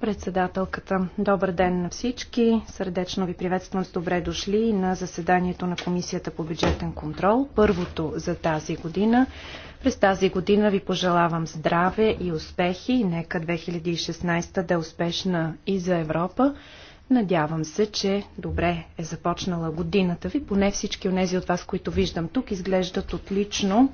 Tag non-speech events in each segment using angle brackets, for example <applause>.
Председателката, добър ден на всички. Сърдечно ви приветствам с добре дошли на заседанието на Комисията по бюджетен контрол, първото за тази година. През тази година ви пожелавам здраве и успехи. Нека 2016 да е успешна и за Европа. Надявам се, че добре е започнала годината ви. Поне всички от тези от вас, които виждам тук, изглеждат отлично.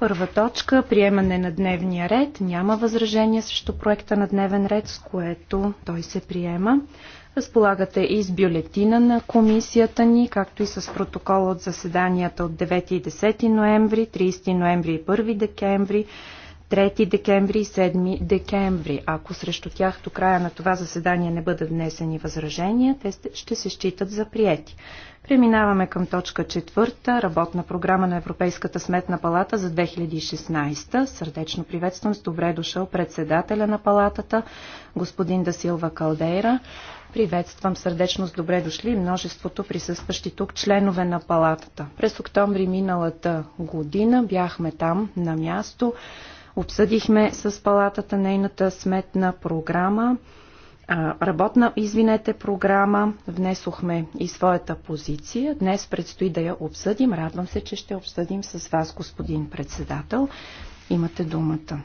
Първа точка приемане на дневния ред. Няма възражение срещу проекта на дневен ред, с което той се приема. Разполагате и с бюлетина на комисията ни, както и с протокол от заседанията от 9 и 10 ноември, 30 ноември и 1 декември, 3 декември и 7 декември. Ако срещу тях до края на това заседание не бъдат внесени възражения, те ще се считат за приети. Преминаваме към точка 4, работна програма на Европейската сметна палата за 2016. Сърдечно приветствам с добре дошъл председателя на палатата, господин Дасилва Калдейра. Приветствам сърдечно с добре дошли множеството присъстващи тук членове на палатата. През октомври миналата година бяхме там на място Обсъдихме с палатата нейната сметна програма, работна, извинете, програма. Внесохме и своята позиция. Днес предстои да я обсъдим. Радвам се, че ще обсъдим с вас, господин председател. Имате думата.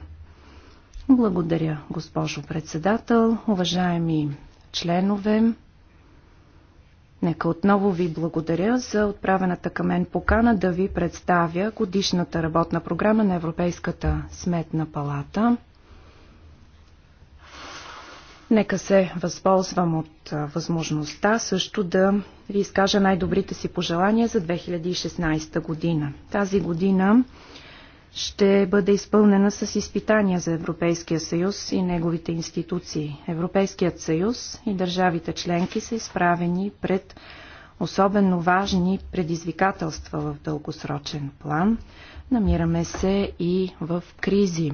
Благодаря, госпожо председател, уважаеми членове Нека отново ви благодаря за отправената към мен покана да ви представя годишната работна програма на Европейската сметна палата. Нека се възползвам от възможността също да ви изкажа най-добрите си пожелания за 2016 година. Тази година ще бъде изпълнена с изпитания за Европейския съюз и неговите институции. Европейският съюз и държавите членки са изправени пред особено важни предизвикателства в дългосрочен план. Намираме се и в кризи.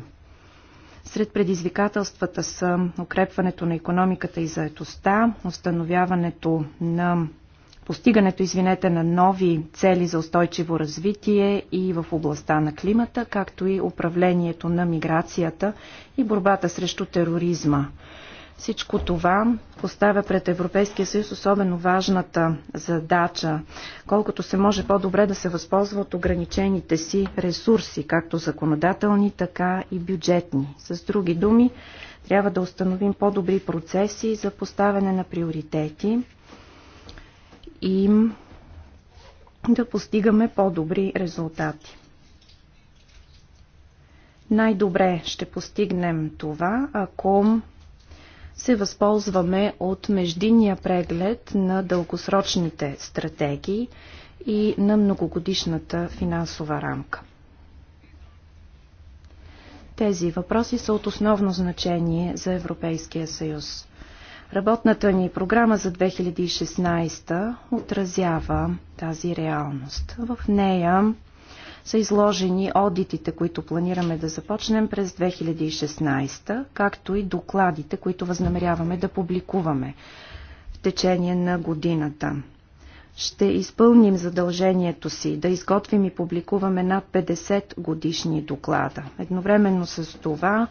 Сред предизвикателствата са укрепването на економиката и заетостта, установяването на постигането, извинете, на нови цели за устойчиво развитие и в областта на климата, както и управлението на миграцията и борбата срещу тероризма. Всичко това поставя пред Европейския съюз особено важната задача, колкото се може по-добре да се възползва от ограничените си ресурси, както законодателни, така и бюджетни. С други думи, трябва да установим по-добри процеси за поставяне на приоритети, и да постигаме по-добри резултати. Най-добре ще постигнем това, ако се възползваме от междинния преглед на дългосрочните стратегии и на многогодишната финансова рамка. Тези въпроси са от основно значение за Европейския съюз. Работната ни програма за 2016 отразява тази реалност. В нея са изложени одитите, които планираме да започнем през 2016, както и докладите, които възнамеряваме да публикуваме в течение на годината. Ще изпълним задължението си да изготвим и публикуваме над 50 годишни доклада. Едновременно с това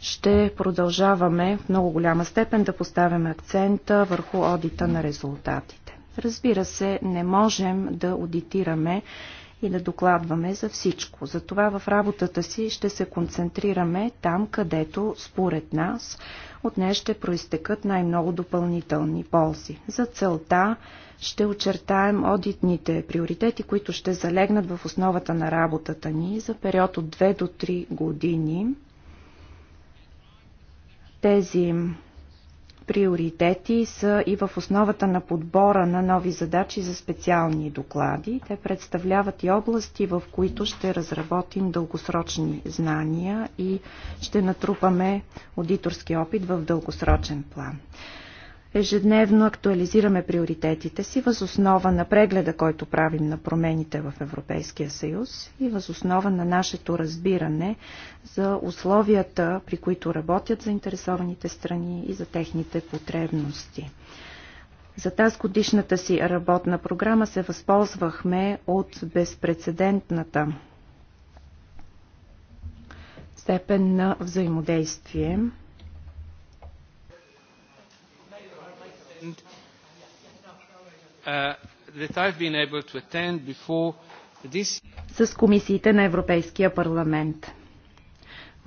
ще продължаваме в много голяма степен да поставяме акцента върху одита на резултатите. Разбира се, не можем да аудитираме и да докладваме за всичко. Затова в работата си ще се концентрираме там, където, според нас, от нея ще проистекат най-много допълнителни ползи. За целта ще очертаем одитните приоритети, които ще залегнат в основата на работата ни за период от 2 до 3 години – тези приоритети са и в основата на подбора на нови задачи за специални доклади. Те представляват и области, в които ще разработим дългосрочни знания и ще натрупаме аудиторски опит в дългосрочен план. Ежедневно актуализираме приоритетите си въз основа на прегледа, който правим на промените в Европейския съюз и въз основа на нашето разбиране за условията, при които работят заинтересованите страни и за техните потребности. За тази годишната си работна програма се възползвахме от безпредседентната степен на взаимодействие Uh, С комисиите на Европейския парламент.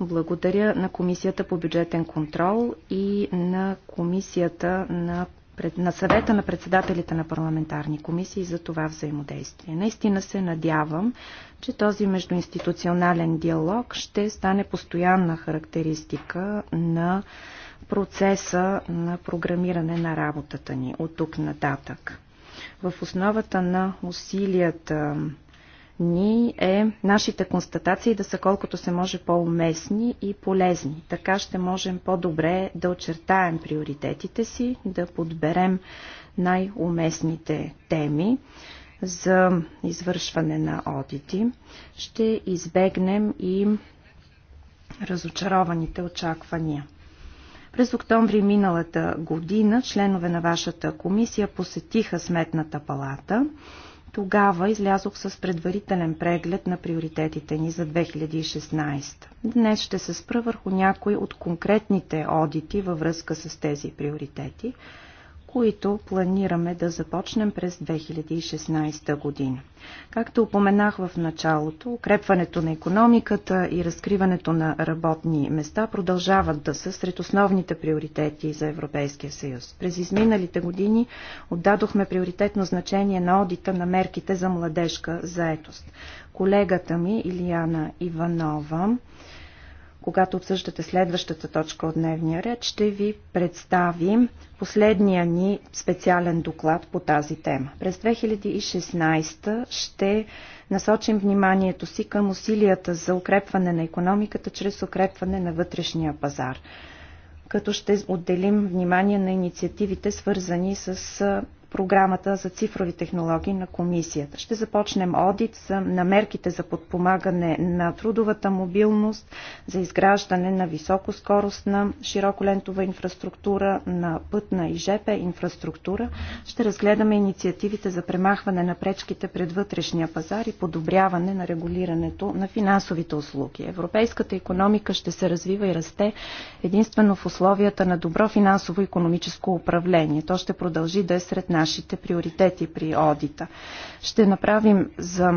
Благодаря на Комисията по бюджетен контрол и на Комисията на на съвета на председателите на парламентарни комисии за това взаимодействие. Наистина се надявам, че този междуинституционален диалог ще стане постоянна характеристика на процеса на програмиране на работата ни от тук нататък. В основата на усилията ни е нашите констатации да са колкото се може по-уместни и полезни. Така ще можем по-добре да очертаем приоритетите си, да подберем най-уместните теми за извършване на одити. Ще избегнем и разочарованите очаквания. През октомври миналата година членове на вашата комисия посетиха Сметната палата. Тогава излязох с предварителен преглед на приоритетите ни за 2016. Днес ще се спра върху някои от конкретните одити във връзка с тези приоритети – които планираме да започнем през 2016 година. Както упоменах в началото, укрепването на економиката и разкриването на работни места продължават да са сред основните приоритети за Европейския съюз. През изминалите години отдадохме приоритетно значение на одита на мерките за младежка заетост. Колегата ми Илияна Иванова когато обсъждате следващата точка от дневния ред, ще ви представим последния ни специален доклад по тази тема. През 2016 ще насочим вниманието си към усилията за укрепване на економиката чрез укрепване на вътрешния пазар като ще отделим внимание на инициативите, свързани с програмата за цифрови технологии на комисията. Ще започнем одит на мерките за подпомагане на трудовата мобилност, за изграждане на високоскоростна широколентова инфраструктура, на пътна и ЖП инфраструктура. Ще разгледаме инициативите за премахване на пречките пред вътрешния пазар и подобряване на регулирането на финансовите услуги. Европейската економика ще се развива и расте единствено в условията на добро финансово-економическо управление. То ще продължи да е сред нас нашите приоритети при одита. Ще направим за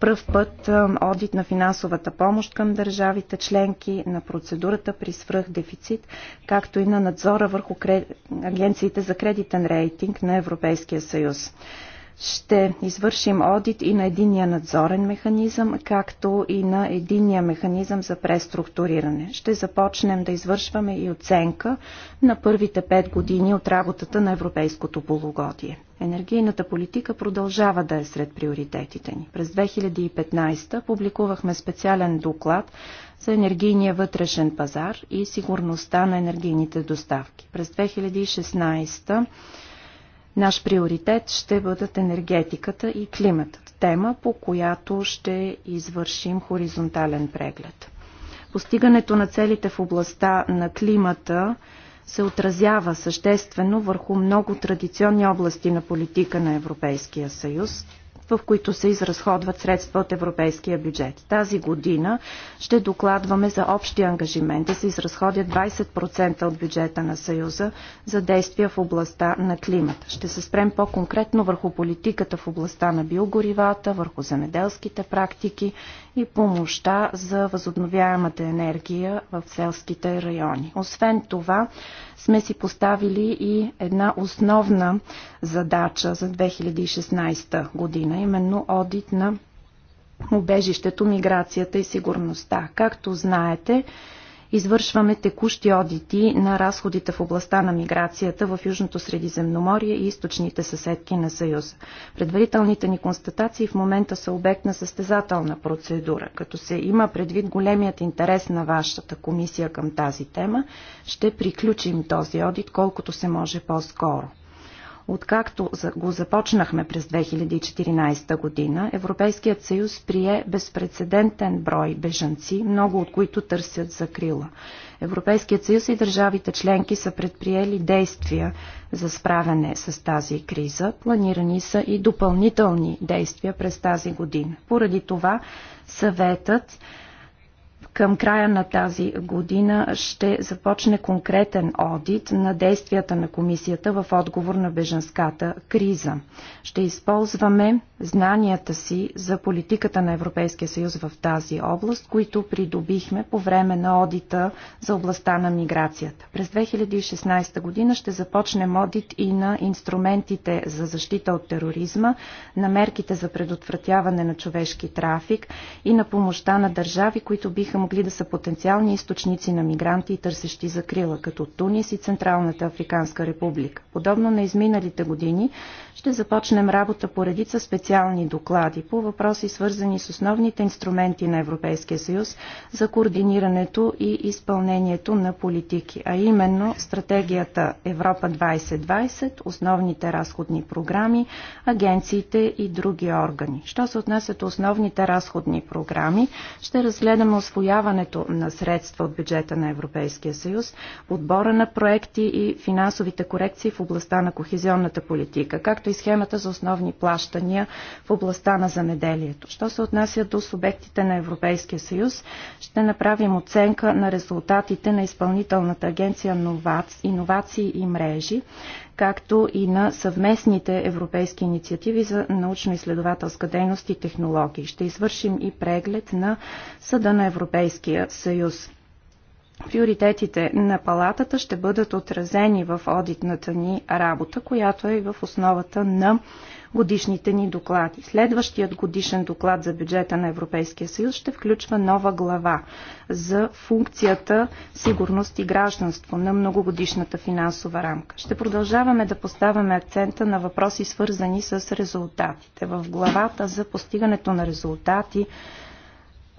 пръв път одит на финансовата помощ към държавите членки, на процедурата при свръхдефицит, както и на надзора върху агенциите за кредитен рейтинг на Европейския съюз. Ще извършим одит и на единия надзорен механизъм, както и на единия механизъм за преструктуриране. Ще започнем да извършваме и оценка на първите пет години от работата на Европейското полугодие. Енергийната политика продължава да е сред приоритетите ни. През 2015 публикувахме специален доклад за енергийния вътрешен пазар и сигурността на енергийните доставки. През 2016 Наш приоритет ще бъдат енергетиката и климатът, тема по която ще извършим хоризонтален преглед. Постигането на целите в областта на климата се отразява съществено върху много традиционни области на политика на Европейския съюз, в които се изразходват средства от европейския бюджет. Тази година ще докладваме за общи ангажимент да се изразходят 20% от бюджета на Съюза за действия в областта на климата. Ще се спрем по-конкретно върху политиката в областта на биогоривата, върху земеделските практики и помощта за възобновяемата енергия в селските райони. Освен това, сме си поставили и една основна задача за 2016 година, именно одит на убежището, миграцията и сигурността. Както знаете, Извършваме текущи одити на разходите в областта на миграцията в Южното Средиземноморие и източните съседки на съюз. Предварителните ни констатации в момента са обект на състезателна процедура. Като се има предвид големият интерес на вашата комисия към тази тема, ще приключим този одит колкото се може по-скоро. Откакто го започнахме през 2014 година, Европейският съюз прие безпредседентен брой бежанци, много от които търсят закрила. Европейският съюз и държавите членки са предприели действия за справяне с тази криза. Планирани са и допълнителни действия през тази година. Поради това съветът към края на тази година ще започне конкретен одит на действията на комисията в отговор на беженската криза. Ще използваме знанията си за политиката на Европейския съюз в тази област, които придобихме по време на одита за областта на миграцията. През 2016 година ще започнем одит и на инструментите за защита от тероризма, на мерките за предотвратяване на човешки трафик и на помощта на държави, които биха могли да са потенциални източници на мигранти и търсещи закрила, като Тунис и Централната Африканска република. Подобно на изминалите години, ще започнем работа по редица специални доклади по въпроси свързани с основните инструменти на Европейския съюз за координирането и изпълнението на политики, а именно стратегията Европа 2020, основните разходни програми, агенциите и други органи. Що се отнасят основните разходни програми, ще разгледаме освояването на средства от бюджета на Европейския съюз, подбора на проекти и финансовите корекции в областта на кохезионната политика, както както и схемата за основни плащания в областта на замеделието. Що се отнася до субектите на Европейския съюз, ще направим оценка на резултатите на изпълнителната агенция иновации и мрежи, както и на съвместните европейски инициативи за научно-изследователска дейност и технологии. Ще извършим и преглед на Съда на Европейския съюз. Приоритетите на палатата ще бъдат отразени в одитната ни работа, която е в основата на годишните ни доклади. Следващият годишен доклад за бюджета на Европейския съюз ще включва нова глава за функцията сигурност и гражданство на многогодишната финансова рамка. Ще продължаваме да поставяме акцента на въпроси свързани с резултатите. В главата за постигането на резултати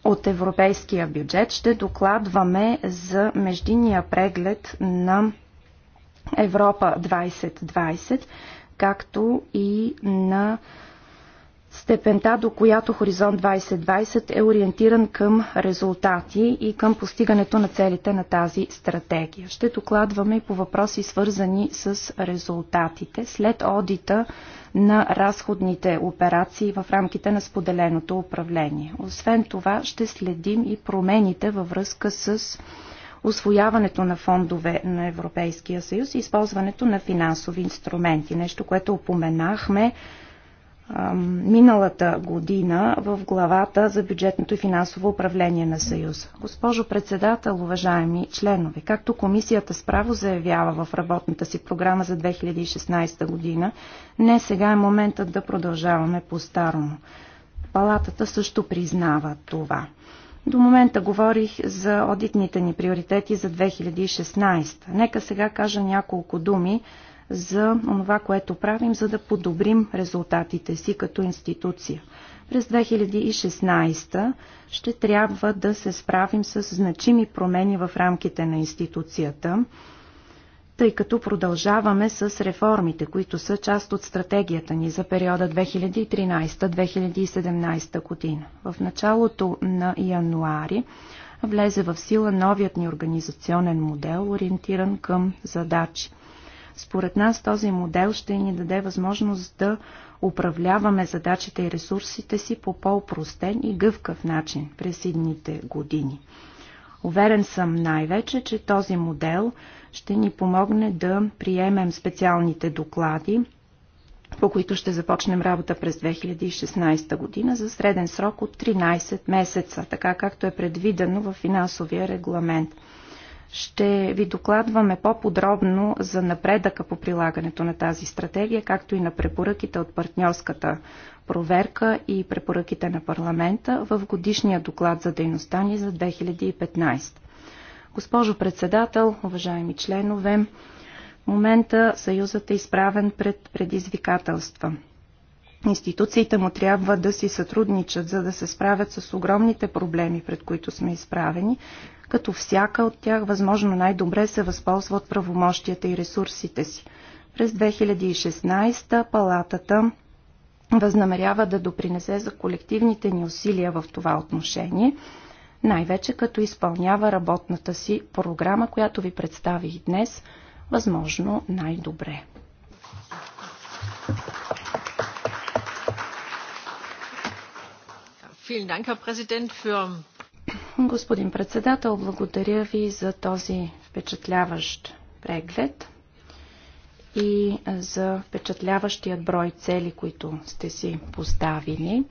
от европейския бюджет ще докладваме за междинния преглед на Европа 2020, както и на степента, до която Хоризонт 2020 е ориентиран към резултати и към постигането на целите на тази стратегия. Ще докладваме и по въпроси свързани с резултатите след одита на разходните операции в рамките на споделеното управление. Освен това ще следим и промените във връзка с освояването на фондове на Европейския съюз и използването на финансови инструменти. Нещо, което опоменахме миналата година в главата за бюджетното и финансово управление на Съюз. Госпожо председател, уважаеми членове, както комисията справо заявява в работната си програма за 2016 година, не сега е моментът да продължаваме по-старому. Палатата също признава това. До момента говорих за одитните ни приоритети за 2016. Нека сега кажа няколко думи за това, което правим, за да подобрим резултатите си като институция. През 2016 ще трябва да се справим с значими промени в рамките на институцията, тъй като продължаваме с реформите, които са част от стратегията ни за периода 2013-2017 година. В началото на януари влезе в сила новият ни организационен модел, ориентиран към задачи – според нас този модел ще ни даде възможност да управляваме задачите и ресурсите си по по-простен и гъвкав начин през едните години. Уверен съм най-вече, че този модел ще ни помогне да приемем специалните доклади, по които ще започнем работа през 2016 година за среден срок от 13 месеца, така както е предвидено в финансовия регламент. Ще ви докладваме по-подробно за напредъка по прилагането на тази стратегия, както и на препоръките от партньорската проверка и препоръките на парламента в годишния доклад за дейността ни за 2015. Госпожо председател, уважаеми членове, в момента Съюзът е изправен пред предизвикателства – Институциите му трябва да си сътрудничат, за да се справят с огромните проблеми, пред които сме изправени, като всяка от тях възможно най-добре се възползва от правомощията и ресурсите си. През 2016 палатата възнамерява да допринесе за колективните ни усилия в това отношение, най-вече като изпълнява работната си програма, която ви представих днес, възможно най-добре. Thank you. Господин председател, благодаря ви за този впечатляващ преглед и за впечатляващият брой цели, които сте си поставили.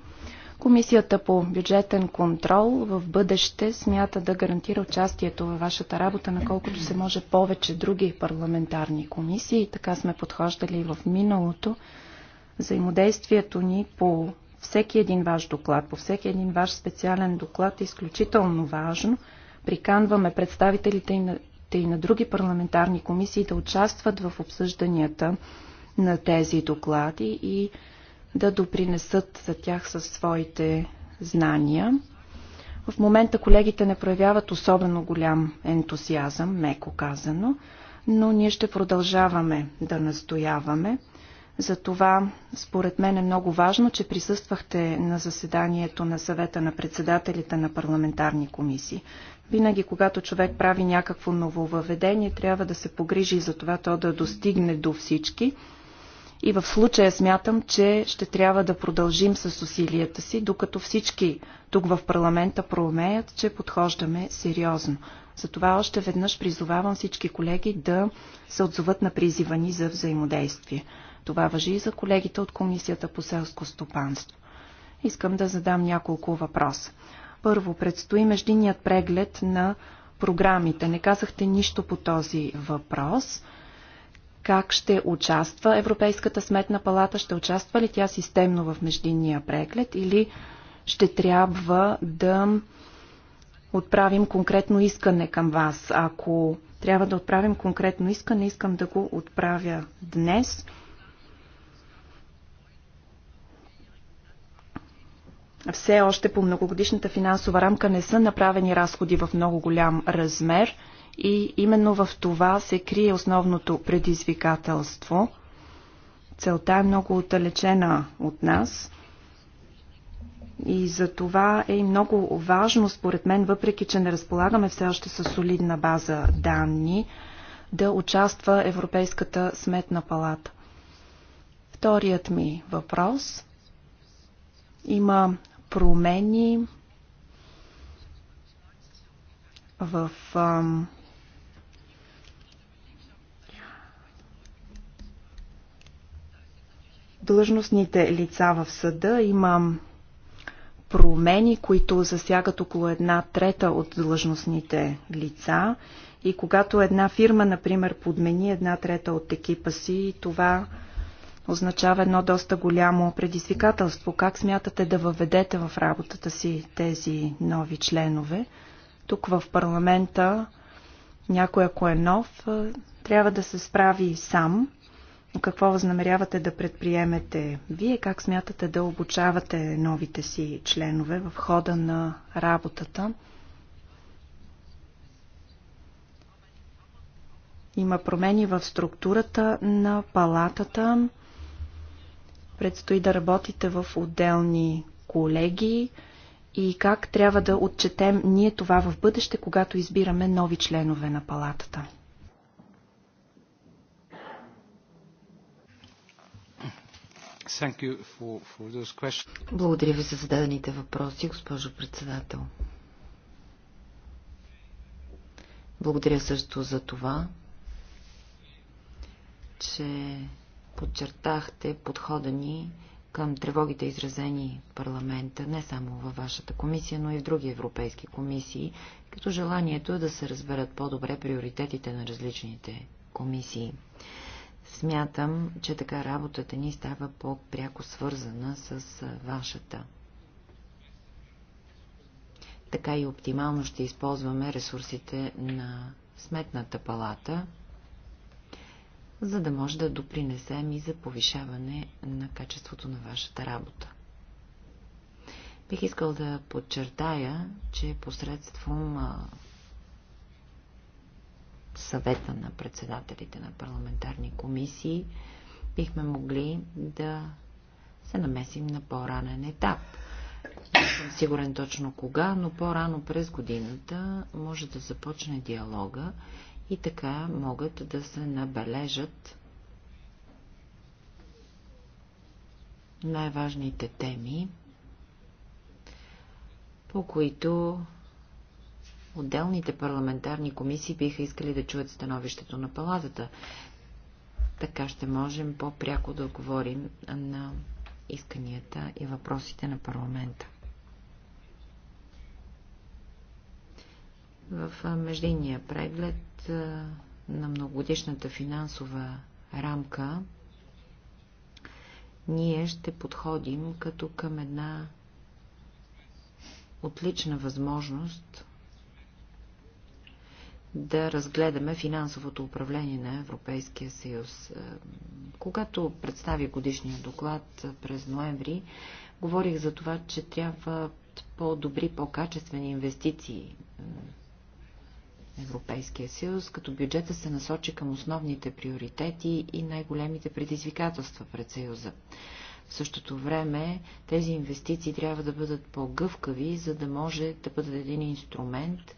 Комисията по бюджетен контрол в бъдеще смята да гарантира участието във вашата работа на колкото се може повече други парламентарни комисии. Така сме подхождали и в миналото. Взаимодействието ни по всеки един ваш доклад, по всеки един ваш специален доклад е изключително важно. Приканваме представителите и на, и на други парламентарни комисии да участват в обсъжданията на тези доклади и да допринесат за тях със своите знания. В момента колегите не проявяват особено голям ентусиазъм, меко казано, но ние ще продължаваме да настояваме. Затова, според мен е много важно, че присъствахте на заседанието на съвета на председателите на парламентарни комисии. Винаги, когато човек прави някакво нововъведение, трябва да се погрижи за това то да достигне до всички. И в случая смятам, че ще трябва да продължим с усилията си, докато всички тук в парламента проумеят, че подхождаме сериозно. Затова още веднъж призовавам всички колеги да се отзоват на призива ни за взаимодействие. Това въжи и за колегите от Комисията по селско стопанство. Искам да задам няколко въпроса. Първо, предстои междинният преглед на програмите. Не казахте нищо по този въпрос. Как ще участва Европейската сметна палата? Ще участва ли тя системно в междинния преглед или ще трябва да отправим конкретно искане към вас? Ако трябва да отправим конкретно искане, искам да го отправя днес – все още по многогодишната финансова рамка не са направени разходи в много голям размер и именно в това се крие основното предизвикателство. Целта е много отдалечена от нас и за това е и много важно, според мен, въпреки че не разполагаме все още с солидна база данни, да участва Европейската сметна палата. Вторият ми въпрос има промени в длъжностните лица в съда. Има промени, които засягат около една трета от длъжностните лица. И когато една фирма, например, подмени една трета от екипа си, това означава едно доста голямо предизвикателство. Как смятате да въведете в работата си тези нови членове? Тук в парламента някой, ако е нов, трябва да се справи сам. какво възнамерявате да предприемете вие? Как смятате да обучавате новите си членове в хода на работата? Има промени в структурата на палатата предстои да работите в отделни колеги и как трябва да отчетем ние това в бъдеще, когато избираме нови членове на палатата? For, for Благодаря ви за зададените въпроси, госпожо председател. Благодаря също за това, че подчертахте подхода ни към тревогите изразени в парламента, не само във вашата комисия, но и в други европейски комисии, като желанието е да се разберат по-добре приоритетите на различните комисии. Смятам, че така работата ни става по-пряко свързана с вашата. Така и оптимално ще използваме ресурсите на Сметната палата – за да може да допринесем и за повишаване на качеството на вашата работа. Бих искал да подчертая, че посредством съвета на председателите на парламентарни комисии бихме могли да се намесим на по-ранен етап. Не съм сигурен точно кога, но по-рано през годината може да започне диалога и така могат да се набележат най-важните теми, по които отделните парламентарни комисии биха искали да чуят становището на палатата. Така ще можем по-пряко да говорим на исканията и въпросите на парламента. В междинния преглед на многогодишната финансова рамка ние ще подходим като към една отлична възможност да разгледаме финансовото управление на Европейския съюз. Когато представи годишния доклад през ноември, говорих за това, че трябва по-добри, по-качествени инвестиции Европейския съюз, като бюджета се насочи към основните приоритети и най-големите предизвикателства пред съюза. В същото време тези инвестиции трябва да бъдат по-гъвкави, за да може да бъдат един инструмент,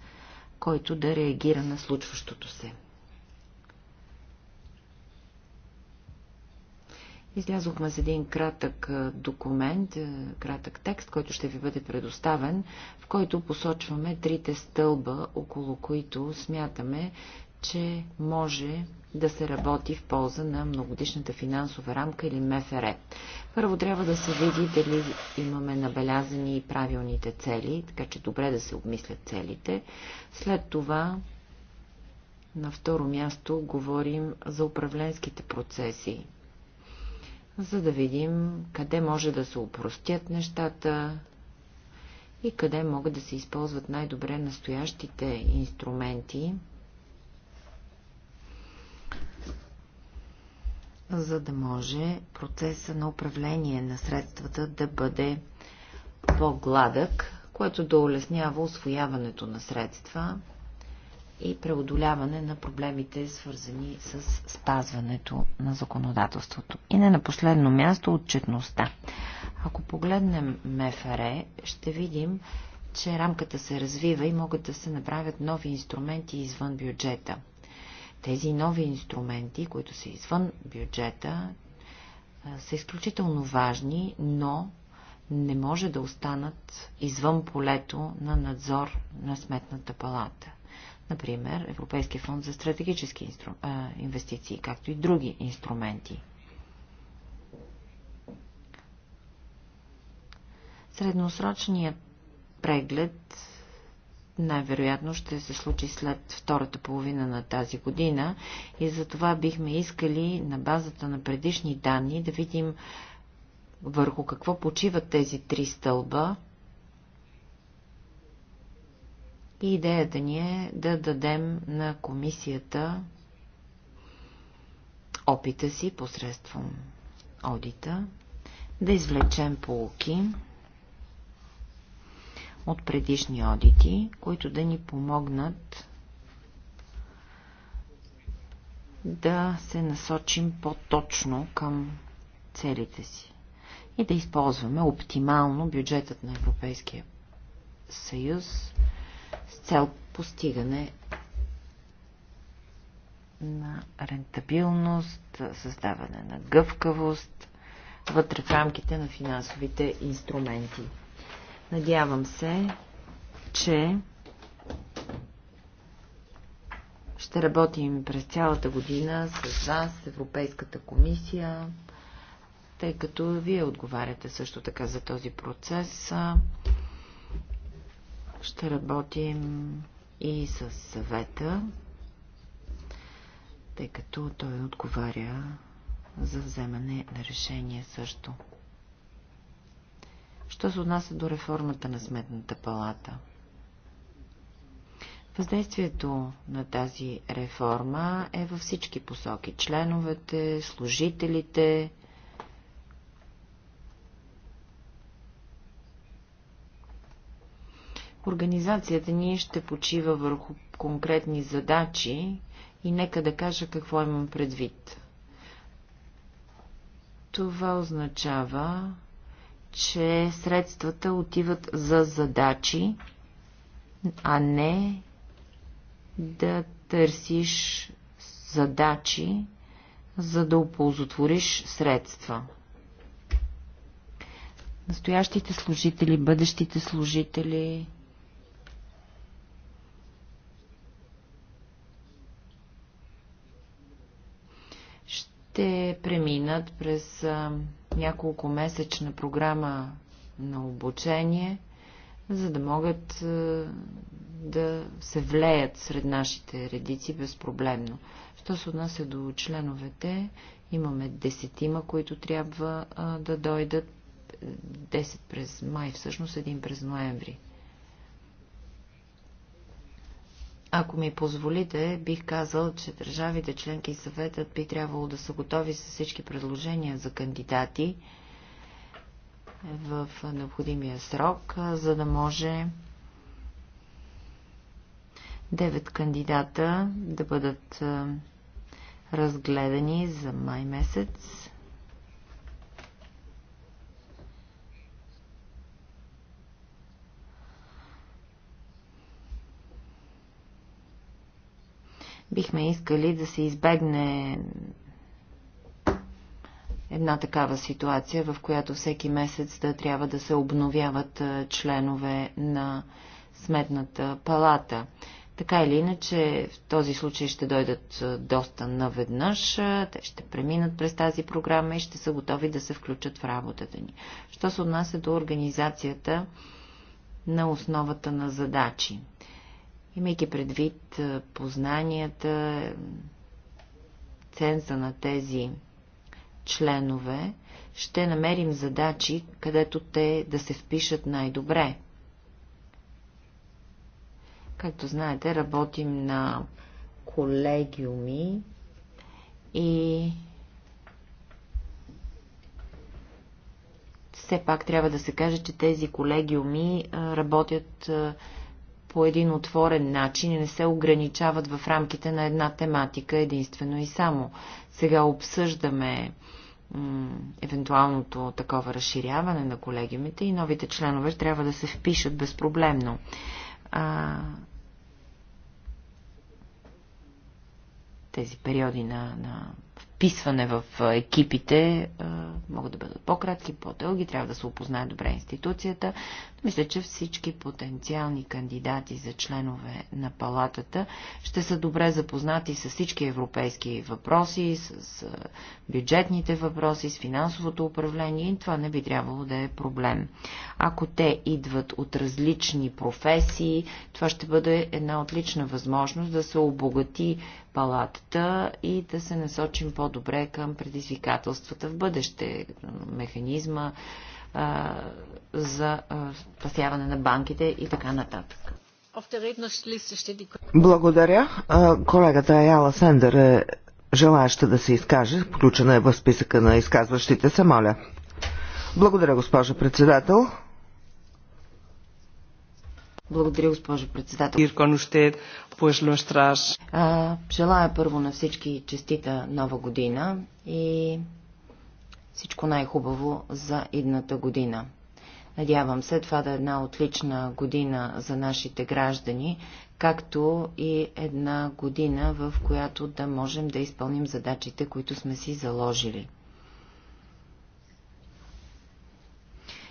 който да реагира на случващото се. Излязохме с един кратък документ, кратък текст, който ще ви бъде предоставен, в който посочваме трите стълба, около които смятаме, че може да се работи в полза на многодишната финансова рамка или МФР. Първо трябва да се види дали имаме набелязани правилните цели, така че добре да се обмислят целите. След това на второ място говорим за управленските процеси, за да видим къде може да се упростят нещата и къде могат да се използват най-добре настоящите инструменти, за да може процеса на управление на средствата да бъде по-гладък, което да улеснява освояването на средства и преодоляване на проблемите, свързани с спазването на законодателството. И не на последно място отчетността. Ако погледнем МФР, ще видим, че рамката се развива и могат да се направят нови инструменти извън бюджета. Тези нови инструменти, които са извън бюджета, са изключително важни, но не може да останат извън полето на надзор на сметната палата например Европейския фонд за стратегически инстру... а, инвестиции, както и други инструменти. Средносрочният преглед най-вероятно ще се случи след втората половина на тази година и за това бихме искали на базата на предишни данни да видим върху какво почиват тези три стълба И идеята ни е да дадем на комисията опита си посредством одита, да извлечем полуки от предишни одити, които да ни помогнат да се насочим по-точно към целите си и да използваме оптимално бюджетът на Европейския съюз цел постигане на рентабилност, създаване на гъвкавост вътре в рамките на финансовите инструменти. Надявам се, че ще работим през цялата година с вас, Европейската комисия, тъй като вие отговаряте също така за този процес. Ще работим и с съвета, тъй като той отговаря за вземане на решение също. Що се отнася до реформата на Сметната палата? Въздействието на тази реформа е във всички посоки. Членовете, служителите, Организацията ни ще почива върху конкретни задачи и нека да кажа какво имам предвид. Това означава, че средствата отиват за задачи, а не да търсиш задачи, за да оползотвориш средства. Настоящите служители, бъдещите служители ще преминат през няколко месечна програма на обучение, за да могат да се влеят сред нашите редици безпроблемно. Що се отнася до членовете, имаме десетима, които трябва да дойдат. 10 през май, всъщност един през ноември. Ако ми позволите, бих казал, че държавите членки и съветът би трябвало да са готови с всички предложения за кандидати в необходимия срок, за да може девет кандидата да бъдат разгледани за май месец Бихме искали да се избегне една такава ситуация, в която всеки месец да трябва да се обновяват членове на Сметната палата. Така или иначе, в този случай ще дойдат доста наведнъж, те ще преминат през тази програма и ще са готови да се включат в работата ни. Що се отнася до организацията на основата на задачи? Имайки предвид познанията, ценза на тези членове, ще намерим задачи, където те да се впишат най-добре. Както знаете, работим на колегиуми и все пак трябва да се каже, че тези колегиуми работят по един отворен начин и не се ограничават в рамките на една тематика единствено и само. Сега обсъждаме евентуалното такова разширяване на колегиумите и новите членове трябва да се впишат безпроблемно. А, тези периоди на, на вписване в екипите а, могат да бъдат по-кратки, по-дълги, трябва да се опознае добре институцията, мисля, че всички потенциални кандидати за членове на палатата ще са добре запознати с всички европейски въпроси, с бюджетните въпроси, с финансовото управление и това не би трябвало да е проблем. Ако те идват от различни професии, това ще бъде една отлична възможност да се обогати палатата и да се насочим по-добре към предизвикателствата в бъдеще, механизма а, за спасяване на банките и така нататък. Благодаря. Колегата Аяла Сендер е желаяща да се изкаже. Включена е в списъка на изказващите се, моля. Благодаря, госпожа председател. Благодаря, госпожо председател. А, желая първо на всички честита нова година и всичко най-хубаво за идната година. Надявам се това да е една отлична година за нашите граждани, както и една година, в която да можем да изпълним задачите, които сме си заложили.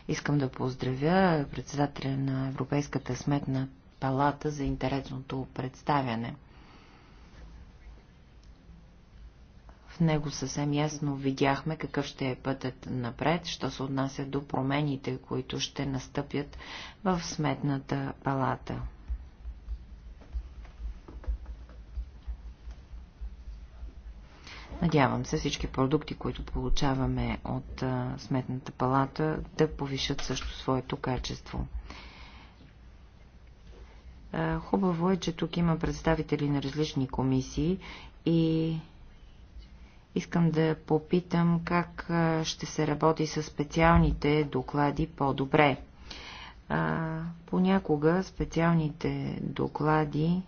Искам да поздравя председателя на Европейската сметна палата за интересното представяне. В него съвсем ясно видяхме какъв ще е пътят напред, що се отнася до промените, които ще настъпят в сметната палата. Надявам се всички продукти, които получаваме от Сметната палата, да повишат също своето качество. хубаво е, че тук има представители на различни комисии и Искам да попитам как ще се работи с специалните доклади по-добре. понякога специалните доклади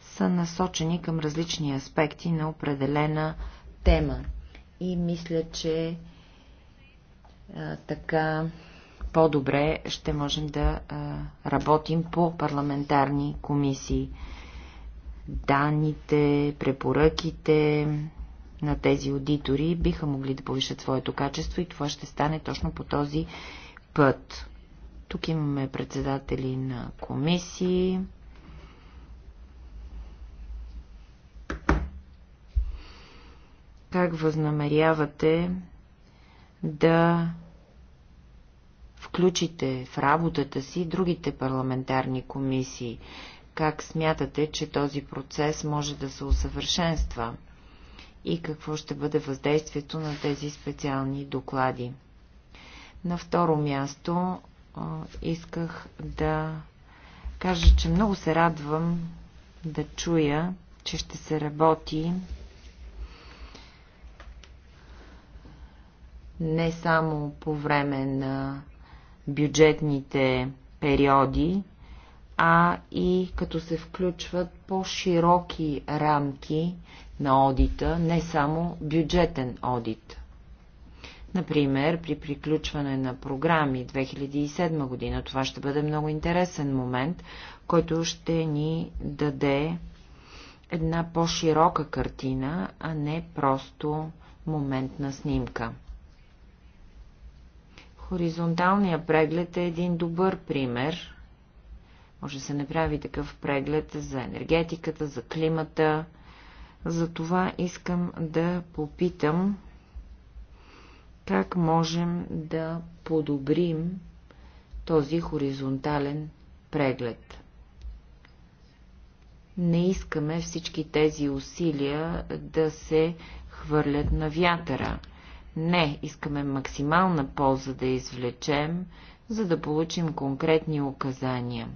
са насочени към различни аспекти на определена тема. И мисля, че а, така по-добре ще можем да а, работим по парламентарни комисии. Данните, препоръките, на тези аудитори биха могли да повишат своето качество и това ще стане точно по този път. Тук имаме председатели на комисии. Как възнамерявате да включите в работата си другите парламентарни комисии? Как смятате, че този процес може да се усъвършенства? и какво ще бъде въздействието на тези специални доклади. На второ място исках да кажа, че много се радвам да чуя, че ще се работи не само по време на бюджетните периоди, а и като се включват по-широки рамки, на одита, не само бюджетен одит. Например, при приключване на програми 2007 година, това ще бъде много интересен момент, който ще ни даде една по-широка картина, а не просто моментна снимка. Хоризонталният преглед е един добър пример. Може да се направи такъв преглед за енергетиката, за климата, затова искам да попитам как можем да подобрим този хоризонтален преглед. Не искаме всички тези усилия да се хвърлят на вятъра. Не, искаме максимална полза да извлечем, за да получим конкретни указания.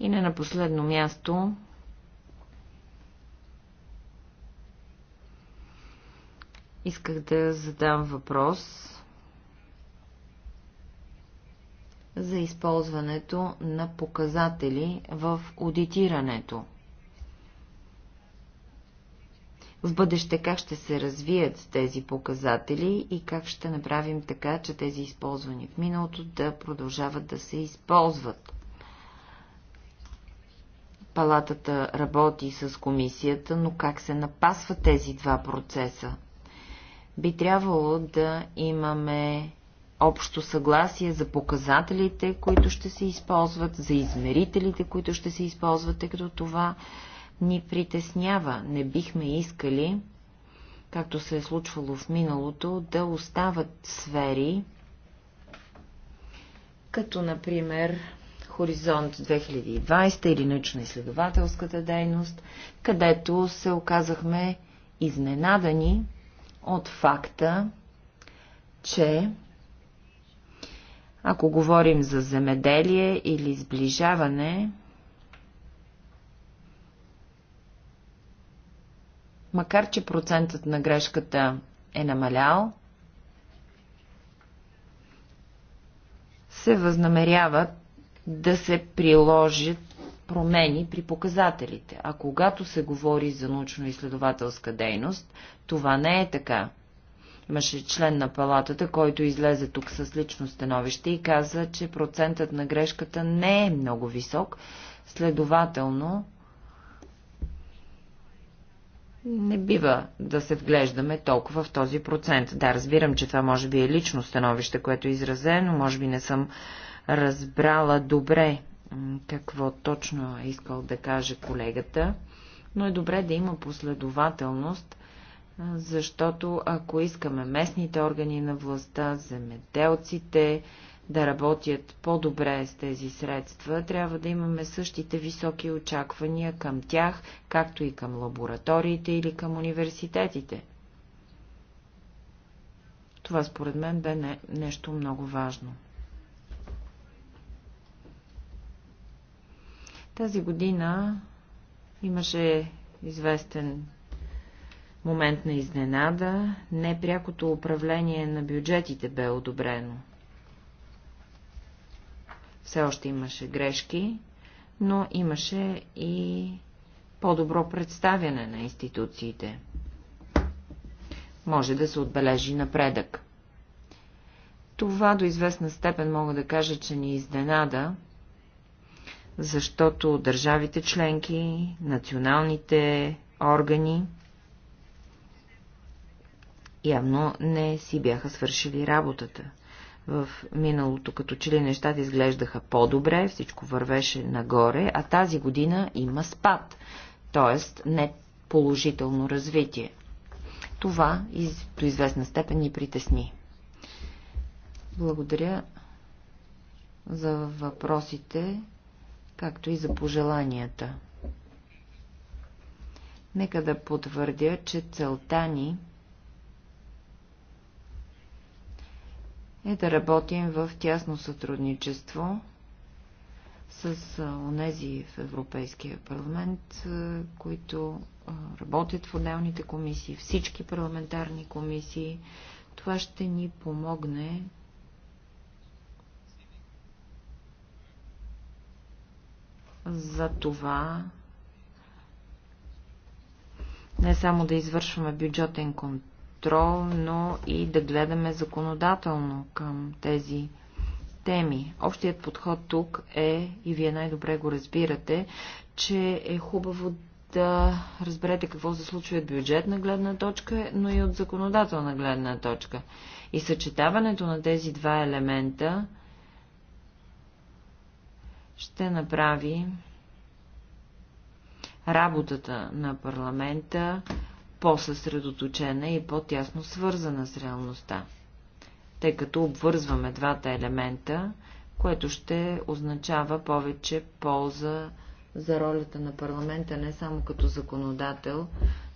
И не на последно място, Исках да задам въпрос за използването на показатели в аудитирането. В бъдеще как ще се развият тези показатели и как ще направим така, че тези използвани в миналото да продължават да се използват. Палатата работи с комисията, но как се напасват тези два процеса? би трябвало да имаме общо съгласие за показателите, които ще се използват, за измерителите, които ще се използват, тъй като това ни притеснява. Не бихме искали, както се е случвало в миналото, да остават сфери, като например Хоризонт 2020 или научно-изследователската дейност, където се оказахме изненадани от факта, че ако говорим за земеделие или сближаване, макар че процентът на грешката е намалял, се възнамеряват да се приложат промени при показателите, а когато се говори за научно-изследователска дейност, това не е така. Имаше член на палатата, който излезе тук с лично становище и каза, че процентът на грешката не е много висок, следователно не бива да се вглеждаме толкова в този процент. Да, разбирам, че това може би е лично становище, което е изразено, може би не съм разбрала добре какво точно е искал да каже колегата, но е добре да има последователност, защото ако искаме местните органи на властта, земеделците да работят по-добре с тези средства, трябва да имаме същите високи очаквания към тях, както и към лабораториите или към университетите. Това според мен бе не, нещо много важно. Тази година имаше известен момент на изненада, непрякото управление на бюджетите бе одобрено. Все още имаше грешки, но имаше и по-добро представяне на институциите. Може да се отбележи напредък. Това до известна степен мога да кажа, че ни изненада, защото държавите членки, националните органи явно не си бяха свършили работата. В миналото като че ли нещата изглеждаха по-добре, всичко вървеше нагоре, а тази година има спад, т.е. не положително развитие. Това из, до известна степен ни притесни. Благодаря за въпросите както и за пожеланията. Нека да потвърдя, че целта ни е да работим в тясно сътрудничество с онези в Европейския парламент, които работят в отделните комисии, всички парламентарни комисии. Това ще ни помогне за това не само да извършваме бюджетен контрол, но и да гледаме законодателно към тези теми. Общият подход тук е, и вие най-добре го разбирате, че е хубаво да разберете какво се случва от бюджетна гледна точка, но и от законодателна гледна точка. И съчетаването на тези два елемента ще направи работата на парламента по-съсредоточена и по-тясно свързана с реалността, тъй като обвързваме двата елемента, което ще означава повече полза за ролята на парламента не само като законодател,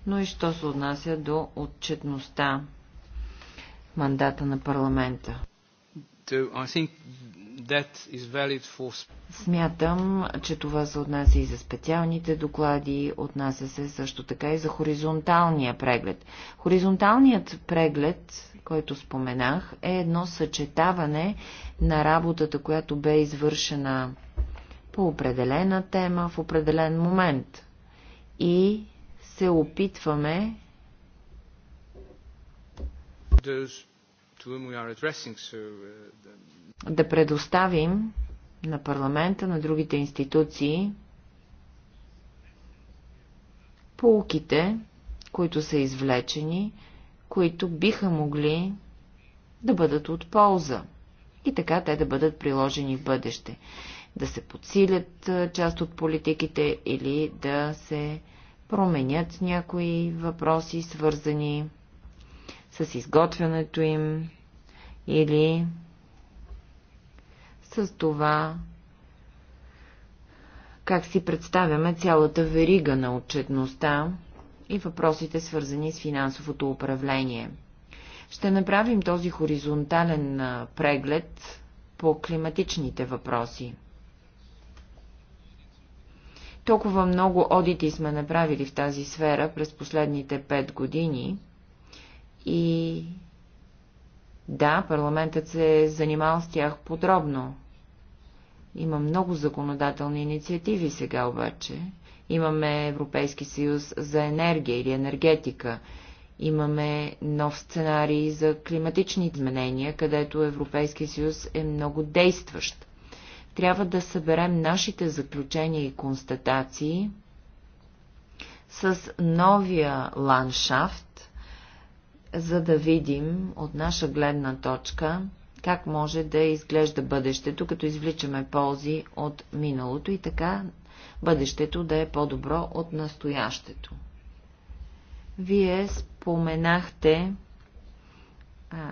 но и що се отнася до отчетността мандата на парламента. So I think Смятам, че това се отнася и за специалните доклади, отнася се също така и за хоризонталния преглед. Хоризонталният преглед, който споменах, е едно съчетаване на работата, която бе извършена по определена тема в определен момент. И се опитваме those to whom we are addressing, so uh, the да предоставим на парламента, на другите институции полуките, които са извлечени, които биха могли да бъдат от полза и така те да бъдат приложени в бъдеще. Да се подсилят част от политиките или да се променят някои въпроси, свързани с изготвянето им или с това как си представяме цялата верига на отчетността и въпросите свързани с финансовото управление. Ще направим този хоризонтален преглед по климатичните въпроси. Толкова много одити сме направили в тази сфера през последните пет години и да, парламентът се е занимал с тях подробно. Има много законодателни инициативи сега обаче. Имаме Европейски съюз за енергия или енергетика. Имаме нов сценарий за климатични изменения, където Европейския съюз е много действащ. Трябва да съберем нашите заключения и констатации с новия ландшафт, за да видим от наша гледна точка как може да изглежда бъдещето, като извличаме ползи от миналото и така бъдещето да е по-добро от настоящето. Вие споменахте а,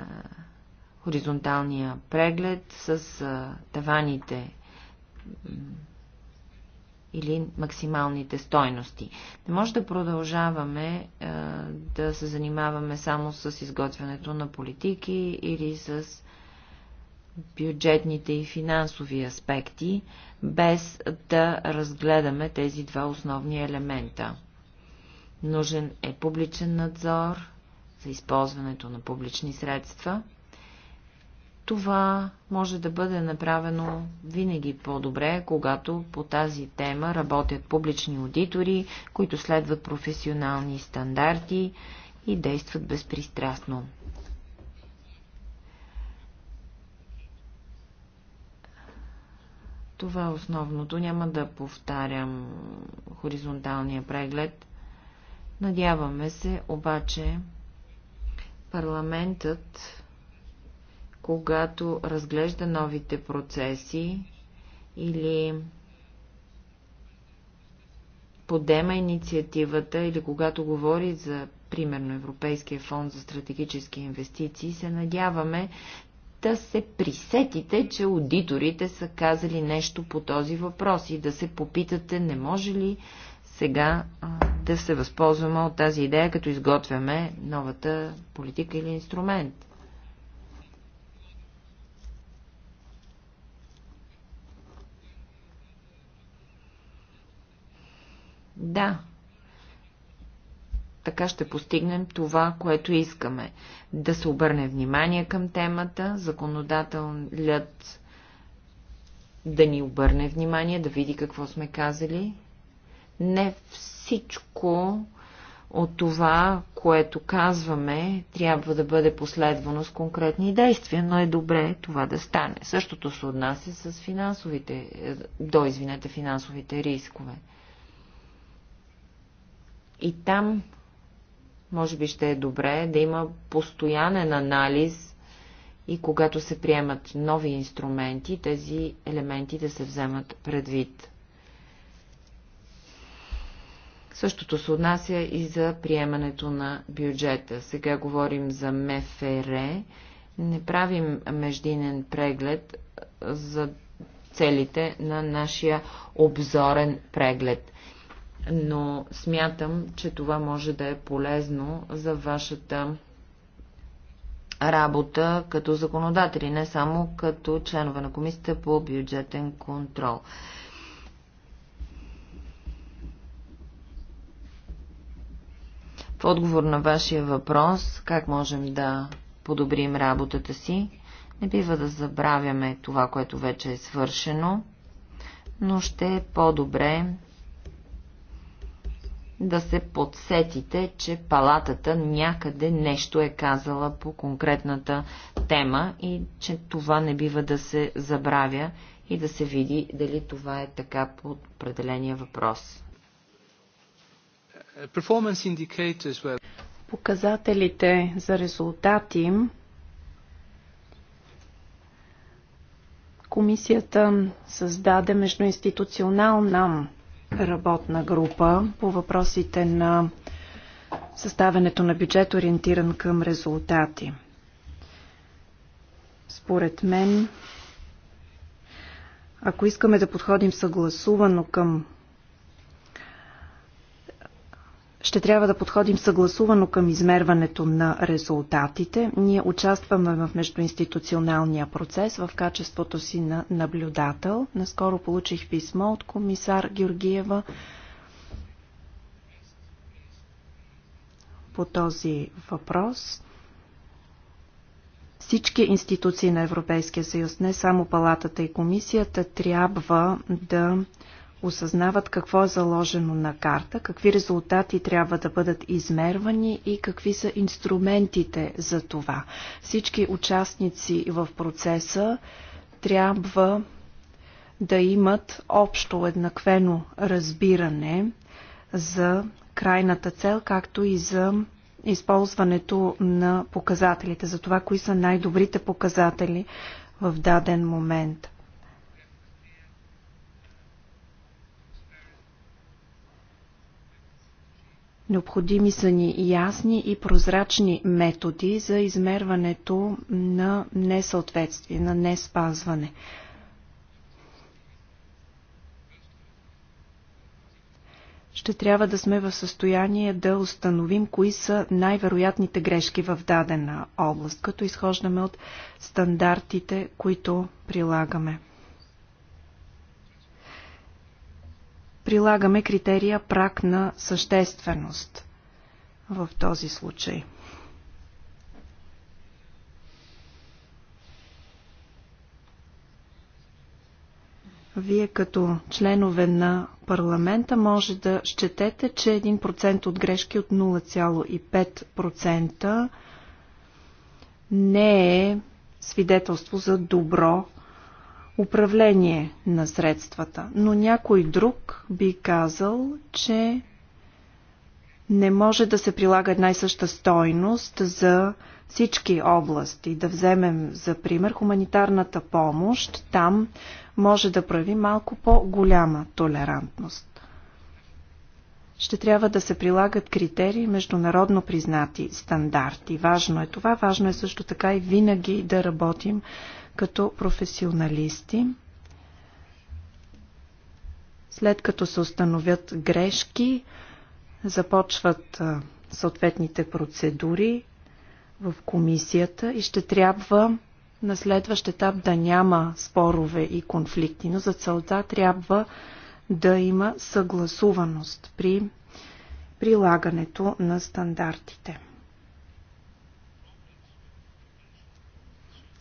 хоризонталния преглед с а, таваните или максималните стойности. Не може да продължаваме а, да се занимаваме само с изготвянето на политики или с бюджетните и финансови аспекти, без да разгледаме тези два основни елемента. Нужен е публичен надзор за използването на публични средства. Това може да бъде направено винаги по-добре, когато по тази тема работят публични аудитори, които следват професионални стандарти и действат безпристрастно. Това е основното. Няма да повтарям хоризонталния преглед. Надяваме се, обаче, парламентът, когато разглежда новите процеси или подема инициативата или когато говори за, примерно, Европейския фонд за стратегически инвестиции, се надяваме да се присетите, че аудиторите са казали нещо по този въпрос и да се попитате, не може ли сега а, да се възползваме от тази идея, като изготвяме новата политика или инструмент. Да, така ще постигнем това, което искаме. Да се обърне внимание към темата, законодателят да ни обърне внимание, да види какво сме казали. Не всичко от това, което казваме, трябва да бъде последвано с конкретни действия, но е добре това да стане. Същото се отнася с финансовите, е, до извинете, финансовите рискове. И там може би ще е добре да има постоянен анализ и когато се приемат нови инструменти, тези елементи да се вземат предвид. Същото се отнася и за приемането на бюджета. Сега говорим за МФР. Не правим междинен преглед за целите на нашия обзорен преглед но смятам, че това може да е полезно за вашата работа като законодатели, не само като членове на комисията по бюджетен контрол. В отговор на вашия въпрос, как можем да подобрим работата си, не бива да забравяме това, което вече е свършено, но ще е по-добре да се подсетите, че палатата някъде нещо е казала по конкретната тема и че това не бива да се забравя и да се види дали това е така по определения въпрос. Показателите за резултати Комисията създаде междуинституционална работна група по въпросите на съставянето на бюджет, ориентиран към резултати. Според мен, ако искаме да подходим съгласувано към ще трябва да подходим съгласувано към измерването на резултатите. Ние участваме в междуинституционалния процес в качеството си на наблюдател. Наскоро получих писмо от комисар Георгиева по този въпрос. Всички институции на Европейския съюз, не само палатата и комисията, трябва да осъзнават какво е заложено на карта, какви резултати трябва да бъдат измервани и какви са инструментите за това. Всички участници в процеса трябва да имат общо еднаквено разбиране за крайната цел, както и за използването на показателите, за това кои са най-добрите показатели в даден момент. Необходими са ни ясни и прозрачни методи за измерването на несъответствие, на неспазване. Ще трябва да сме в състояние да установим кои са най-вероятните грешки в дадена област, като изхождаме от стандартите, които прилагаме. прилагаме критерия прак на същественост в този случай. Вие като членове на парламента може да счетете, че 1% от грешки от 0,5% не е свидетелство за добро управление на средствата. Но някой друг би казал, че не може да се прилага една и съща стойност за всички области. Да вземем за пример хуманитарната помощ. Там може да прави малко по-голяма толерантност ще трябва да се прилагат критерии международно признати стандарти. Важно е това. Важно е също така и винаги да работим като професионалисти. След като се установят грешки, започват съответните процедури в комисията и ще трябва на следващ етап да няма спорове и конфликти, но за целта трябва да има съгласуваност при прилагането на стандартите.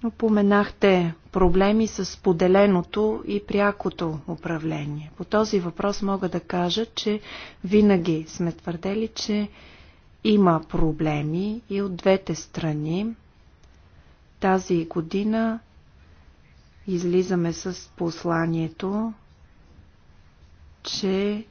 Опоменахте проблеми с поделеното и прякото управление. По този въпрос мога да кажа, че винаги сме твърдели, че има проблеми и от двете страни. Тази година излизаме с посланието, че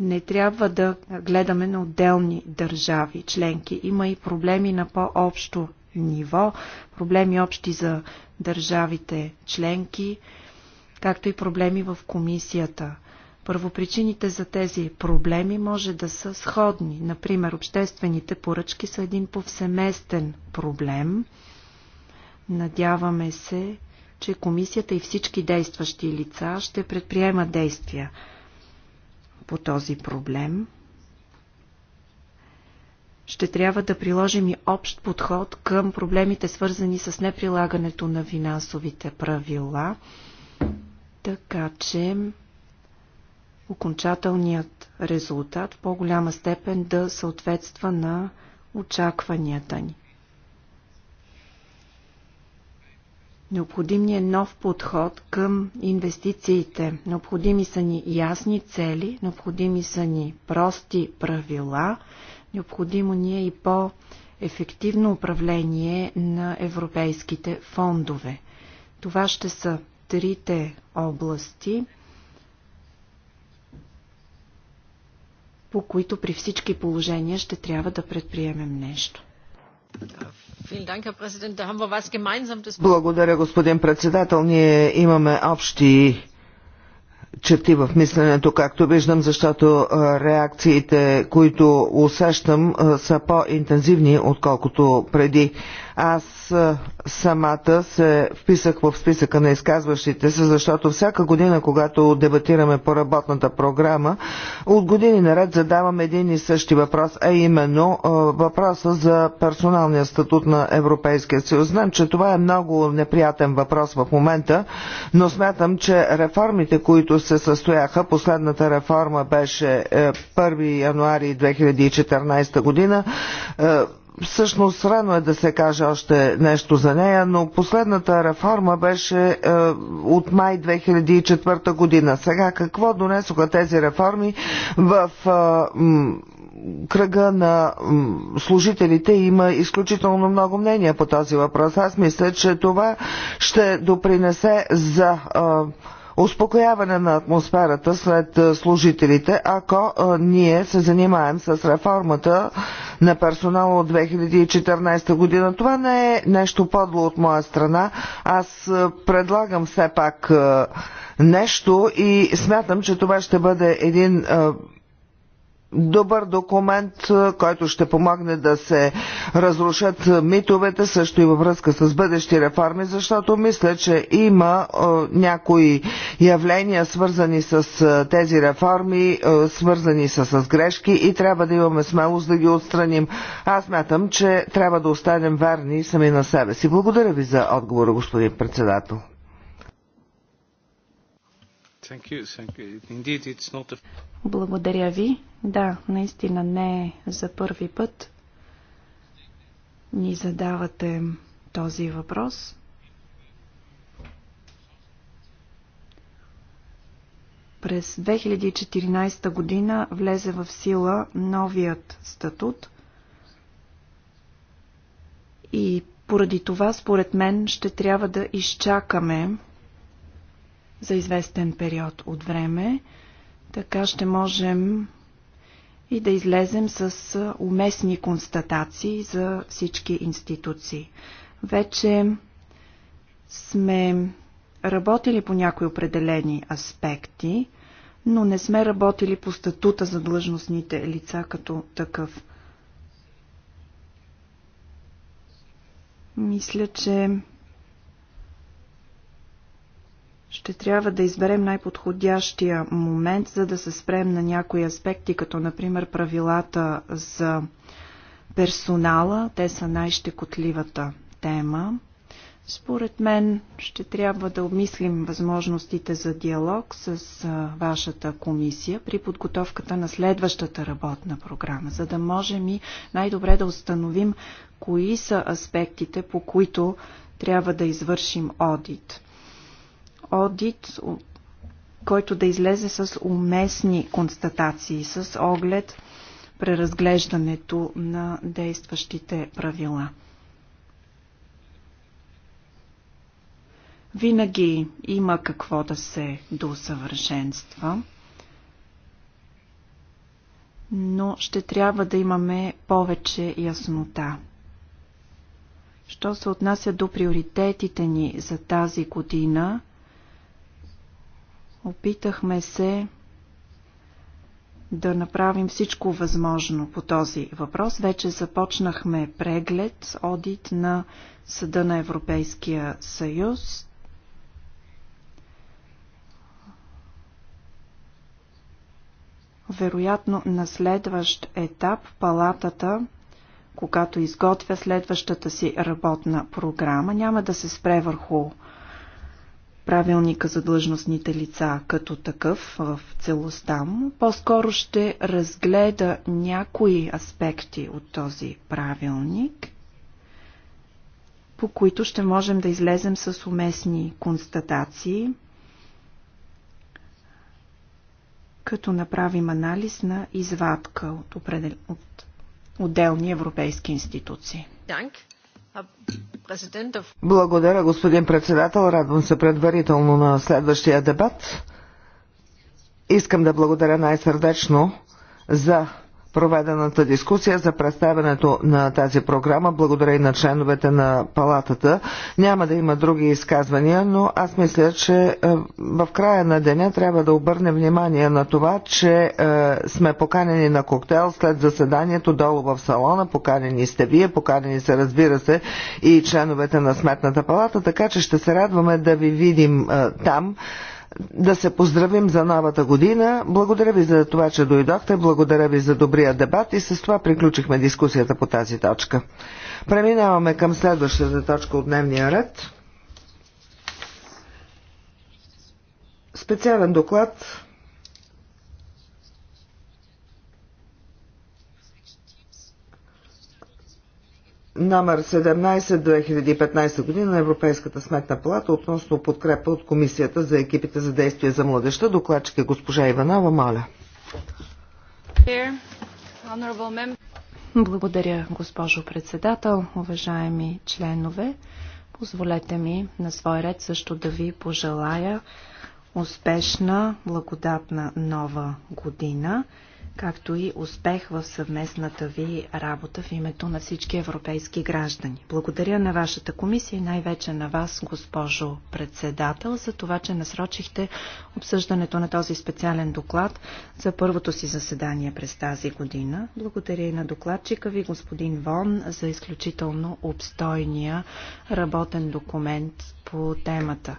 не трябва да гледаме на отделни държави членки. Има и проблеми на по-общо ниво, проблеми общи за държавите членки, както и проблеми в комисията. Първопричините за тези проблеми може да са сходни. Например, обществените поръчки са един повсеместен проблем. Надяваме се, че комисията и всички действащи лица ще предприемат действия по този проблем. Ще трябва да приложим и общ подход към проблемите, свързани с неприлагането на финансовите правила, така че окончателният резултат в по-голяма степен да съответства на очакванията ни. Необходим ни е нов подход към инвестициите. Необходими са ни ясни цели, необходими са ни прости правила, необходимо ни е и по-ефективно управление на европейските фондове. Това ще са трите области, по които при всички положения ще трябва да предприемем нещо. Благодаря, господин председател. Ние имаме общи черти в мисленето, както виждам, защото реакциите, които усещам, са по-интензивни, отколкото преди. Аз самата се вписах в списъка на изказващите се, защото всяка година, когато дебатираме по работната програма, от години наред задавам един и същи въпрос, а именно въпроса за персоналния статут на Европейския съюз. Знам, че това е много неприятен въпрос в момента, но смятам, че реформите, които се състояха, последната реформа беше 1 е, януари 2014 година, е, Всъщност рано е да се каже още нещо за нея, но последната реформа беше е, от май 2004 година. Сега какво донесоха тези реформи в е, кръга на служителите има изключително много мнения по този въпрос. Аз мисля, че това ще допринесе за е, успокояване на атмосферата след служителите, ако ние се занимаем с реформата на персонала от 2014 година. Това не е нещо подло от моя страна. Аз предлагам все пак нещо и смятам, че това ще бъде един добър документ, който ще помогне да се разрушат митовете, също и във връзка с бъдещи реформи, защото мисля, че има е, някои явления, свързани с е, тези реформи, е, свързани с, с грешки и трябва да имаме смелост да ги отстраним. Аз мятам, че трябва да останем верни сами на себе си. Благодаря ви за отговора, господин председател. Thank you, thank you. Indeed, it's not a... Благодаря ви. Да, наистина не е за първи път ни задавате този въпрос. През 2014 година влезе в сила новият статут и поради това, според мен, ще трябва да изчакаме за известен период от време, така ще можем и да излезем с уместни констатации за всички институции. Вече сме работили по някои определени аспекти, но не сме работили по статута за длъжностните лица като такъв. Мисля, че ще трябва да изберем най-подходящия момент, за да се спрем на някои аспекти, като например правилата за персонала. Те са най-щекотливата тема. Според мен ще трябва да обмислим възможностите за диалог с вашата комисия при подготовката на следващата работна програма, за да можем и най-добре да установим кои са аспектите, по които трябва да извършим одит одит, който да излезе с уместни констатации, с оглед преразглеждането на действащите правила. Винаги има какво да се досъвършенства, но ще трябва да имаме повече яснота. Що се отнася до приоритетите ни за тази година – Опитахме се да направим всичко възможно по този въпрос. Вече започнахме преглед, одит на Съда на Европейския съюз. Вероятно на следващ етап палатата, когато изготвя следващата си работна програма, няма да се спре върху правилника за длъжностните лица като такъв в целостта му, по-скоро ще разгледа някои аспекти от този правилник, по които ще можем да излезем с уместни констатации, като направим анализ на извадка от, определ... от отделни европейски институции. Данк. Благодаря, господин председател. Радвам се предварително на следващия дебат. Искам да благодаря най-сърдечно за проведената дискусия, за представянето на тази програма. Благодаря и на членовете на палатата. Няма да има други изказвания, но аз мисля, че е, в края на деня трябва да обърнем внимание на това, че е, сме поканени на коктейл след заседанието долу в салона. Поканени сте вие, поканени се разбира се и членовете на Сметната палата, така че ще се радваме да ви видим е, там да се поздравим за новата година. Благодаря ви за това, че дойдохте. Благодаря ви за добрия дебат и с това приключихме дискусията по тази точка. Преминаваме към следващата точка от дневния ред. Специален доклад номер 17-2015 година на Европейската сметна палата относно подкрепа от Комисията за екипите за действие за младеща. Докладчик е госпожа Иванова, моля. Благодаря, госпожо председател, уважаеми членове. Позволете ми на свой ред също да ви пожелая успешна, благодатна нова година както и успех в съвместната ви работа в името на всички европейски граждани. Благодаря на вашата комисия и най-вече на вас, госпожо председател, за това, че насрочихте обсъждането на този специален доклад за първото си заседание през тази година. Благодаря и на докладчика ви, господин Вон, за изключително обстойния работен документ по темата.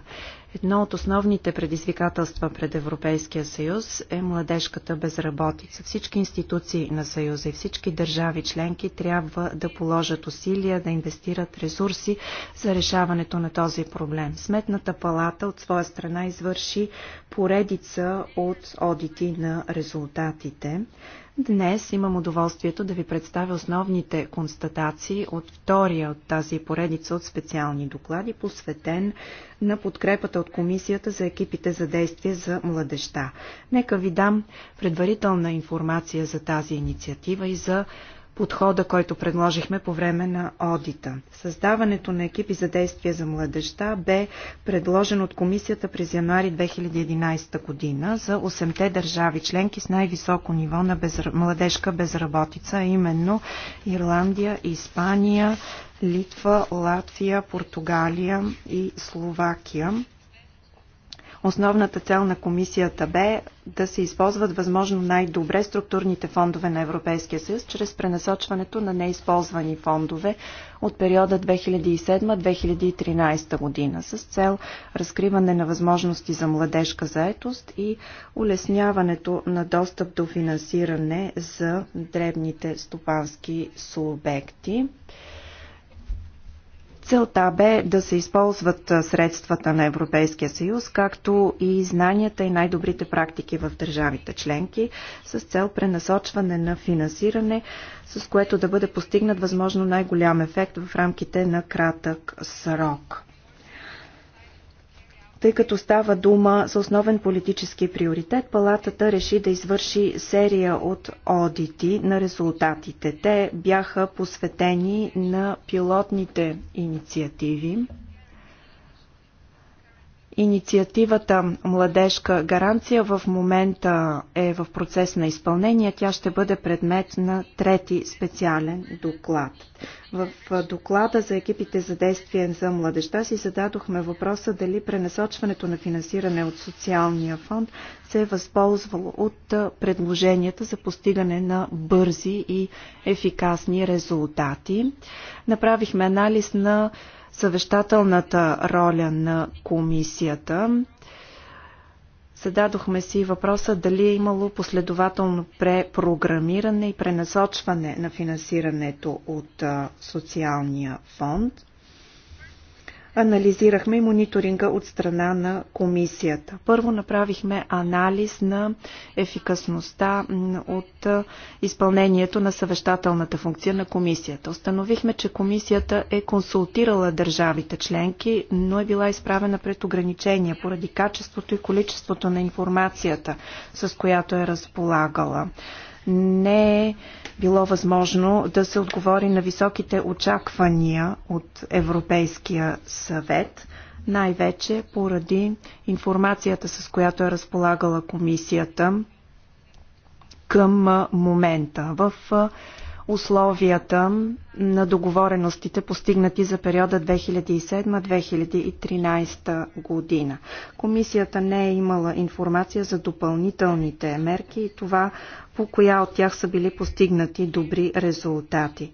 Едно от основните предизвикателства пред Европейския съюз е младежката безработица. Всички институции на съюза и всички държави членки трябва да положат усилия, да инвестират ресурси за решаването на този проблем. Сметната палата от своя страна извърши поредица от одити на резултатите. Днес имам удоволствието да ви представя основните констатации от втория от тази поредица от специални доклади, посветен на подкрепата от Комисията за екипите за действие за младеща. Нека ви дам предварителна информация за тази инициатива и за подхода, който предложихме по време на одита. Създаването на екипи за действие за младеща бе предложен от комисията през януари 2011 година за 8-те държави членки с най-високо ниво на безр... младежка безработица, именно Ирландия, Испания, Литва, Латвия, Португалия и Словакия Основната цел на комисията бе да се използват възможно най-добре структурните фондове на Европейския съюз чрез пренасочването на неизползвани фондове от периода 2007-2013 година с цел разкриване на възможности за младежка заетост и улесняването на достъп до финансиране за дребните стопански субекти. Целта бе да се използват средствата на Европейския съюз, както и знанията и най-добрите практики в държавите членки, с цел пренасочване на финансиране, с което да бъде постигнат възможно най-голям ефект в рамките на кратък срок. Тъй като става дума за основен политически приоритет, палатата реши да извърши серия от одити на резултатите. Те бяха посветени на пилотните инициативи Инициативата Младежка гаранция в момента е в процес на изпълнение. Тя ще бъде предмет на трети специален доклад. В доклада за екипите за действие за младежта си зададохме въпроса дали пренасочването на финансиране от социалния фонд се е възползвало от предложенията за постигане на бързи и ефикасни резултати. Направихме анализ на съвещателната роля на комисията. Зададохме си въпроса дали е имало последователно препрограмиране и пренасочване на финансирането от социалния фонд анализирахме и мониторинга от страна на комисията. Първо направихме анализ на ефикасността от изпълнението на съвещателната функция на комисията. Установихме, че комисията е консултирала държавите членки, но е била изправена пред ограничения поради качеството и количеството на информацията, с която е разполагала. Не е било възможно да се отговори на високите очаквания от Европейския съвет, най-вече поради информацията, с която е разполагала комисията към момента. В условията на договореностите, постигнати за периода 2007-2013 година. Комисията не е имала информация за допълнителните мерки и това по коя от тях са били постигнати добри резултати.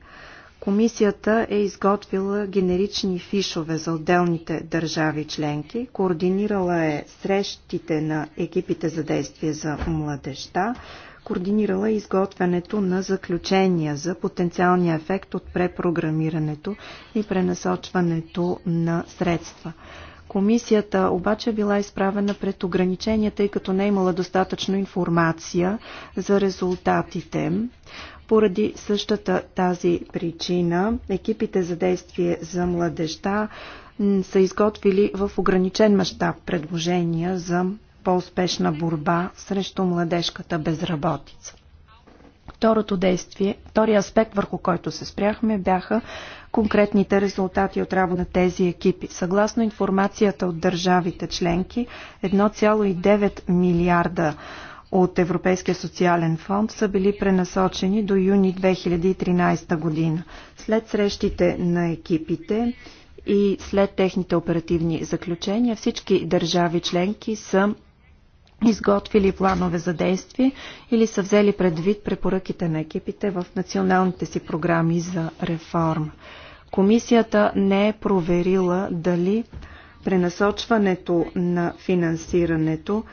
Комисията е изготвила генерични фишове за отделните държави членки, координирала е срещите на екипите за действие за младеща, координирала изготвянето на заключения за потенциалния ефект от препрограмирането и пренасочването на средства. Комисията обаче била изправена пред ограничения, тъй като не е имала достатъчно информация за резултатите. Поради същата тази причина екипите за действие за младеща са изготвили в ограничен мащаб предложения за по-успешна борба срещу младежката безработица. Второто действие, втори аспект, върху който се спряхме, бяха конкретните резултати от работа на тези екипи. Съгласно информацията от държавите членки, 1,9 милиарда от Европейския социален фонд са били пренасочени до юни 2013 година. След срещите на екипите и след техните оперативни заключения всички държави членки са изготвили планове за действие или са взели предвид препоръките на екипите в националните си програми за реформа. Комисията не е проверила дали пренасочването на финансирането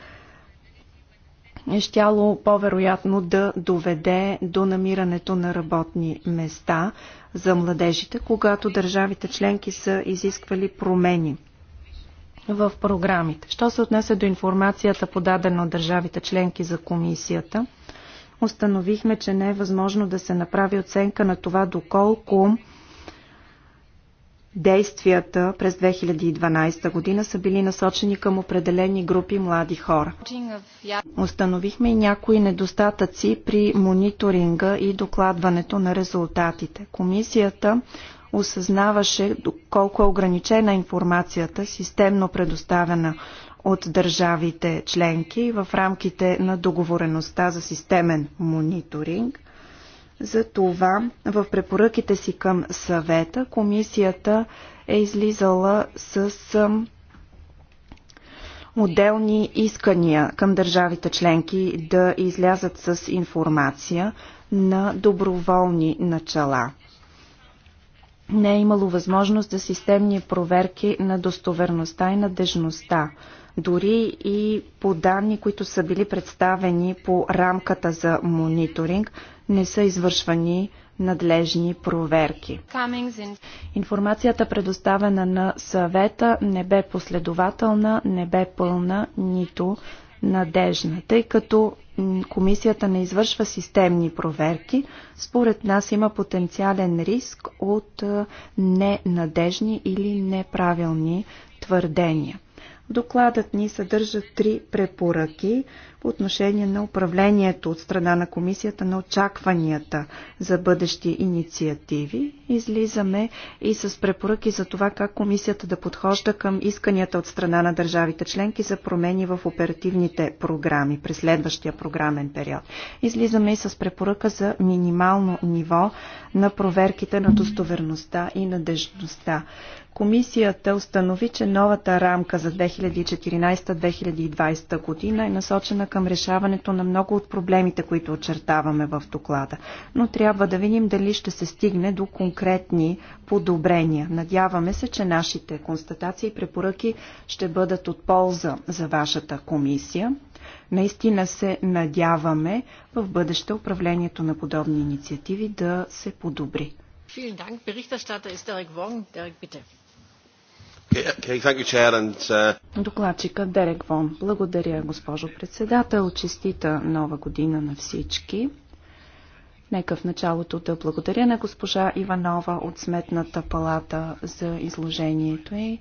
е щяло по-вероятно да доведе до намирането на работни места за младежите, когато държавите членки са изисквали промени в програмите. Що се отнесе до информацията, подадена от държавите членки за комисията, установихме, че не е възможно да се направи оценка на това доколко действията през 2012 година са били насочени към определени групи млади хора. Установихме и някои недостатъци при мониторинга и докладването на резултатите. Комисията осъзнаваше колко е ограничена информацията, системно предоставена от държавите членки в рамките на договореността за системен мониторинг. Затова в препоръките си към съвета комисията е излизала с отделни искания към държавите членки да излязат с информация на доброволни начала – не е имало възможност за системни проверки на достоверността и надежността. Дори и по данни, които са били представени по рамката за мониторинг, не са извършвани надлежни проверки. Информацията предоставена на съвета не бе последователна, не бе пълна, нито надежна, тъй като комисията не извършва системни проверки, според нас има потенциален риск от ненадежни или неправилни твърдения. Докладът ни съдържа три препоръки по отношение на управлението от страна на комисията на очакванията за бъдещи инициативи. Излизаме и с препоръки за това как комисията да подхожда към исканията от страна на държавите членки за промени в оперативните програми през следващия програмен период. Излизаме и с препоръка за минимално ниво на проверките на достоверността и надежността. Комисията установи, че новата рамка за 2014-2020 година е насочена към решаването на много от проблемите, които очертаваме в доклада. Но трябва да видим дали ще се стигне до конкретни подобрения. Надяваме се, че нашите констатации и препоръки ще бъдат от полза за вашата комисия. Наистина се надяваме в бъдеще управлението на подобни инициативи да се подобри. Vielen Dank. Berichterstatter ist Derek Wong. Derek, bitte. Uh, Докладчика Дерек Вон. Благодаря, госпожо председател. Честита нова година на всички. Нека в началото да благодаря на госпожа Иванова от Сметната палата за изложението й.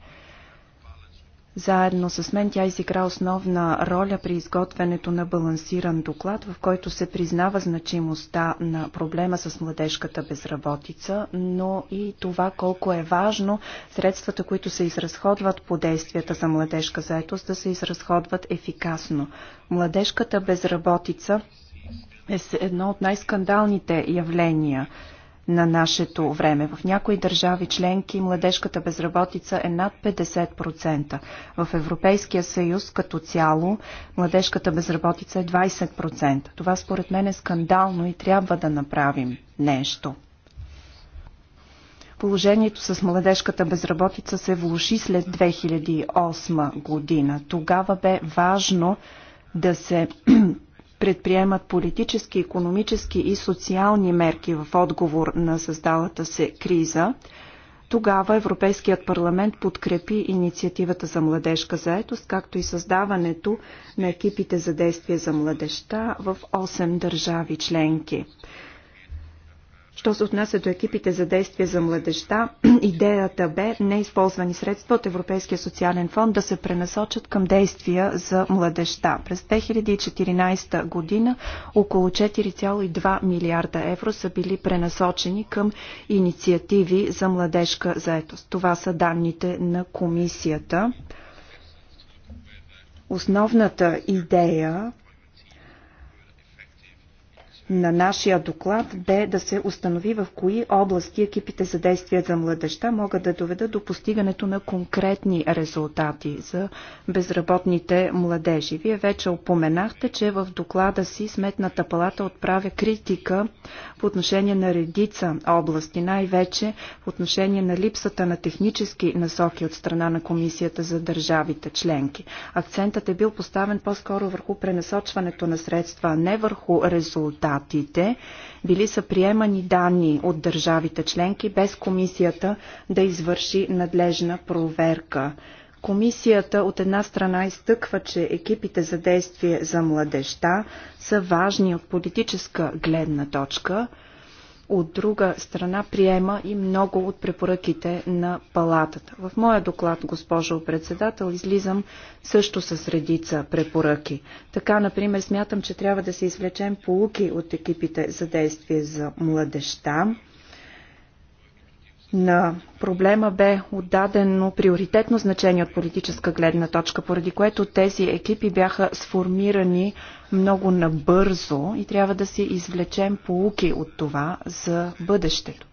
Заедно с мен тя изигра основна роля при изготвянето на балансиран доклад, в който се признава значимостта на проблема с младежката безработица, но и това колко е важно средствата, които се изразходват по действията за младежка заетост, да се изразходват ефикасно. Младежката безработица е едно от най-скандалните явления – на нашето време. В някои държави членки младежката безработица е над 50%. В Европейския съюз като цяло младежката безработица е 20%. Това според мен е скандално и трябва да направим нещо. Положението с младежката безработица се влуши след 2008 година. Тогава бе важно да се <clears throat> предприемат политически, економически и социални мерки в отговор на създалата се криза, тогава Европейският парламент подкрепи инициативата за младежка заетост, както и създаването на екипите за действие за младеща в 8 държави членки. Що се отнася до екипите за действие за младеща, <clears throat> идеята бе неизползвани средства от Европейския социален фонд да се пренасочат към действия за младеща. През 2014 година около 4,2 милиарда евро са били пренасочени към инициативи за младежка заетост. Това са данните на комисията. Основната идея на нашия доклад бе да се установи в кои области екипите за действие за младеща могат да доведат до постигането на конкретни резултати за безработните младежи. Вие вече опоменахте, че в доклада си Сметната палата отправя критика по отношение на редица области, най-вече по отношение на липсата на технически насоки от страна на Комисията за държавите членки. Акцентът е бил поставен по-скоро върху пренасочването на средства, не върху резултатите. Били са приемани данни от държавите членки без Комисията да извърши надлежна проверка. Комисията от една страна изтъква, че екипите за действие за младеща са важни от политическа гледна точка, от друга страна приема и много от препоръките на палатата. В моя доклад, госпожо председател, излизам също с редица препоръки. Така, например, смятам, че трябва да се извлечем полуки от екипите за действие за младеща на проблема бе отдадено приоритетно значение от политическа гледна точка, поради което тези екипи бяха сформирани много набързо и трябва да си извлечем поуки от това за бъдещето.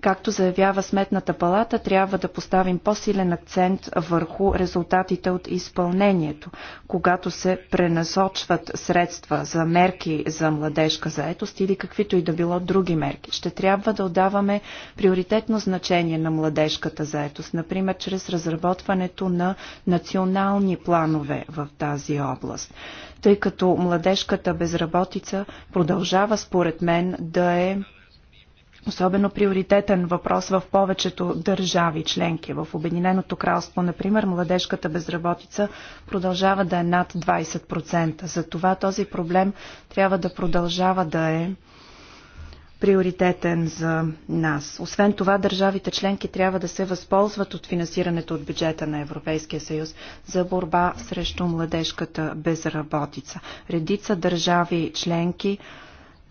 Както заявява Сметната палата, трябва да поставим по-силен акцент върху резултатите от изпълнението. Когато се пренасочват средства за мерки за младежка заетост или каквито и да било други мерки, ще трябва да отдаваме приоритетно значение на младежката заетост, например чрез разработването на национални планове в тази област тъй като младежката безработица продължава според мен да е особено приоритетен въпрос в повечето държави членки. В Обединеното кралство, например, младежката безработица продължава да е над 20%. Затова този проблем трябва да продължава да е приоритетен за нас. Освен това, държавите членки трябва да се възползват от финансирането от бюджета на Европейския съюз за борба срещу младежката безработица. Редица държави членки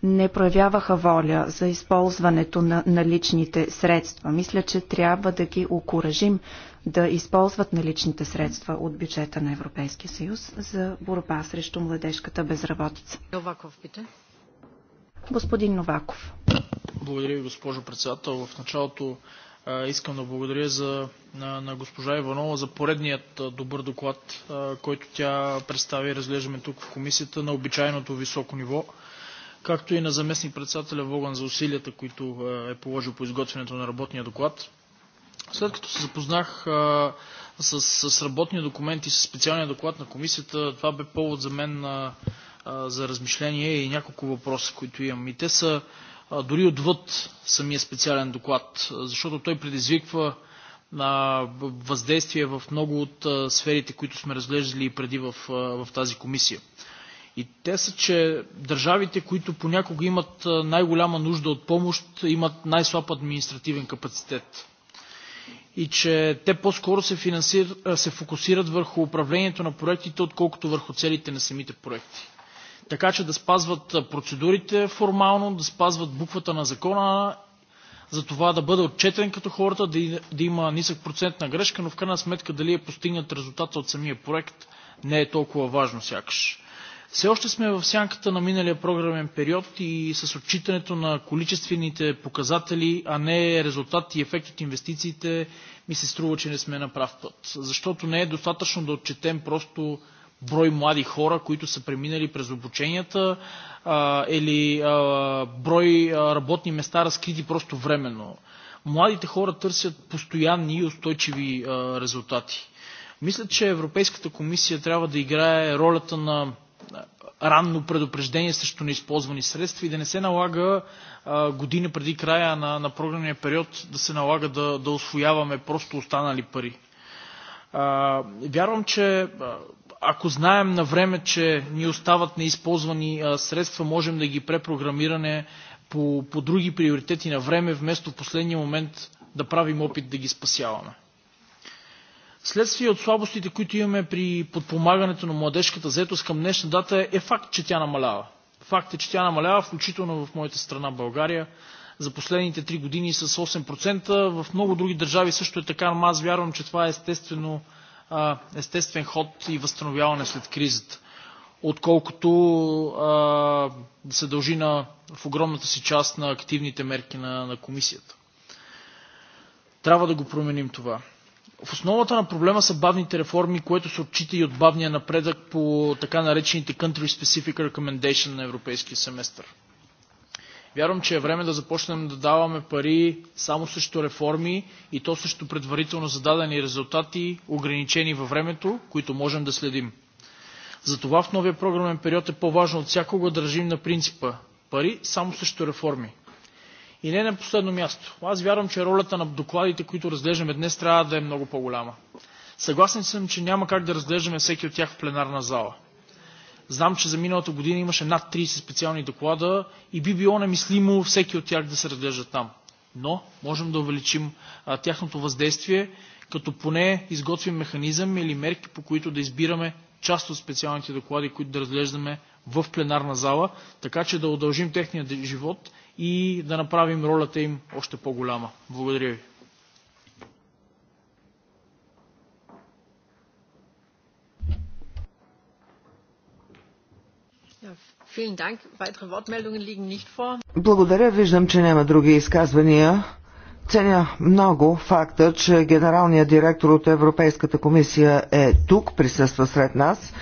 не проявяваха воля за използването на наличните средства. Мисля, че трябва да ги окоръжим да използват наличните средства от бюджета на Европейския съюз за борба срещу младежката безработица. Новаков, пите. Господин Новаков. Благодаря ви, госпожо председател. В началото искам да благодаря за, на, на госпожа Иванова за поредният добър доклад, който тя представи и разглеждаме тук в комисията на обичайното високо ниво както и на заместник председателя Воган за усилията, които е положил по изготвянето на работния доклад. След като се запознах а, с, с работния документ и с специалния доклад на комисията, това бе повод за мен а, а, за размишление и няколко въпроса, които имам. И те са а, дори отвъд самия специален доклад, защото той предизвиква на въздействие в много от а, сферите, които сме разглеждали и преди в, а, в тази комисия. И те са, че държавите, които понякога имат най-голяма нужда от помощ, имат най-слаб административен капацитет. И че те по-скоро се, финансир... се фокусират върху управлението на проектите, отколкото върху целите на самите проекти. Така че да спазват процедурите формално, да спазват буквата на закона, за това да бъде отчетен като хората, да, да има нисък процент на грешка, но в крайна сметка дали е постигнат резултата от самия проект не е толкова важно сякаш. Все още сме в сянката на миналия програмен период и с отчитането на количествените показатели, а не резултат и ефект от инвестициите, ми се струва, че не сме на прав път. Защото не е достатъчно да отчетем просто брой млади хора, които са преминали през обученията а, или а, брой работни места, разкрити просто временно. Младите хора търсят постоянни и устойчиви а, резултати. Мисля, че Европейската комисия трябва да играе ролята на ранно предупреждение срещу неизползвани средства и да не се налага а, години преди края на, на програмния период да се налага да, да освояваме просто останали пари. А, вярвам, че ако знаем на време, че ни остават неизползвани а, средства, можем да ги препрограмираме по, по други приоритети на време, вместо в последния момент да правим опит да ги спасяваме. Следствие от слабостите, които имаме при подпомагането на младежката заетост към днешна дата е факт, че тя намалява. Факт е, че тя намалява, включително в моята страна България, за последните 3 години с 8%. В много други държави също е така, но аз вярвам, че това е естествено, естествен ход и възстановяване след кризата, отколкото а, се дължи на, в огромната си част на активните мерки на, на комисията. Трябва да го променим това. В основата на проблема са бавните реформи, което се отчита и от бавния напредък по така наречените Country Specific Recommendation на европейския семестър. Вярвам, че е време да започнем да даваме пари само срещу реформи и то срещу предварително зададени резултати, ограничени във времето, които можем да следим. Затова в новия програмен период е по-важно от всякога да държим на принципа пари само срещу реформи. И не на последно място. Аз вярвам, че ролята на докладите, които разглеждаме днес, трябва да е много по-голяма. Съгласен съм, че няма как да разглеждаме всеки от тях в пленарна зала. Знам, че за миналата година имаше над 30 специални доклада и би било немислимо всеки от тях да се разглежда там. Но можем да увеличим а, тяхното въздействие, като поне изготвим механизъм или мерки, по които да избираме част от специалните доклади, които да разглеждаме в пленарна зала, така че да удължим техния живот и да направим ролята им още по-голяма. Благодаря ви. Благодаря. Виждам, че няма други изказвания. Ценя много факта, че генералният директор от Европейската комисия е тук, присъства сред нас.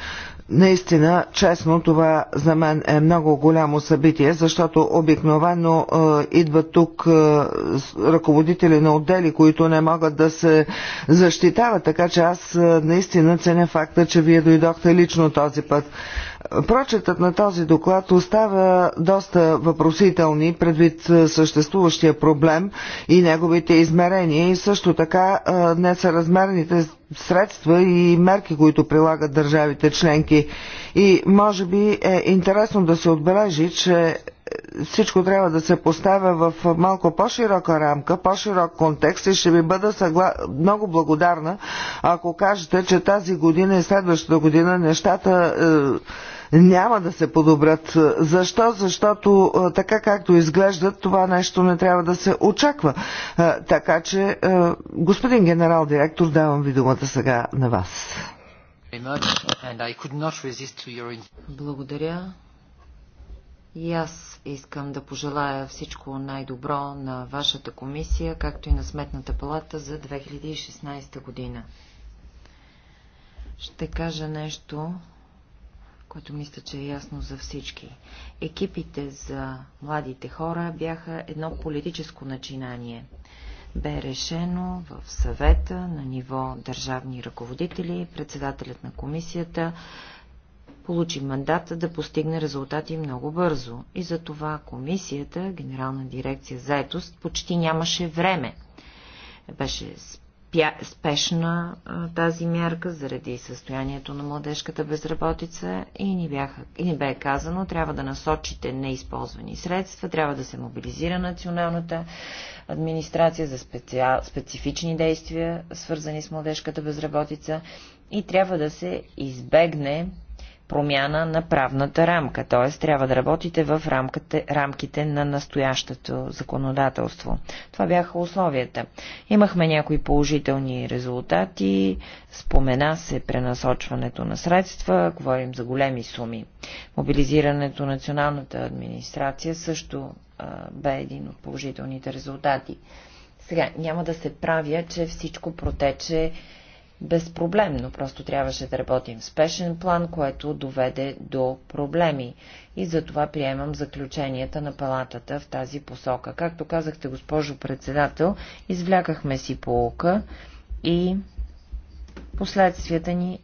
Наистина, честно, това за мен е много голямо събитие, защото обикновено е, идват тук е, ръководители на отдели, които не могат да се защитават, така че аз е, наистина ценя факта, че вие дойдохте лично този път. Прочетът на този доклад остава доста въпросителни предвид съществуващия проблем и неговите измерения и също така несъразмерните средства и мерки, които прилагат държавите членки. И може би е интересно да се отбележи, че всичко трябва да се поставя в малко по-широка рамка, по-широк контекст и ще ви бъда съгла... много благодарна, ако кажете, че тази година и следващата година нещата е, няма да се подобрят. Защо? Защото е, така както изглеждат, това нещо не трябва да се очаква. Е, така че, е, господин генерал директор, давам ви думата сега на вас. Благодаря. И аз искам да пожелая всичко най-добро на вашата комисия, както и на Сметната палата за 2016 година. Ще кажа нещо, което мисля, че е ясно за всички. Екипите за младите хора бяха едно политическо начинание. Бе решено в съвета на ниво държавни ръководители, председателят на комисията, получи мандат да постигне резултати много бързо. И за това комисията, Генерална дирекция заетост, почти нямаше време. Беше спешна тази мярка заради състоянието на младежката безработица и ни, бяха, и ни бе казано, трябва да насочите неизползвани средства, трябва да се мобилизира националната администрация за специал... специфични действия, свързани с младежката безработица и трябва да се избегне промяна на правната рамка, т.е. трябва да работите в рамките, рамките на настоящото законодателство. Това бяха условията. Имахме някои положителни резултати, спомена се пренасочването на средства, говорим за големи суми. Мобилизирането на националната администрация също а, бе един от положителните резултати. Сега, няма да се правя, че всичко протече безпроблемно. Просто трябваше да работим в спешен план, което доведе до проблеми. И за това приемам заключенията на палатата в тази посока. Както казахте, госпожо председател, извлякахме си полука и последствията ни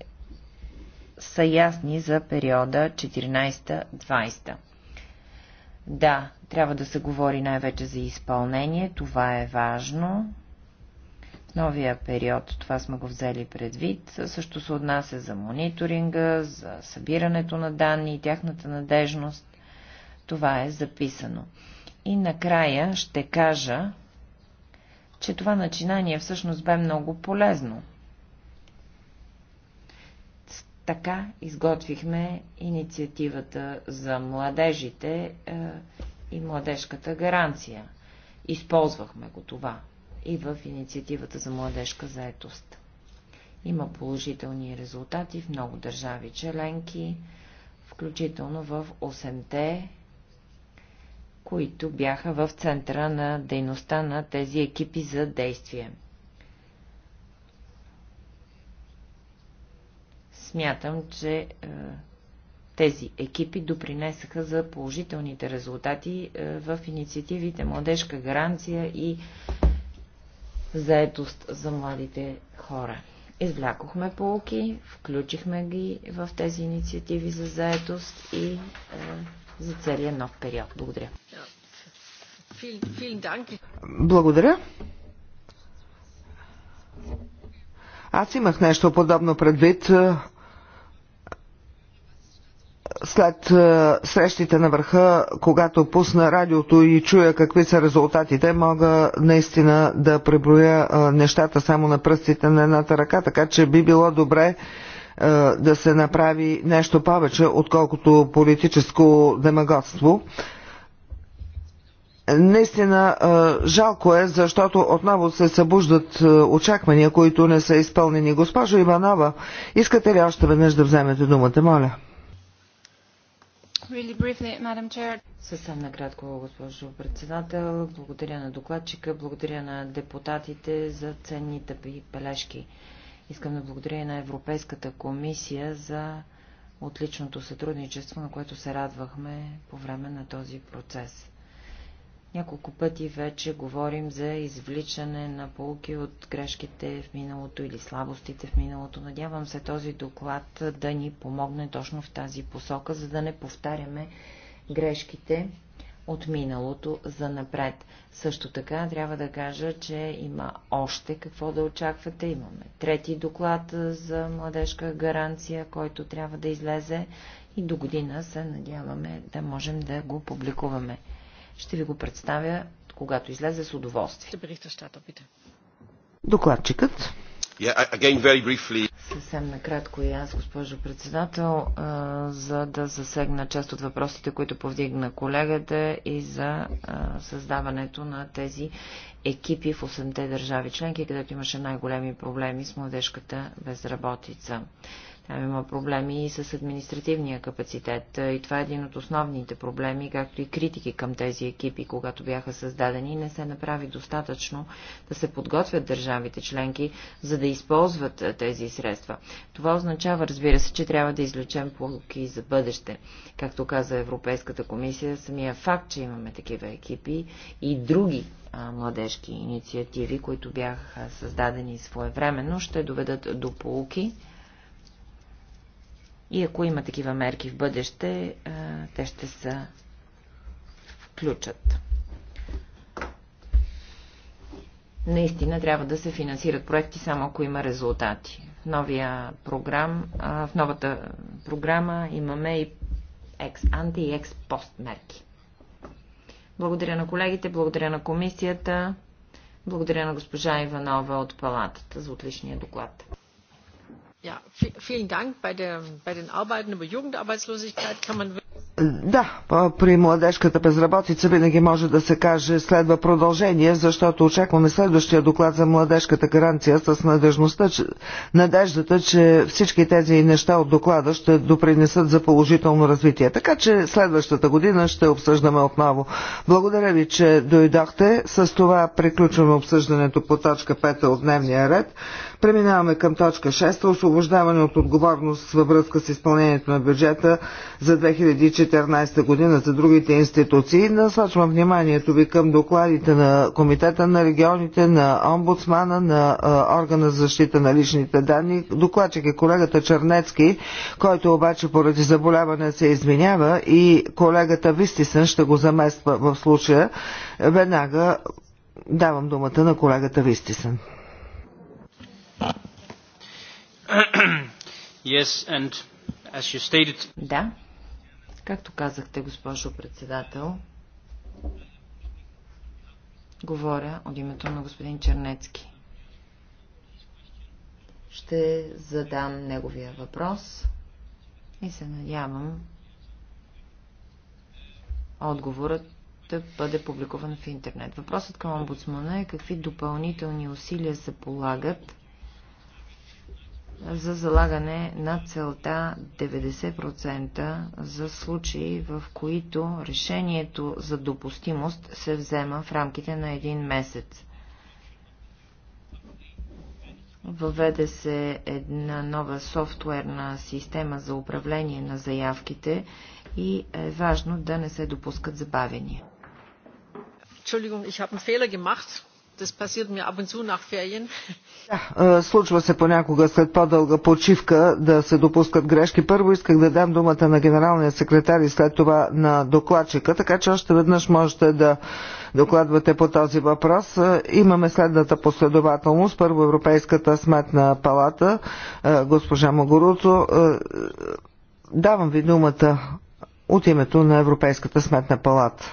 са ясни за периода 14-20. Да, трябва да се говори най-вече за изпълнение, това е важно, новия период. Това сме го взели предвид. Също се отнася за мониторинга, за събирането на данни и тяхната надежност. Това е записано. И накрая ще кажа, че това начинание всъщност бе много полезно. Така изготвихме инициативата за младежите е, и младежката гаранция. Използвахме го това и в инициативата за младежка заетост. Има положителни резултати в много държави членки, включително в 8-те, които бяха в центъра на дейността на тези екипи за действие. Смятам, че е, тези екипи допринесаха за положителните резултати е, в инициативите Младежка гаранция и заетост за младите хора. Извлякохме полки, включихме ги в тези инициативи за заетост и е, за целия нов период. Благодаря. Благодаря. Аз имах нещо подобно предвид. Е, след е, срещите на върха, когато пусна радиото и чуя какви са резултатите, мога наистина да преброя е, нещата само на пръстите на едната ръка, така че би било добре е, да се направи нещо повече, отколкото политическо демагогство. Наистина жалко е, защото отново се събуждат очаквания, които не са изпълнени. Госпожо Иванова, искате ли още веднъж да вземете думата, моля? Съвсем накратко, госпожо председател. Благодаря на докладчика, благодаря на депутатите за ценните бележки. Искам да благодаря и на Европейската комисия за отличното сътрудничество, на което се радвахме по време на този процес. Няколко пъти вече говорим за извличане на полки от грешките в миналото или слабостите в миналото. Надявам се този доклад да ни помогне точно в тази посока, за да не повтаряме грешките от миналото за напред. Също така трябва да кажа, че има още какво да очаквате. Имаме трети доклад за младежка гаранция, който трябва да излезе и до година се надяваме да можем да го публикуваме. Ще ви го представя, когато излезе с удоволствие. Докладчикът. Yeah, again, very briefly. Съвсем накратко и аз, госпожо председател, за да засегна част от въпросите, които повдигна колегата и за създаването на тези екипи в 8-те държави членки, където имаше най-големи проблеми с младежката безработица. Там има проблеми и с административния капацитет. И това е един от основните проблеми, както и критики към тези екипи, когато бяха създадени. Не се направи достатъчно да се подготвят държавите членки, за да използват тези средства. Това означава, разбира се, че трябва да излечем полуки за бъдеще. Както каза Европейската комисия, самия факт, че имаме такива екипи и други младежки инициативи, които бяха създадени своевременно, ще доведат до полуки и ако има такива мерки в бъдеще, те ще се включат. Наистина трябва да се финансират проекти само ако има резултати. В, новия програм, в новата програма имаме и екс-анти и екс-пост мерки. Благодаря на колегите, благодаря на комисията, благодаря на госпожа Иванова от палатата за отличния доклад да, при младежката безработица винаги може да се каже следва продължение, защото очакваме следващия доклад за младежката гаранция с надежността, че, надеждата, че всички тези неща от доклада ще допринесат за положително развитие. Така че следващата година ще обсъждаме отново. Благодаря ви, че дойдохте. С това приключваме обсъждането по точка 5 от дневния ред. Преминаваме към точка 6 освобождаване от отговорност във връзка с изпълнението на бюджета за 2014 година за другите институции. Насочвам вниманието ви към докладите на Комитета на регионите, на омбудсмана, на органа за защита на личните данни. Докладчик е колегата Чернецки, който обаче поради заболяване се извинява и колегата Вистисън ще го замества в случая. Веднага давам думата на колегата Вистисън. <coughs> Да. Както казахте, госпожо председател, говоря от името на господин Чернецки. Ще задам неговия въпрос и се надявам отговорът да бъде публикуван в интернет. Въпросът към омбудсмана е какви допълнителни усилия се полагат за залагане на целта 90% за случаи, в които решението за допустимост се взема в рамките на един месец. Въведе се една нова софтуерна система за управление на заявките и е важно да не се допускат забавения. Entschuldigung, ich habe einen Fehler gemacht. Das passiert mir ab und zu nach Ferien. Да, случва се понякога след по-дълга почивка да се допускат грешки. Първо исках да дам думата на генералния секретар и след това на докладчика, така че още веднъж можете да докладвате по този въпрос. Имаме следната последователност. Първо Европейската сметна палата, госпожа Могоруцо. Давам ви думата от името на Европейската сметна палата.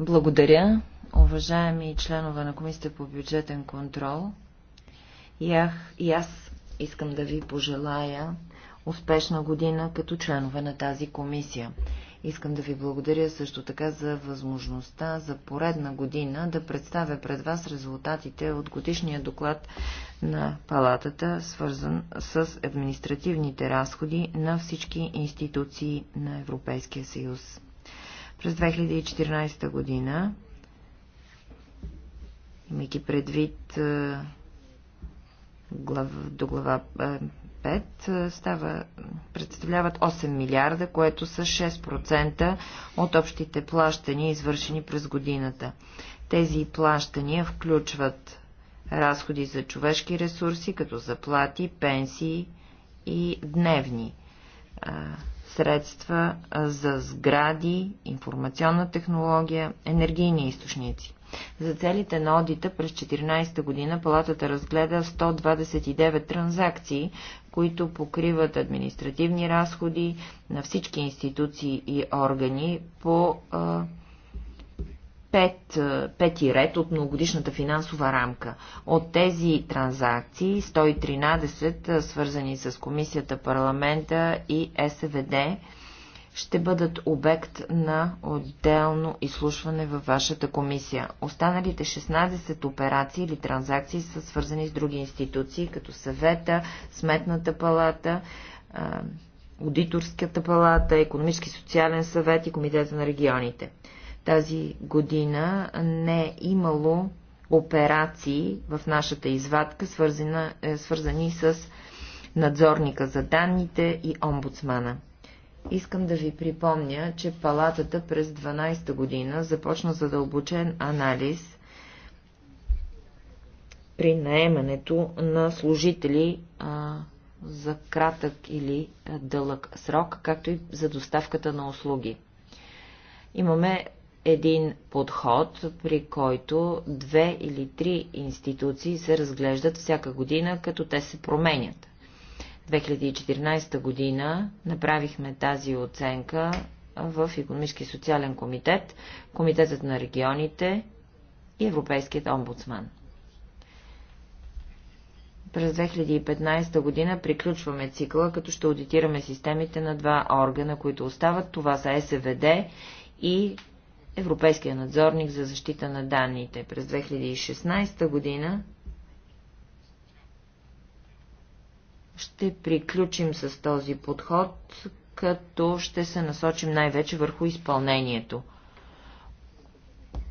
Благодаря, уважаеми членове на Комисията по бюджетен контрол. и аз искам да ви пожелая успешна година като членове на тази комисия. Искам да ви благодаря също така за възможността за поредна година да представя пред вас резултатите от годишния доклад на палатата, свързан с административните разходи на всички институции на Европейския съюз. През 2014 година, имайки предвид глав, до глава 5, става, представляват 8 милиарда, което са 6% от общите плащания, извършени през годината. Тези плащания включват разходи за човешки ресурси, като заплати, пенсии и дневни средства за сгради, информационна технология, енергийни източници. За целите на одита през 2014 година палатата разгледа 129 транзакции, които покриват административни разходи на всички институции и органи по а, пет, пети ред от многогодишната финансова рамка. От тези транзакции 113, свързани с Комисията, парламента и СВД, ще бъдат обект на отделно изслушване във вашата комисия. Останалите 16 операции или транзакции са свързани с други институции, като съвета, сметната палата, аудиторската палата, економически социален съвет и комитета на регионите. Тази година не е имало операции в нашата извадка, свързана, е, свързани с надзорника за данните и омбудсмана. Искам да ви припомня, че палатата през 12-та година започна задълбочен анализ при наемането на служители а, за кратък или дълъг срок, както и за доставката на услуги. Имаме един подход, при който две или три институции се разглеждат всяка година, като те се променят. 2014 година направихме тази оценка в Економически и социален комитет, Комитетът на регионите и Европейският омбудсман. През 2015 година приключваме цикъла, като ще аудитираме системите на два органа, които остават. Това са СВД и Европейския надзорник за защита на данните. През 2016 година ще приключим с този подход, като ще се насочим най-вече върху изпълнението.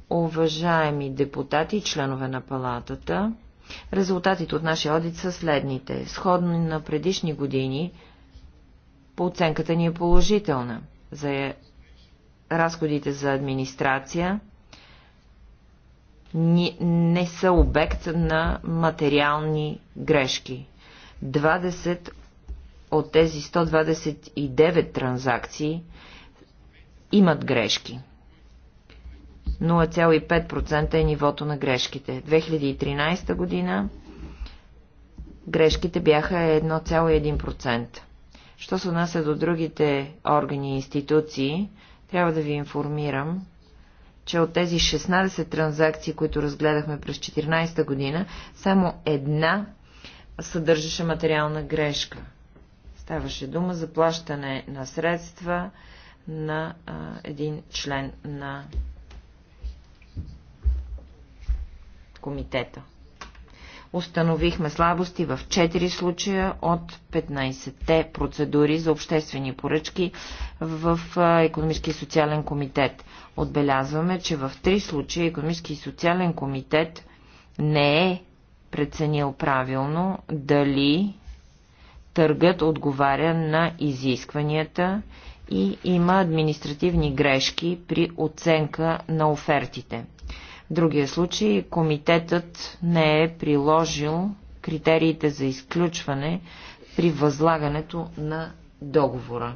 Уважаеми депутати и членове на палатата, резултатите от нашия одит са следните. Сходно на предишни години, по оценката ни е положителна. За разходите за администрация не са обект на материални грешки. 20 от тези 129 транзакции имат грешки. 0,5% е, е нивото на грешките. 2013 година грешките бяха 1,1%. Що се отнася до другите органи и институции, трябва да ви информирам, че от тези 16 транзакции, които разгледахме през 2014 година, само една съдържаше материална грешка. Ставаше дума за плащане на средства на а, един член на комитета. Установихме слабости в 4 случая от 15-те процедури за обществени поръчки в Економически и социален комитет. Отбелязваме, че в 3 случая Економически и социален комитет не е преценил правилно дали търгът отговаря на изискванията и има административни грешки при оценка на офертите. В другия случай комитетът не е приложил критериите за изключване при възлагането на договора.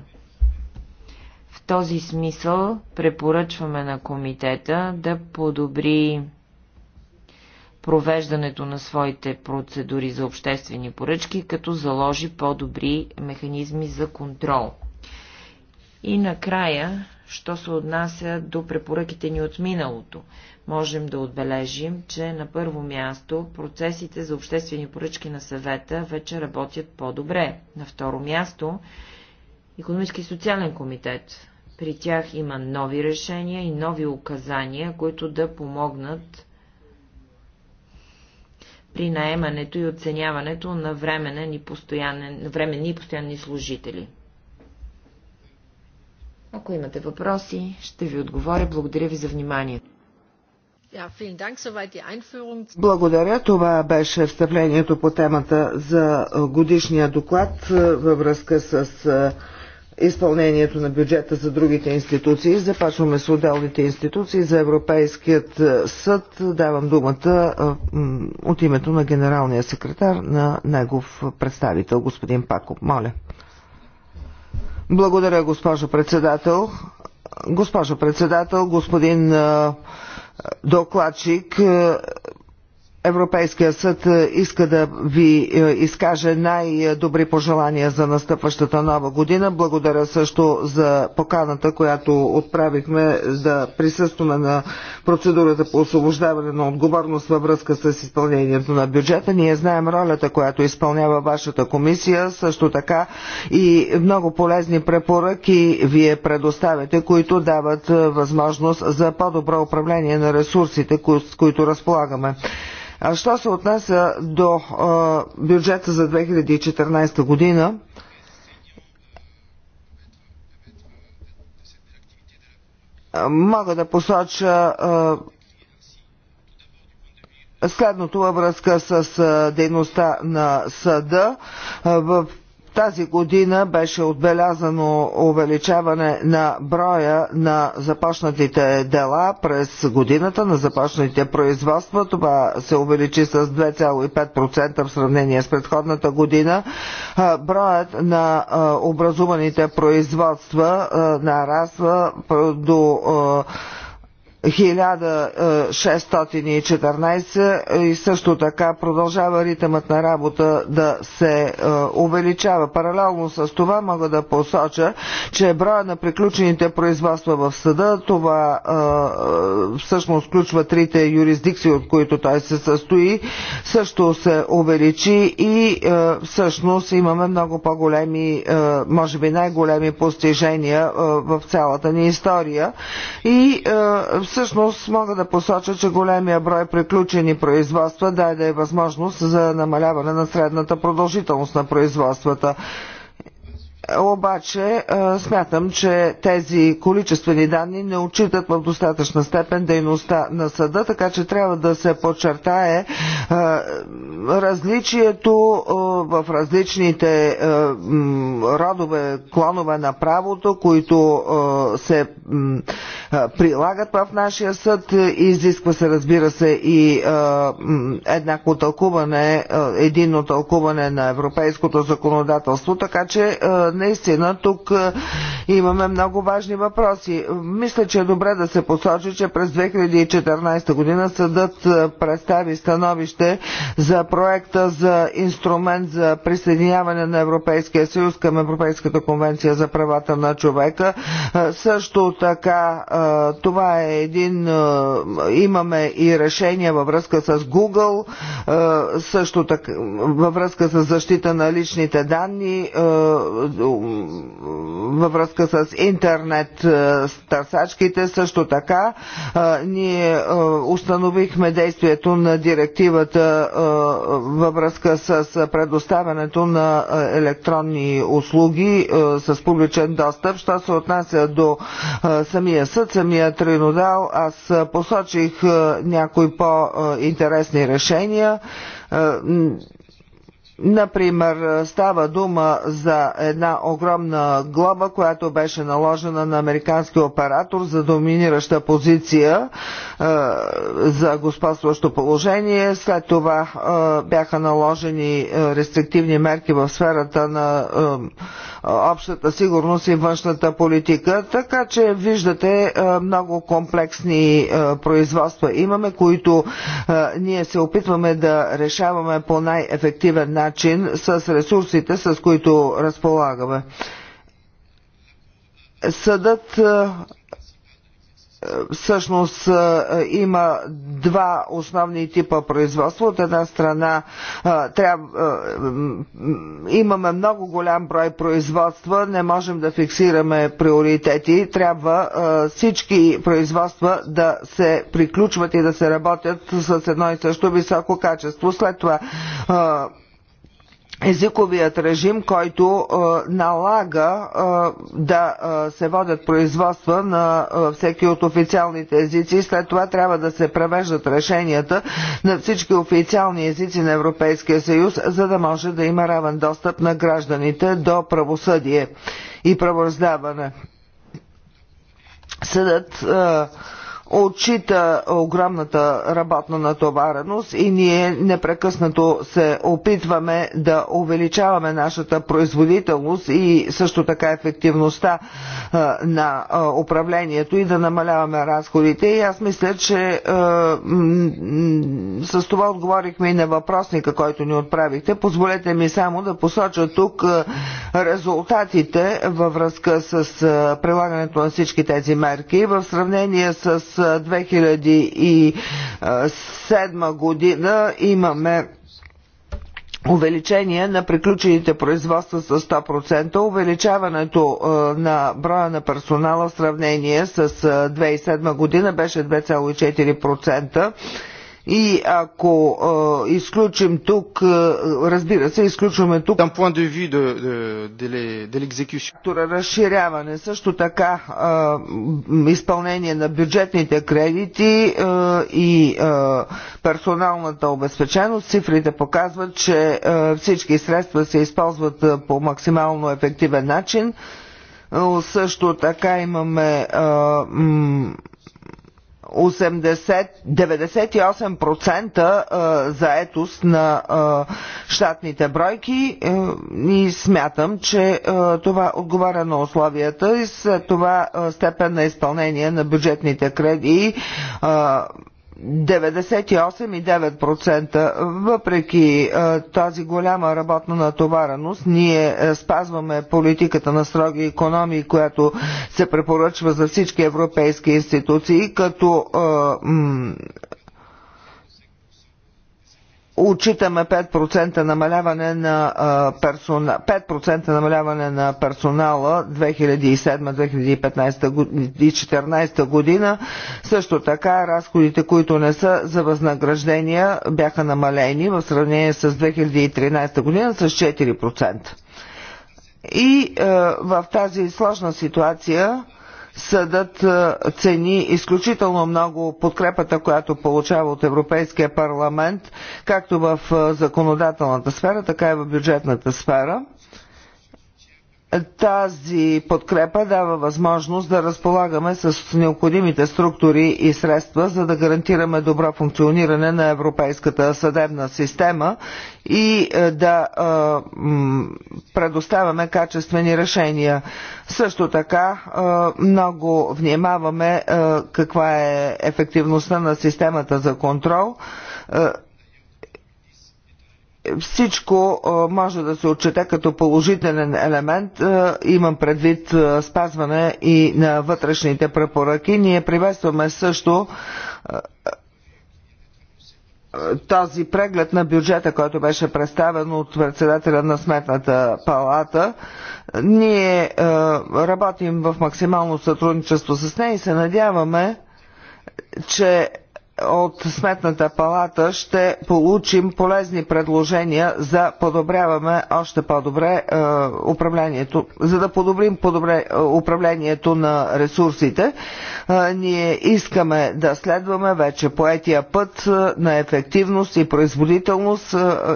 В този смисъл препоръчваме на комитета да подобри провеждането на своите процедури за обществени поръчки, като заложи по-добри механизми за контрол. И накрая, що се отнася до препоръките ни от миналото можем да отбележим, че на първо място процесите за обществени поръчки на съвета вече работят по-добре. На второ място Економически и социален комитет. При тях има нови решения и нови указания, които да помогнат при наемането и оценяването на и временни и постоянни служители. Ако имате въпроси, ще ви отговоря. Благодаря ви за вниманието. Благодаря. Това беше встъплението по темата за годишния доклад във връзка с изпълнението на бюджета за другите институции. Започваме с отделните институции. За Европейският съд давам думата от името на генералния секретар на негов представител, господин Паков. Моля. Благодаря, госпожо председател. Госпожо председател, господин докладчик Европейския съд е, иска да ви е, изкаже най-добри пожелания за настъпващата нова година. Благодаря също за поканата, която отправихме да присъстваме на процедурата по освобождаване на отговорност във връзка с изпълнението на бюджета. Ние знаем ролята, която изпълнява вашата комисия, също така и много полезни препоръки вие предоставяте, които дават е, възможност за по-добро управление на ресурсите, с които разполагаме. А що се отнася до бюджета за 2014 година, мога да посоча следното във връзка с дейността на съда в тази година беше отбелязано увеличаване на броя на започнатите дела през годината, на започнатите производства. Това се увеличи с 2,5% в сравнение с предходната година. Броят на образуваните производства нараства до 1614 е, и също така продължава ритъмът на работа да се е, увеличава. Паралелно с това мога да посоча, че броя на приключените производства в съда, това е, всъщност включва трите юрисдикции, от които той се състои, също се увеличи и всъщност имаме много по-големи, може би най-големи постижения в цялата ни история. И всъщност Всъщност мога да посоча, че големия брой приключени производства даде възможност за намаляване на средната продължителност на производствата. Обаче е, смятам, че тези количествени данни не отчитат в достатъчна степен дейността на съда, така че трябва да се подчертае е, различието е, в различните родове, клонове на правото, които се прилагат в нашия съд. Изисква се, разбира се, и еднакво тълкуване, единно тълкуване на европейското законодателство, така че наистина тук е, имаме много важни въпроси. Мисля, че е добре да се посочи, че през 2014 година съдът е, представи становище за проекта за инструмент за присъединяване на Европейския съюз към Европейската конвенция за правата на човека. Е, също така това е един, имаме и решение във връзка с Google, също така във връзка с защита на личните данни, във връзка с интернет е, търсачките. Също така е, ние е, установихме действието на директивата във връзка с предоставянето на електронни услуги с публичен достъп. Що се отнася до самия съд, самия тринодал, аз посочих някои по-интересни решения. Например, става дума за една огромна глоба, която беше наложена на американски оператор за доминираща позиция е, за господстващо положение. След това е, бяха наложени е, рестриктивни мерки в сферата на е, общата сигурност и външната политика. Така че виждате е, много комплексни е, производства имаме, които ние се опитваме да решаваме по най-ефективен начин начин с ресурсите, с които разполагаме. Съдът е, всъщност е, има два основни типа производства. От една страна е, трябва, имаме много голям брой производства, не можем да фиксираме приоритети. Трябва всички производства да се приключват и да се работят с едно и също високо качество. След това езиковият режим, който а, налага а, да а, се водят производства на а, всеки от официалните езици. След това трябва да се превеждат решенията на всички официални езици на Европейския съюз, за да може да има равен достъп на гражданите до правосъдие и правораздаване. Съдът а, отчита огромната работна натовареност и ние непрекъснато се опитваме да увеличаваме нашата производителност и също така ефективността на управлението и да намаляваме разходите. И аз мисля, че с това отговорихме и на въпросника, който ни отправихте. Позволете ми само да посоча тук резултатите във връзка с прилагането на всички тези мерки в сравнение с 2007 година имаме увеличение на приключените производства с 100%, увеличаването на броя на персонала в сравнение с 2007 година беше 2,4%. И ако е, изключим тук, разбира се, изключваме тук разширяване, също така е, изпълнение на бюджетните кредити е, и е, персоналната обезпеченост, цифрите показват, че е, всички средства се използват е, по максимално ефективен начин. Е, също така имаме е, 80, 98% заетост на щатните бройки и смятам, че това отговаря на условията и с това степен на изпълнение на бюджетните кредити 98,9%. Въпреки тази голяма работна натовареност, ние спазваме политиката на строги економии, която се препоръчва за всички европейски институции, като Отчитаме 5% намаляване на, персона, 5% намаляване на персонала 2007-2014 година. Също така разходите, които не са за възнаграждения, бяха намалени в сравнение с 2013 година с 4%. И е, в тази сложна ситуация Съдът цени изключително много подкрепата, която получава от Европейския парламент, както в законодателната сфера, така и в бюджетната сфера. Тази подкрепа дава възможност да разполагаме с необходимите структури и средства, за да гарантираме добро функциониране на европейската съдебна система и е, да е, предоставяме качествени решения. Също така е, много внимаваме каква е ефективността на системата за контрол всичко може да се отчете като положителен елемент. Имам предвид спазване и на вътрешните препоръки. Ние приветстваме също този преглед на бюджета, който беше представен от председателя на Сметната палата. Ние работим в максимално сътрудничество с нея и се надяваме, че от Сметната палата ще получим полезни предложения за подобряваме още по-добре е, управлението, за да подобрим подобре е, управлението на ресурсите. Е, ние искаме да следваме вече поетия път на ефективност и производителност,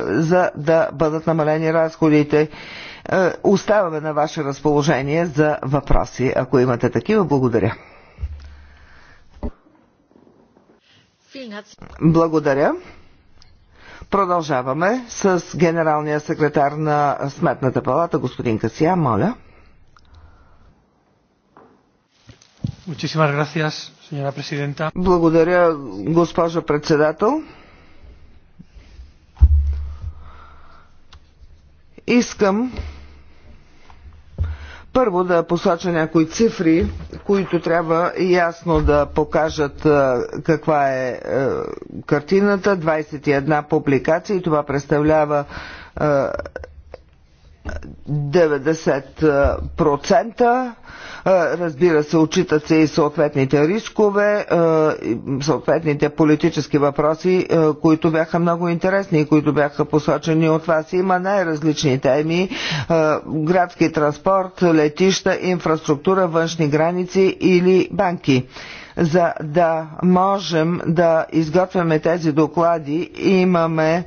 за да бъдат намалени разходите. Оставаме на ваше разположение за въпроси, ако имате такива. Благодаря. Благодаря. Продължаваме с генералния секретар на Сметната палата, господин Касия, моля. Благодаря, госпожо председател. Искам първо да посоча някои цифри, които трябва ясно да покажат каква е картината. 21 публикации, това представлява 90% Разбира се, отчитат се и съответните рискове, съответните политически въпроси, които бяха много интересни и които бяха посочени от вас. Има най-различни теми. Градски транспорт, летища, инфраструктура, външни граници или банки за да можем да изготвяме тези доклади, имаме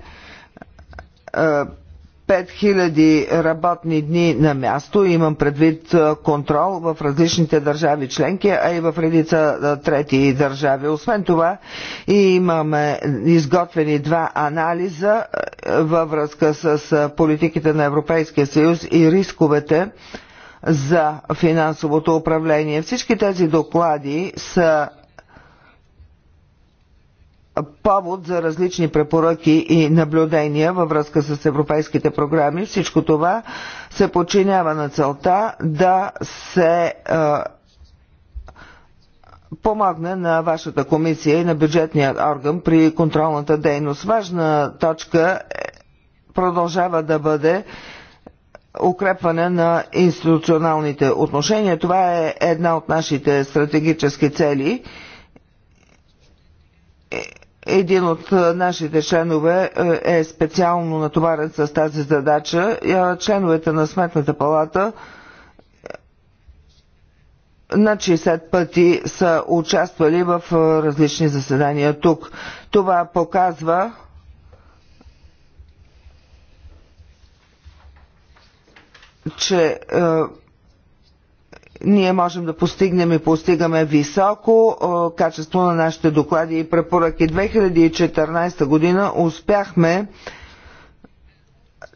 5000 работни дни на място, имам предвид контрол в различните държави членки, а и в редица трети държави. Освен това, имаме изготвени два анализа във връзка с политиките на Европейския съюз и рисковете за финансовото управление. Всички тези доклади са повод за различни препоръки и наблюдения във връзка с европейските програми. Всичко това се подчинява на целта да се е, помогне на вашата комисия и на бюджетния орган при контролната дейност. Важна точка е, продължава да бъде укрепване на институционалните отношения. Това е една от нашите стратегически цели – един от нашите членове е специално натоварен с тази задача. Членовете на Сметната палата на 60 пъти са участвали в различни заседания тук. Това показва че ние можем да постигнем и постигаме високо качество на нашите доклади и препоръки. 2014 година успяхме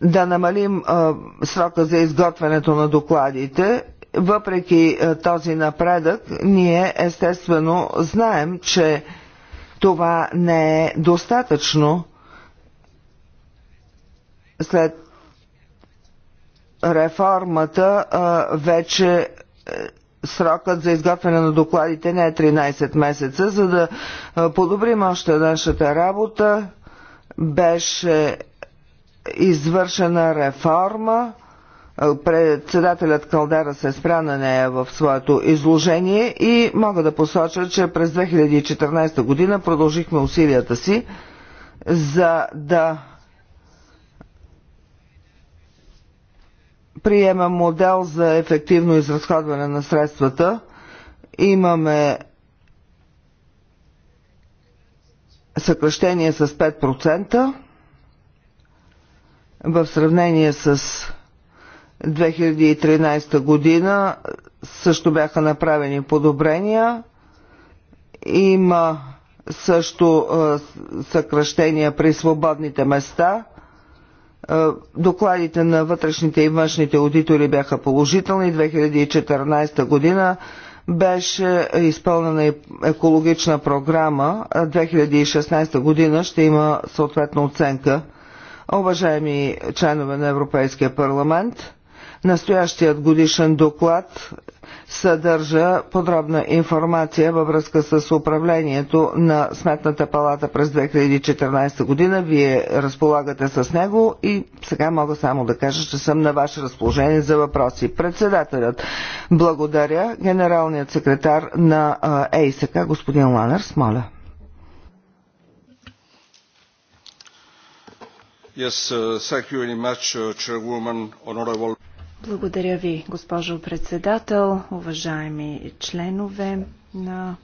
да намалим срока за изготвянето на докладите. Въпреки този напредък, ние естествено знаем, че това не е достатъчно. След реформата вече срокът за изготвяне на докладите не е 13 месеца, за да подобрим още нашата работа. Беше извършена реформа. Председателят Калдера се спря на нея в своето изложение и мога да посоча, че през 2014 година продължихме усилията си за да приема модел за ефективно изразходване на средствата. Имаме съкръщение с 5% в сравнение с 2013 година също бяха направени подобрения. Има също съкръщения при свободните места – е, докладите на вътрешните и външните аудитори бяха положителни. 2014 година беше изпълнена екологична програма. 2016 е, година ще има съответна оценка. Уважаеми членове на Европейския парламент, настоящият годишен доклад съдържа подробна информация във връзка с управлението на Сметната палата през 2014 година. Вие разполагате с него и сега мога само да кажа, че съм на ваше разположение за въпроси. Председателят, благодаря. Генералният секретар на ЕИСК, господин Ланерс, моля. Yes, uh, thank you very much, uh, Chairwoman, Honorable благодаря ви, госпожо председател, уважаеми членове на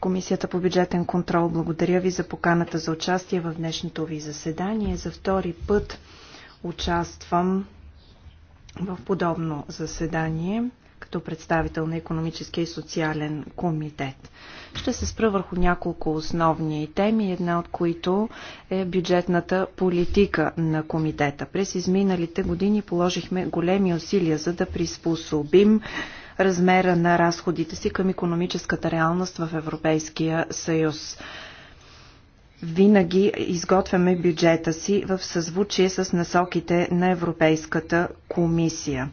Комисията по бюджетен контрол. Благодаря ви за поканата за участие в днешното ви заседание. За втори път участвам в подобно заседание като представител на економическия и социален комитет. Ще се спра върху няколко основни теми, една от които е бюджетната политика на комитета. През изминалите години положихме големи усилия за да приспособим размера на разходите си към економическата реалност в Европейския съюз винаги изготвяме бюджета си в съзвучие с насоките на Европейската комисия.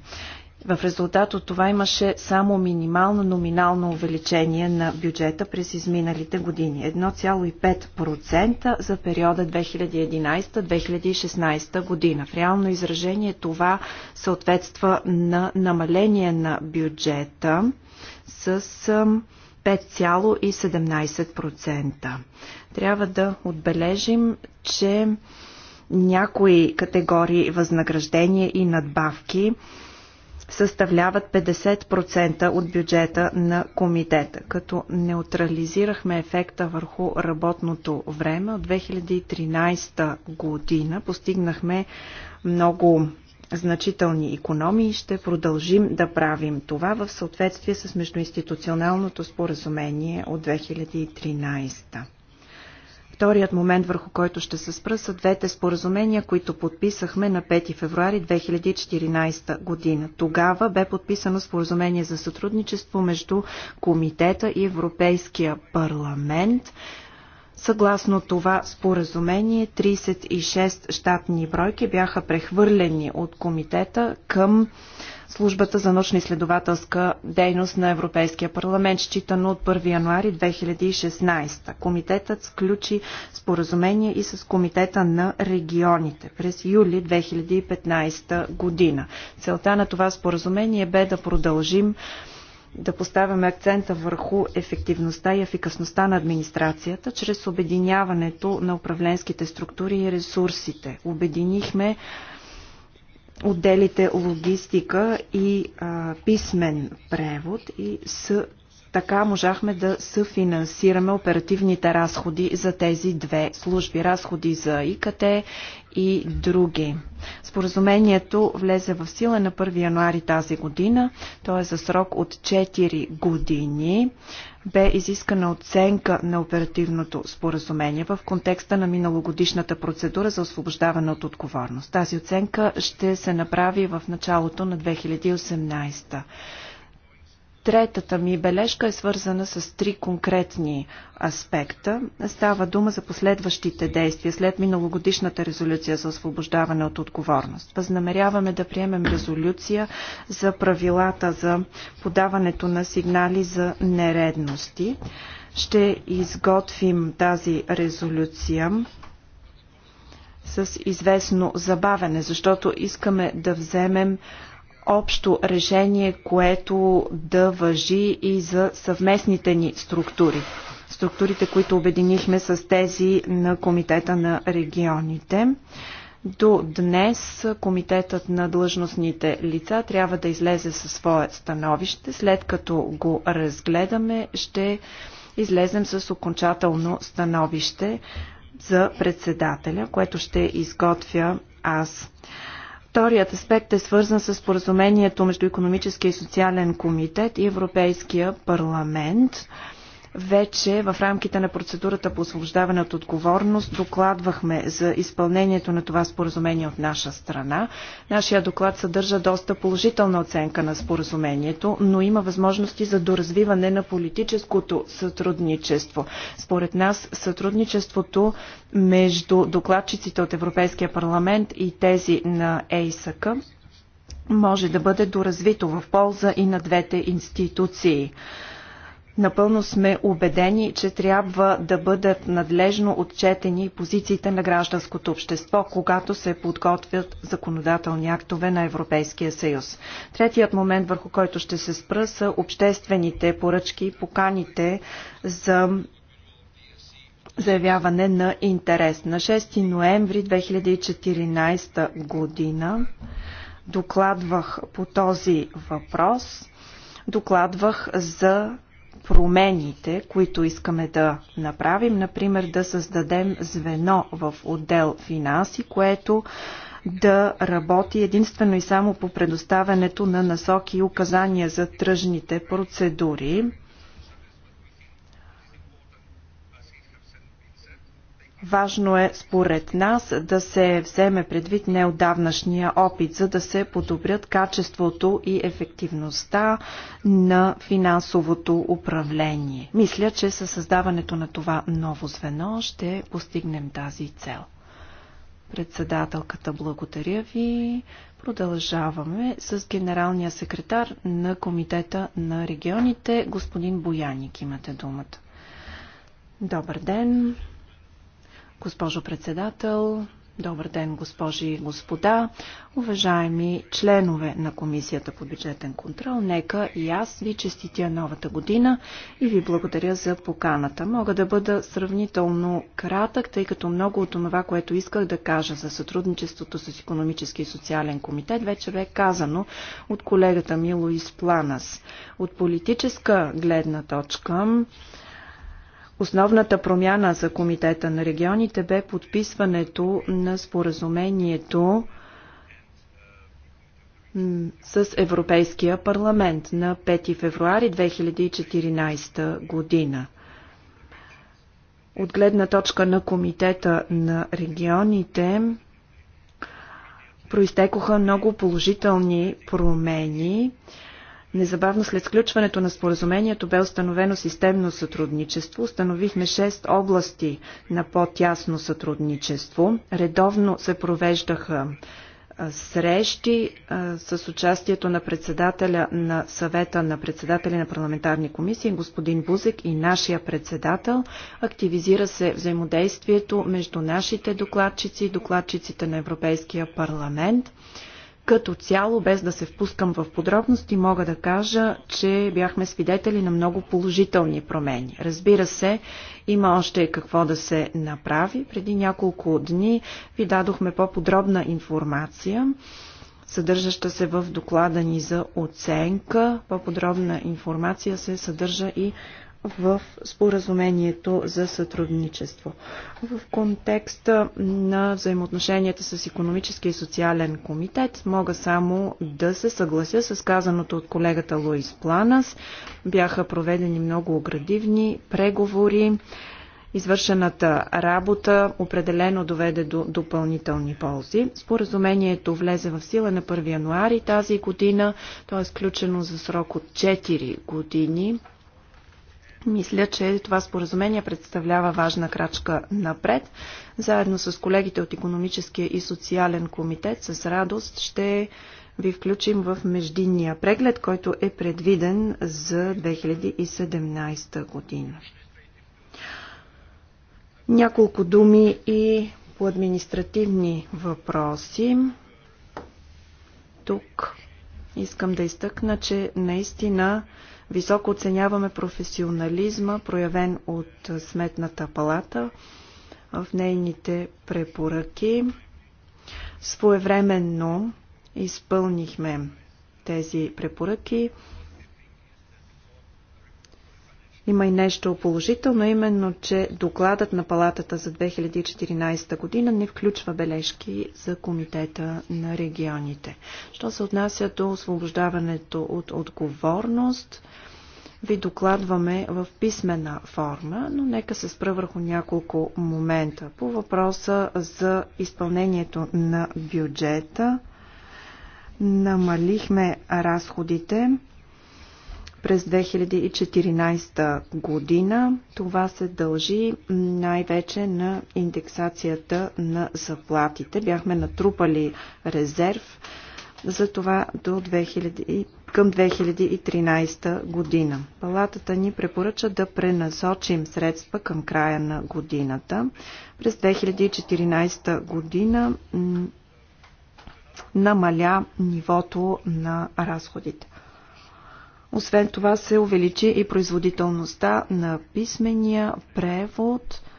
В резултат от това имаше само минимално номинално увеличение на бюджета през изминалите години 1,5% за периода 2011-2016 година. В реално изражение това съответства на намаление на бюджета с 5,17%. Трябва да отбележим, че някои категории възнаграждения и надбавки съставляват 50% от бюджета на комитета. Като неутрализирахме ефекта върху работното време, от 2013 година постигнахме много значителни економии. Ще продължим да правим това в съответствие с междуинституционалното споразумение от 2013. Вторият момент, върху който ще се спра, са двете споразумения, които подписахме на 5 февруари 2014 година. Тогава бе подписано споразумение за сътрудничество между Комитета и Европейския парламент. Съгласно това споразумение, 36 щатни бройки бяха прехвърлени от комитета към службата за научно-изследователска дейност на Европейския парламент, считано от 1 януари 2016. Комитетът сключи споразумение и с Комитета на регионите през юли 2015 година. Целта на това споразумение бе да продължим да поставяме акцента върху ефективността и ефикасността на администрацията чрез обединяването на управленските структури и ресурсите. Обединихме отделите логистика и а, писмен превод и с, така можахме да съфинансираме оперативните разходи за тези две служби. Разходи за ИКТ и други. Споразумението влезе в сила на 1 януари тази година. То е за срок от 4 години бе изискана оценка на оперативното споразумение в контекста на миналогодишната процедура за освобождаване от отговорност. Тази оценка ще се направи в началото на 2018. Третата ми бележка е свързана с три конкретни аспекта. Става дума за последващите действия след миналогодишната резолюция за освобождаване от отговорност. Възнамеряваме да приемем резолюция за правилата за подаването на сигнали за нередности. Ще изготвим тази резолюция с известно забавене, защото искаме да вземем общо решение, което да въжи и за съвместните ни структури. Структурите, които обединихме с тези на Комитета на регионите. До днес Комитетът на длъжностните лица трябва да излезе със свое становище. След като го разгледаме, ще излезем с окончателно становище за председателя, което ще изготвя аз. Вторият аспект е свързан с споразумението между Економическия и социален комитет и Европейския парламент. Вече в рамките на процедурата по освобождаване от отговорност докладвахме за изпълнението на това споразумение от наша страна. Нашия доклад съдържа доста положителна оценка на споразумението, но има възможности за доразвиване на политическото сътрудничество. Според нас сътрудничеството между докладчиците от Европейския парламент и тези на ЕИСК може да бъде доразвито в полза и на двете институции. Напълно сме убедени, че трябва да бъдат надлежно отчетени позициите на гражданското общество, когато се подготвят законодателни актове на Европейския съюз. Третият момент, върху който ще се спра, са обществените поръчки и поканите за заявяване на интерес. На 6 ноември 2014 година докладвах по този въпрос. Докладвах за промените, които искаме да направим, например да създадем звено в отдел финанси, което да работи единствено и само по предоставянето на насоки и указания за тръжните процедури. Важно е, според нас, да се вземе предвид неодавнашния опит, за да се подобрят качеството и ефективността на финансовото управление. Мисля, че със създаването на това ново звено ще постигнем тази цел. Председателката, благодаря ви. Продължаваме с генералния секретар на Комитета на регионите, господин Бояник. Имате думата. Добър ден. Госпожо председател, добър ден, госпожи и господа, уважаеми членове на Комисията по бюджетен контрол. Нека и аз ви честитя новата година и ви благодаря за поканата. Мога да бъда сравнително кратък, тъй като много от това, което исках да кажа за сътрудничеството с Економически и социален комитет, вече бе казано от колегата ми Луис Планас. От политическа гледна точка, Основната промяна за Комитета на регионите бе подписването на споразумението с Европейския парламент на 5 февруари 2014 година. От гледна точка на Комитета на регионите произтекоха много положителни промени. Незабавно след сключването на споразумението бе установено системно сътрудничество. Установихме 6 области на по-тясно сътрудничество. Редовно се провеждаха срещи а, с участието на председателя на съвета на председатели на парламентарни комисии, господин Бузек и нашия председател. Активизира се взаимодействието между нашите докладчици и докладчиците на Европейския парламент. Като цяло, без да се впускам в подробности, мога да кажа, че бяхме свидетели на много положителни промени. Разбира се, има още какво да се направи. Преди няколко дни ви дадохме по-подробна информация съдържаща се в доклада ни за оценка. По-подробна информация се съдържа и в споразумението за сътрудничество. В контекста на взаимоотношенията с економически и социален комитет мога само да се съглася с казаното от колегата Луис Планас. Бяха проведени много оградивни преговори. Извършената работа определено доведе до допълнителни ползи. Споразумението влезе в сила на 1 януари тази година. То е сключено за срок от 4 години. Мисля, че това споразумение представлява важна крачка напред. Заедно с колегите от Економическия и социален комитет с радост ще ви включим в междинния преглед, който е предвиден за 2017 година. Няколко думи и по административни въпроси. Тук искам да изтъкна, че наистина Високо оценяваме професионализма, проявен от Сметната палата в нейните препоръки. Своевременно изпълнихме тези препоръки. Има и нещо положително, именно, че докладът на палатата за 2014 година не включва бележки за комитета на регионите. Що се отнася до освобождаването от отговорност, ви докладваме в писмена форма, но нека се спра върху няколко момента. По въпроса за изпълнението на бюджета, намалихме разходите през 2014 година. Това се дължи най-вече на индексацията на заплатите. Бяхме натрупали резерв за това до 2000, към 2013 година. Палатата ни препоръча да пренасочим средства към края на годината. През 2014 година намаля нивото на разходите. Освен това се увеличи и производителността на писмения превод –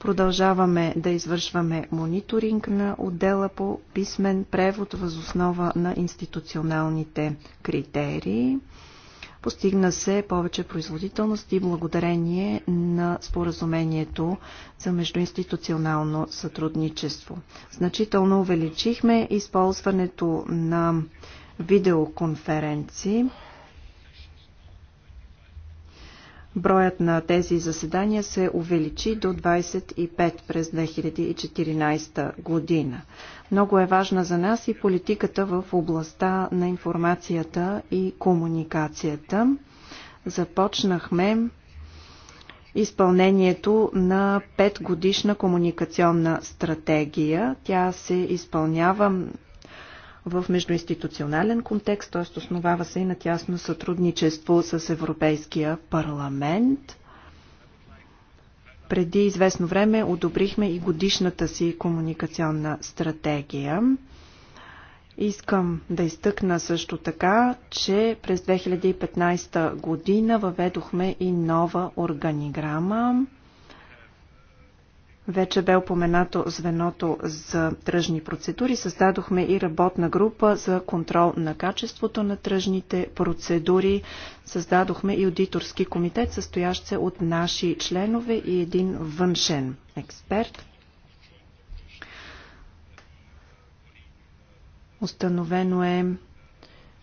Продължаваме да извършваме мониторинг на отдела по писмен превод възоснова на институционалните критерии. Постигна се повече производителност и благодарение на споразумението за междуинституционално сътрудничество. Значително увеличихме използването на видеоконференции Броят на тези заседания се увеличи до 25 през 2014 година. Много е важна за нас и политиката в областта на информацията и комуникацията. Започнахме изпълнението на 5 годишна комуникационна стратегия. Тя се изпълнява в междуинституционален контекст, т.е. основава се и на тясно сътрудничество с Европейския парламент. Преди известно време одобрихме и годишната си комуникационна стратегия. Искам да изтъкна също така, че през 2015 година въведохме и нова органиграма – вече бе упоменато звеното за тръжни процедури. Създадохме и работна група за контрол на качеството на тръжните процедури. Създадохме и аудиторски комитет, състоящ се от наши членове и един външен експерт. Установено е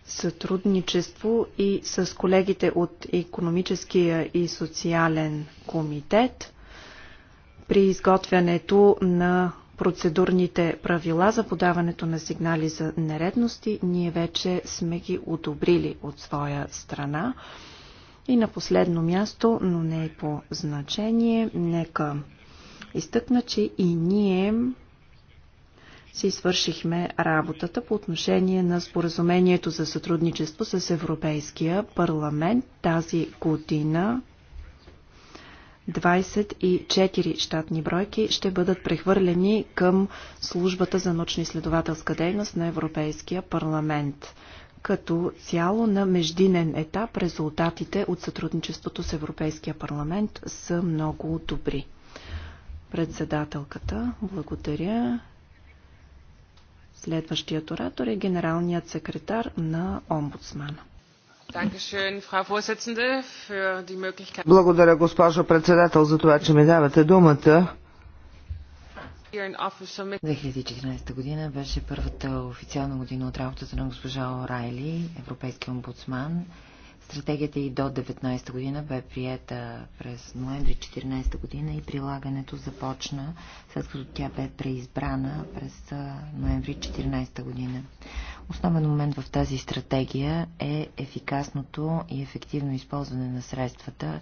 сътрудничество и с колегите от економическия и социален комитет – при изготвянето на процедурните правила за подаването на сигнали за нередности. Ние вече сме ги одобрили от своя страна. И на последно място, но не е по значение, нека изтъкна, че и ние си свършихме работата по отношение на споразумението за сътрудничество с Европейския парламент тази година. 24 щатни бройки ще бъдат прехвърлени към службата за научно-изследователска дейност на Европейския парламент. Като цяло на междинен етап резултатите от сътрудничеството с Европейския парламент са много добри. Председателката, благодаря. Следващият оратор е генералният секретар на омбудсмана. Благодаря, госпожо председател, за това, че ми давате думата. 2014 година беше първата официална година от работата на госпожа Орайли, европейски омбудсман. Стратегията и до 19 година бе приета през ноември 14 година и прилагането започна след като тя бе преизбрана през ноември 14 година. Основен момент в тази стратегия е ефикасното и ефективно използване на средствата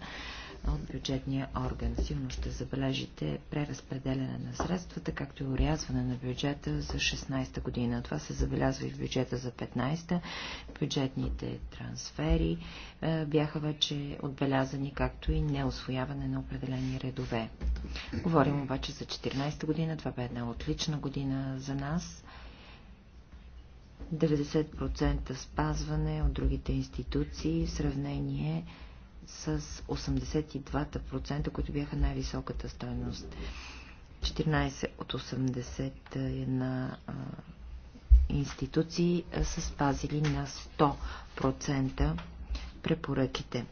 от бюджетния орган. Силно ще забележите преразпределяне на средствата, както и урязване на бюджета за 16-та година. Това се забелязва и в бюджета за 15-та. Бюджетните трансфери е, бяха вече отбелязани, както и неосвояване на определени редове. Говорим обаче за 14-та година. Това бе една отлична година за нас 90% спазване от другите институции в сравнение с 82%, които бяха най-високата стойност. 14 от 81 институции са спазили на 100% препоръките.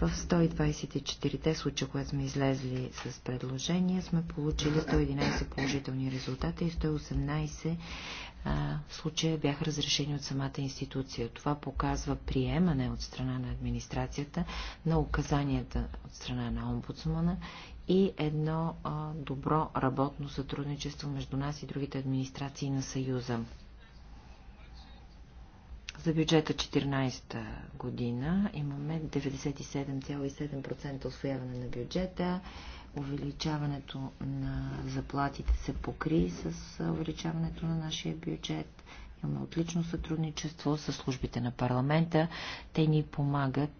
В 124-те случая, когато сме излезли с предложения, сме получили 111 положителни резултата и 118 в случая бяха разрешени от самата институция. Това показва приемане от страна на администрацията на указанията от страна на омбудсмана и едно добро работно сътрудничество между нас и другите администрации на Съюза. За бюджета 14 година имаме 97,7% освояване на бюджета Увеличаването на заплатите се покри с увеличаването на нашия бюджет. Имаме отлично сътрудничество с службите на парламента. Те ни помагат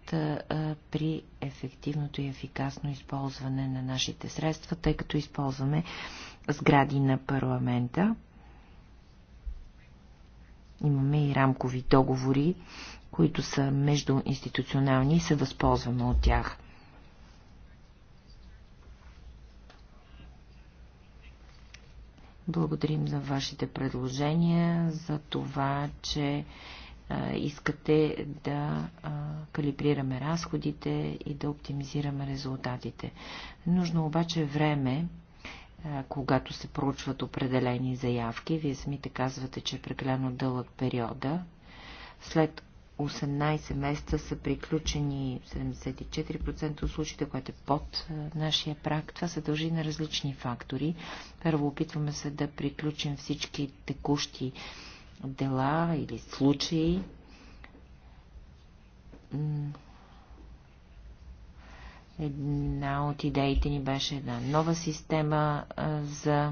при ефективното и ефикасно използване на нашите средства, тъй като използваме сгради на парламента. Имаме и рамкови договори, които са междуинституционални и се възползваме от тях. Благодарим за вашите предложения, за това, че искате да калибрираме разходите и да оптимизираме резултатите. Нужно обаче време, когато се проучват определени заявки. Вие самите казвате, че е прекалено дълъг периода, след 18 месеца са приключени 74% от случаите, което е под нашия прак. Това се дължи на различни фактори. Първо опитваме се да приключим всички текущи дела или случаи. Една от идеите ни беше една нова система за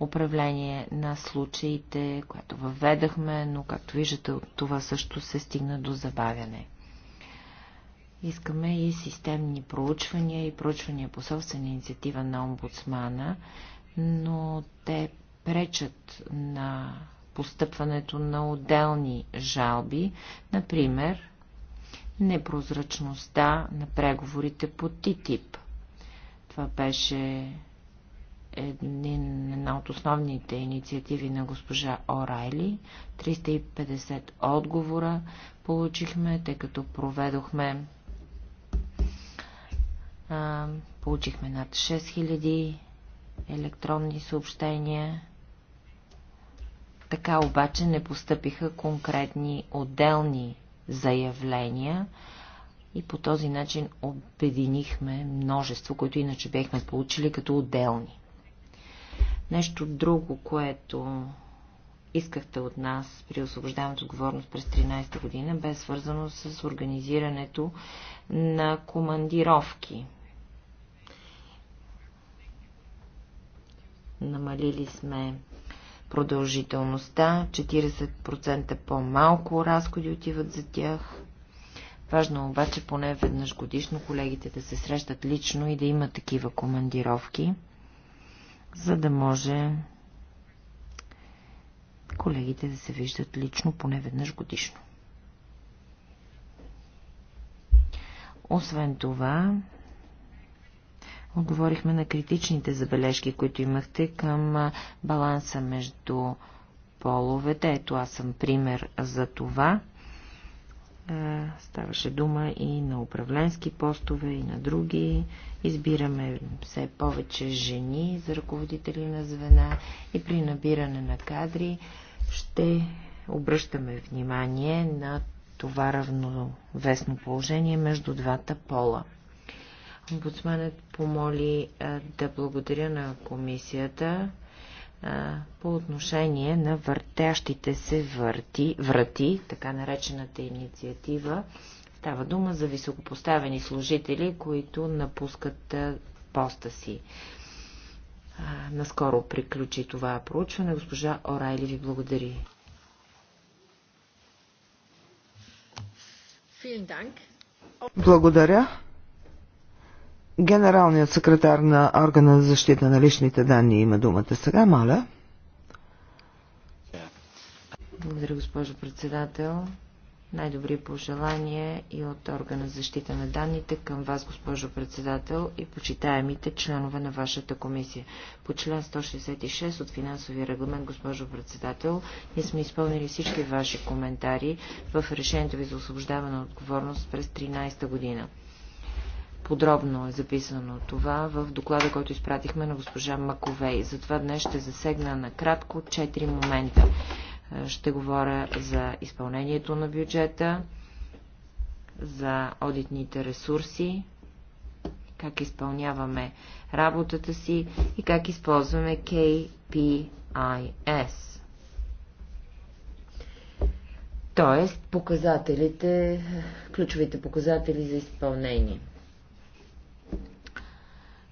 управление на случаите, което въведахме, но както виждате от това също се стигна до забавяне. Искаме и системни проучвания и проучвания по собствена инициатива на омбудсмана, но те пречат на постъпването на отделни жалби, например непрозрачността на преговорите по ТИТИП. Това беше една от основните инициативи на госпожа Орайли. 350 отговора получихме, тъй като проведохме а, получихме над 6000 електронни съобщения. Така обаче не постъпиха конкретни отделни заявления и по този начин обединихме множество, които иначе бяхме получили като отделни. Нещо друго, което искахте от нас при освобождаването отговорност през 13-та година, бе свързано с организирането на командировки. Намалили сме продължителността, 40% по-малко разходи отиват за тях. Важно е обаче поне веднъж годишно колегите да се срещат лично и да има такива командировки за да може колегите да се виждат лично поне веднъж годишно. Освен това, отговорихме на критичните забележки, които имахте към баланса между половете. Ето аз съм пример за това ставаше дума и на управленски постове, и на други. Избираме все повече жени за ръководители на звена и при набиране на кадри ще обръщаме внимание на това равновесно положение между двата пола. Омбудсманът помоли да благодаря на комисията по отношение на въртящите се върти, врати, така наречената инициатива. Става дума за високопоставени служители, които напускат поста си. Наскоро приключи това проучване. Госпожа Орайли ви благодари. Благодаря. Генералният секретар на органа за защита на личните данни има думата сега, моля. Благодаря, госпожо председател. Най-добри пожелания и от органа защита на данните към вас, госпожо председател, и почитаемите членове на вашата комисия. По член 166 от финансовия регламент, госпожо председател, ние сме изпълнили всички ваши коментари в решението ви за освобождаване на отговорност през 13 та година. Подробно е записано това в доклада, който изпратихме на госпожа Маковей. Затова днес ще засегна накратко четири момента. Е, ще говоря за изпълнението на бюджета, за одитните ресурси, как изпълняваме работата си и как използваме KPIS. Тоест, показателите, ключовите показатели за изпълнение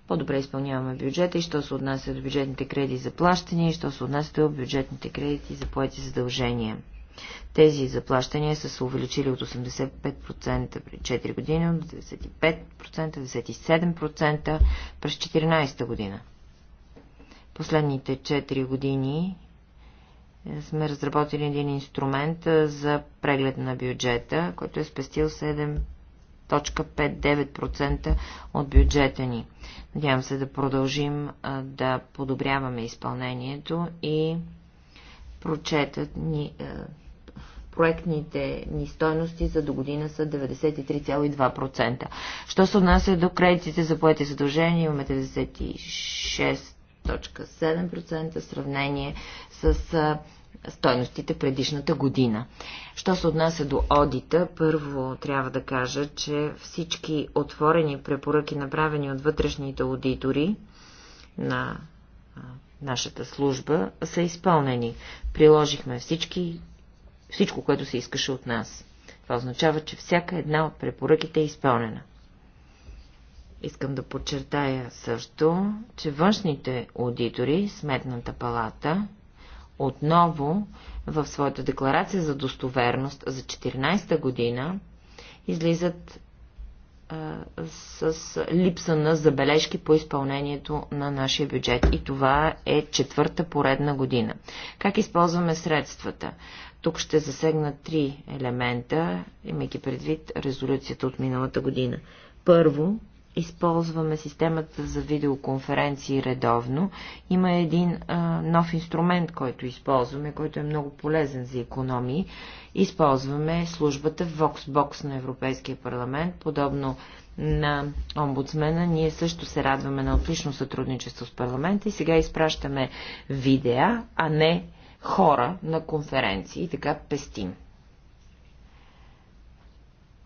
по-добре изпълняваме бюджета и що се отнася до бюджетните кредити за плащания и що се отнася до бюджетните кредити за поети задължения. Тези заплащания са се увеличили от 85% при 4 години, от 95%, 97% през 14 година. Последните 4 години е, сме разработили един инструмент е, за преглед на бюджета, който е спестил 7 1,59% от бюджета ни. Надявам се да продължим да подобряваме изпълнението и прочетът ни проектните ни стойности за до година са 93,2%. Що се отнася до кредитите за поети задължения, имаме 96,7% в сравнение с стойностите предишната година. Що се отнася до одита, първо трябва да кажа, че всички отворени препоръки, направени от вътрешните аудитори на нашата служба, са изпълнени. Приложихме всички, всичко, което се искаше от нас. Това означава, че всяка една от препоръките е изпълнена. Искам да подчертая също, че външните аудитори, Сметната палата, отново в своята декларация за достоверност за 14-та година излизат а, с липса на забележки по изпълнението на нашия бюджет. И това е четвърта поредна година. Как използваме средствата? Тук ще засегна три елемента, имайки предвид резолюцията от миналата година. Първо, използваме системата за видеоконференции редовно. Има един а, нов инструмент, който използваме, който е много полезен за економии. Използваме службата VoxBox на Европейския парламент, подобно на омбудсмена. Ние също се радваме на отлично сътрудничество с парламента и сега изпращаме видеа, а не хора на конференции и така пестим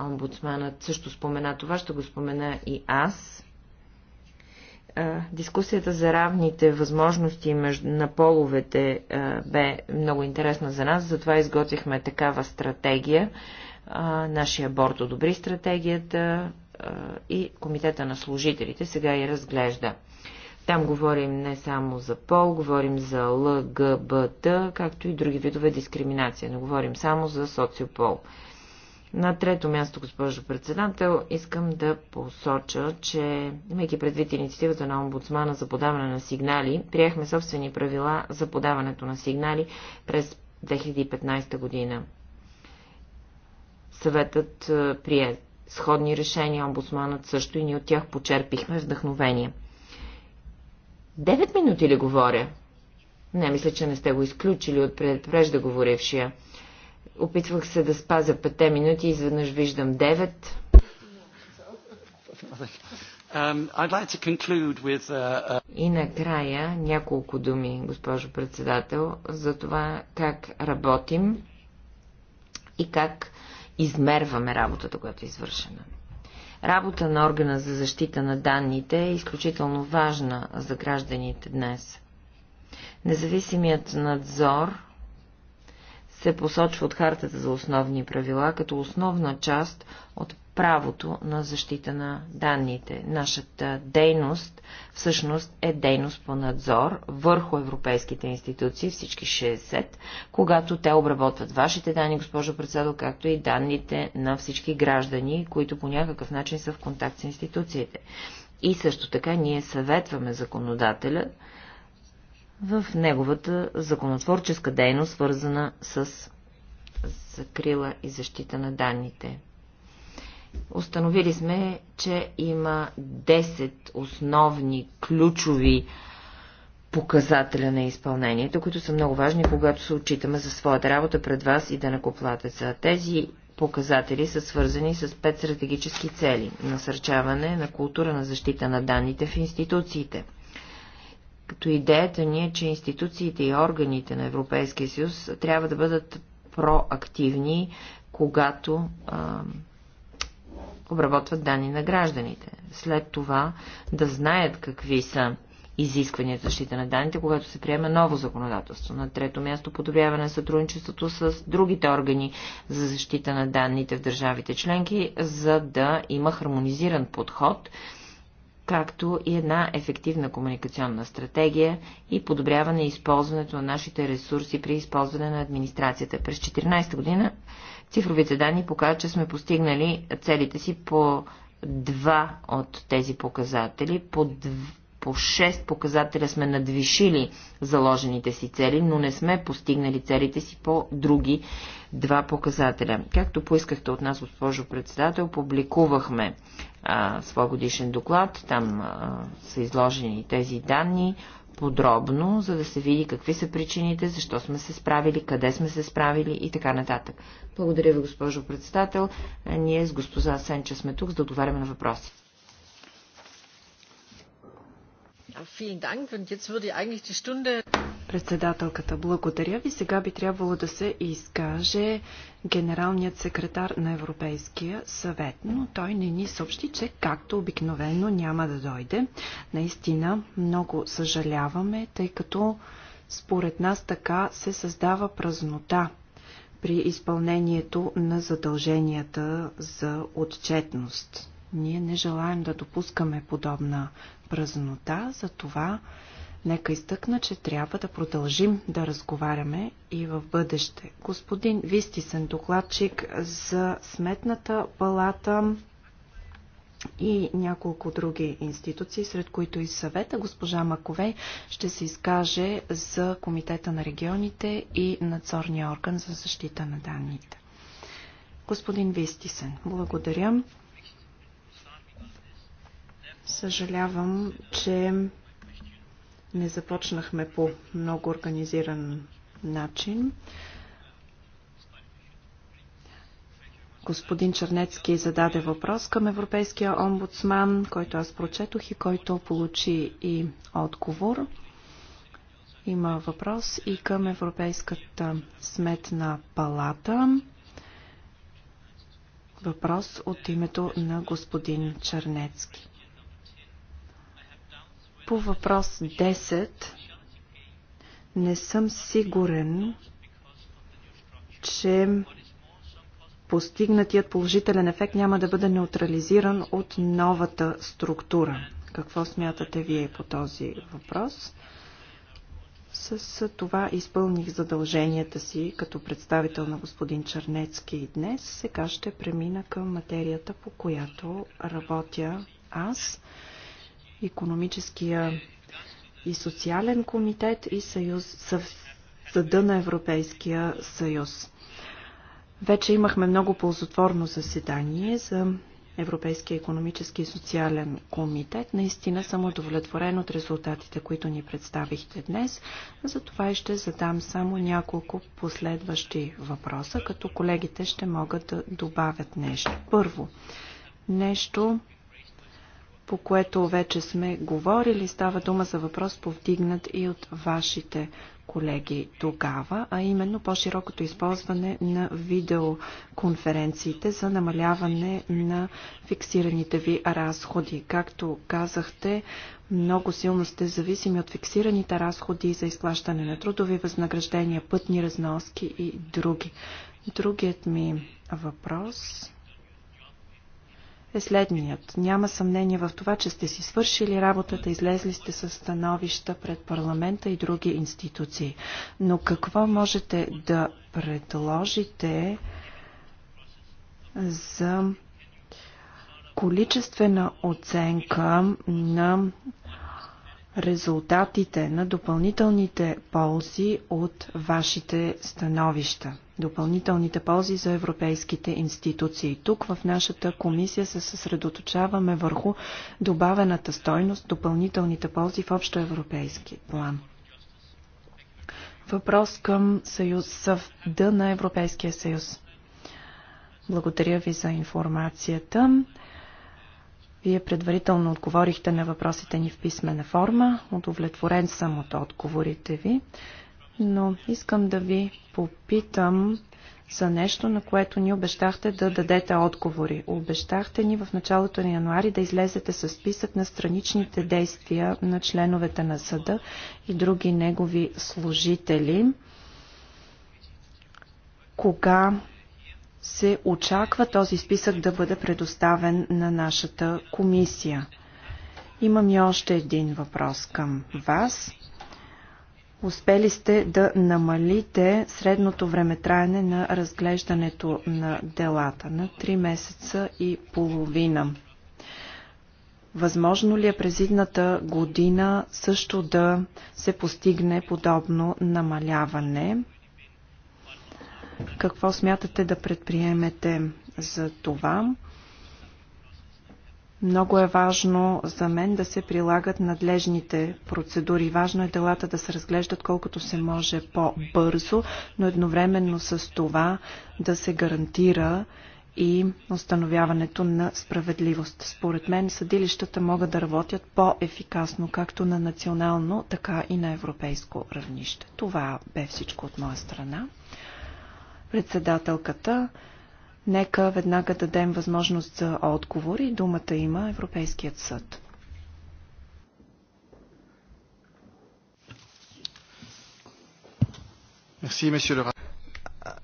омбудсманът също спомена това, ще го спомена и аз. Дискусията за равните възможности на половете бе много интересна за нас, затова изготвихме такава стратегия. Нашия борт одобри стратегията и Комитета на служителите сега я разглежда. Там говорим не само за пол, говорим за ЛГБТ, както и други видове дискриминация. но говорим само за социопол. На трето място, госпожо председател, искам да посоча, че, имайки предвид инициативата на омбудсмана за подаване на сигнали, приехме собствени правила за подаването на сигнали през 2015 година. Съветът е, прие сходни решения, омбудсманът също и ние от тях почерпихме вдъхновение. Девет минути ли говоря? Не, мисля, че не сте го изключили от преждеговорившия. Опитвах се да спазя 5 минути и изведнъж виждам 9. Um, uh, uh, и накрая няколко думи, госпожо председател, за това как работим и как измерваме работата, която е извършена. Работа на органа за защита на данните е изключително важна за гражданите днес. Независимият надзор се посочва от Хартата за основни правила като основна част от правото на защита на данните. Нашата дейност всъщност е дейност по надзор върху европейските институции, всички 60, когато те обработват вашите данни, госпожо председател, както и данните на всички граждани, които по някакъв начин са в контакт с институциите. И също така ние съветваме законодателя в неговата законотворческа дейност, свързана с закрила и защита на данните. Установили сме, че има 10 основни ключови показателя на изпълнението, които са много важни, когато се отчитаме за своята работа пред вас и да накоплатеца. Тези показатели са свързани с пет стратегически цели – насърчаване на култура на защита на данните в институциите – като идеята ни е, че институциите и органите на Европейския съюз трябва да бъдат проактивни, когато а, обработват данни на гражданите. След това да знаят какви са изисквания за защита на данните, когато се приема ново законодателство. На трето място подобряване на сътрудничеството с другите органи за защита на данните в държавите членки, за да има хармонизиран подход както и една ефективна комуникационна стратегия и подобряване използването на нашите ресурси при използване на администрацията. През 2014 година цифровите данни показват, че сме постигнали целите си по два от тези показатели, по, дв... по 6 показателя сме надвишили заложените си цели, но не сме постигнали целите си по други два показателя. Както поискахте от нас, госпожо председател, публикувахме а, свой годишен доклад. Там а, са изложени тези данни подробно, за да се види какви са причините, защо сме се справили, къде сме се справили и така нататък. Благодаря ви, госпожо председател. Ние с госпожа Сенча сме тук, за да отговаряме на въпросите. Председателката, благодаря ви. Сега би трябвало да се изкаже генералният секретар на Европейския съвет, но той не ни съобщи, че както обикновено няма да дойде. Наистина много съжаляваме, тъй като според нас така се създава празнота при изпълнението на задълженията за отчетност. Ние не желаем да допускаме подобна празнота, затова нека изтъкна, че трябва да продължим да разговаряме и в бъдеще. Господин Вистисен, докладчик за Сметната палата и няколко други институции, сред които и съвета. Госпожа Маковей ще се изкаже за Комитета на регионите и надзорния орган за защита на данните. Господин Вистисен, благодаря. Съжалявам, че не започнахме по много организиран начин. Господин Чернецки зададе въпрос към Европейския омбудсман, който аз прочетох и който получи и отговор. Има въпрос и към Европейската сметна палата. Въпрос от името на господин Чернецки. По въпрос 10 не съм сигурен, че постигнатият положителен ефект няма да бъде неутрализиран от новата структура. Какво смятате вие по този въпрос? С това изпълних задълженията си като представител на господин Чернецки и днес. Сега ще премина към материята, по която работя аз економическия и социален комитет и съюз, съв, съда на Европейския съюз. Вече имахме много ползотворно заседание за Европейския економически и социален комитет. Наистина съм удовлетворен от резултатите, които ни представихте днес. Затова и ще задам само няколко последващи въпроса, като колегите ще могат да добавят нещо. Първо, нещо, по което вече сме говорили. Става дума за въпрос повдигнат и от вашите колеги тогава, а именно по-широкото използване на видеоконференциите за намаляване на фиксираните ви разходи. Както казахте, много силно сте зависими от фиксираните разходи за изплащане на трудови възнаграждения, пътни разноски и други. Другият ми въпрос е следният. Няма съмнение в това, че сте си свършили работата, излезли сте с становища пред парламента и други институции. Но какво можете да предложите за количествена оценка на резултатите на допълнителните ползи от вашите становища допълнителните ползи за европейските институции. Тук в нашата комисия се съсредоточаваме върху добавената стойност, допълнителните ползи в общоевропейски план. Въпрос към съюз, съвда на Европейския съюз. Благодаря ви за информацията. Вие предварително отговорихте на въпросите ни в писмена форма. Удовлетворен съм от отговорите ви но искам да ви попитам за нещо, на което ни обещахте да дадете отговори. Обещахте ни в началото на януари да излезете с списък на страничните действия на членовете на съда и други негови служители. Кога се очаква този списък да бъде предоставен на нашата комисия? Имам и още един въпрос към вас. Успели сте да намалите средното време траяне на разглеждането на делата на 3 месеца и половина. Възможно ли е през идната година също да се постигне подобно намаляване? Какво смятате да предприемете за това? Много е важно за мен да се прилагат надлежните процедури. Важно е делата да се разглеждат колкото се може по-бързо, но едновременно с това да се гарантира и установяването на справедливост. Според мен съдилищата могат да работят по-ефикасно както на национално, така и на европейско равнище. Това бе всичко от моя страна. Председателката Нека веднага дадем възможност за отговори. Думата има Европейският съд.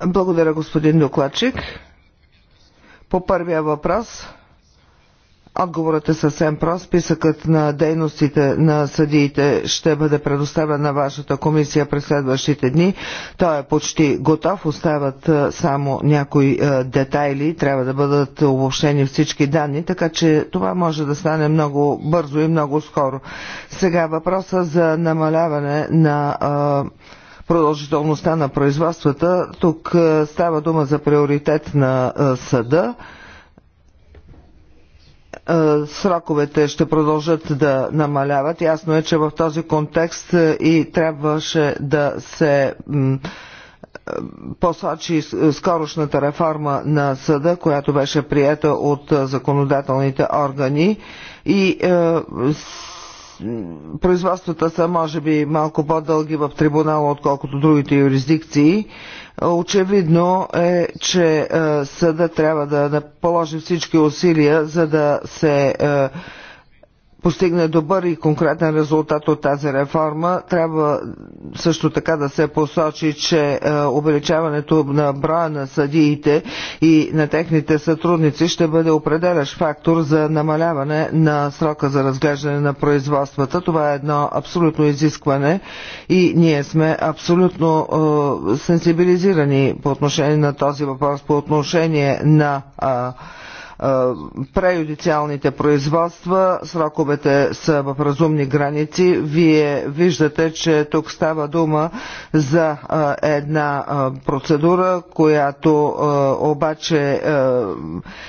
Благодаря, господин докладчик. По първия въпрос Отговорът е съвсем прост. Списъкът на дейностите на съдиите ще бъде предоставен на вашата комисия през следващите дни. Той е почти готов. Остават само някои детайли. Трябва да бъдат обобщени всички данни, така че това може да стане много бързо и много скоро. Сега въпроса за намаляване на продължителността на производствата. Тук става дума за приоритет на съда. Е, сроковете ще продължат да намаляват. Ясно е, че в този контекст е, и трябваше да се е, посочи скорошната реформа на съда, която беше приета от законодателните органи и производствата са може би малко по-дълги в трибунала, отколкото другите юрисдикции Очевидно е, че е, съда трябва да положи всички усилия, за да се е, постигне добър и конкретен резултат от тази реформа. Трябва също така да се посочи, че е, увеличаването на броя на съдиите и на техните сътрудници ще бъде определящ фактор за намаляване на срока за разглеждане на производствата. Това е едно абсолютно изискване и ние сме абсолютно е, сенсибилизирани по отношение на този въпрос, по отношение на е, преюдициалните производства. Сроковете са в разумни граници. Вие виждате, че тук става дума за една процедура, която обаче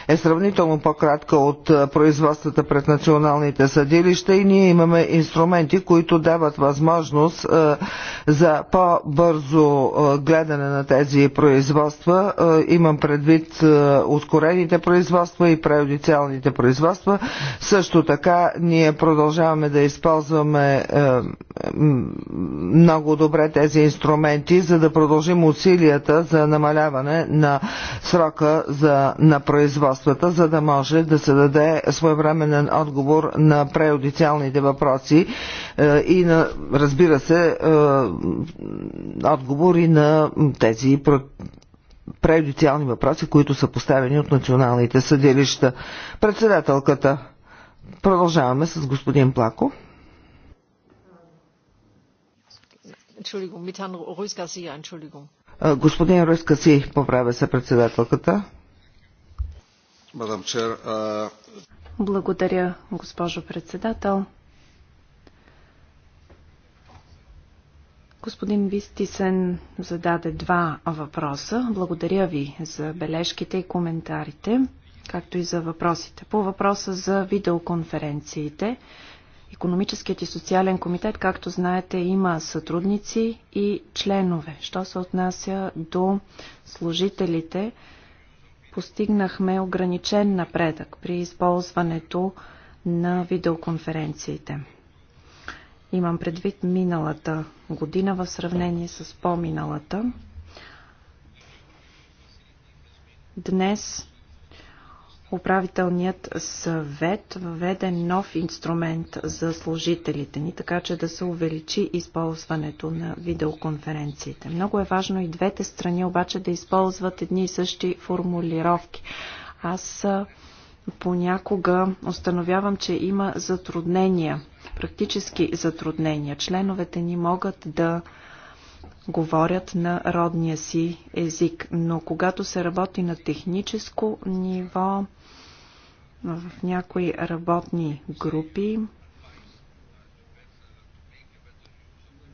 е сравнително по-кратка от производствата пред националните съдилища и ние имаме инструменти, които дават възможност за по-бързо гледане на тези производства. Имам предвид ускорените производства производства и преодициалните производства. Също така ние продължаваме да използваме е, много добре тези инструменти, за да продължим усилията за намаляване на срока за, на производствата, за да може да се даде своевременен отговор на преодициалните въпроси е, и на, разбира се, е, отговори на тези преюдициални въпроси, които са поставени от националните съдилища. Председателката. Продължаваме с господин Плако. Господин Руска си поправя се председателката. Благодаря, госпожо председател. Господин Вистисен, зададе два въпроса. Благодаря ви за бележките и коментарите, както и за въпросите. По въпроса за видеоконференциите, Економическият и социален комитет, както знаете, има сътрудници и членове. Що се отнася до служителите, постигнахме ограничен напредък при използването на видеоконференциите. Имам предвид миналата година в сравнение с по-миналата. Днес управителният съвет въведе нов инструмент за служителите ни, така че да се увеличи използването на видеоконференциите. Много е важно и двете страни обаче да използват едни и същи формулировки. Аз понякога установявам, че има затруднения практически затруднения. Членовете ни могат да говорят на родния си език, но когато се работи на техническо ниво, в някои работни групи,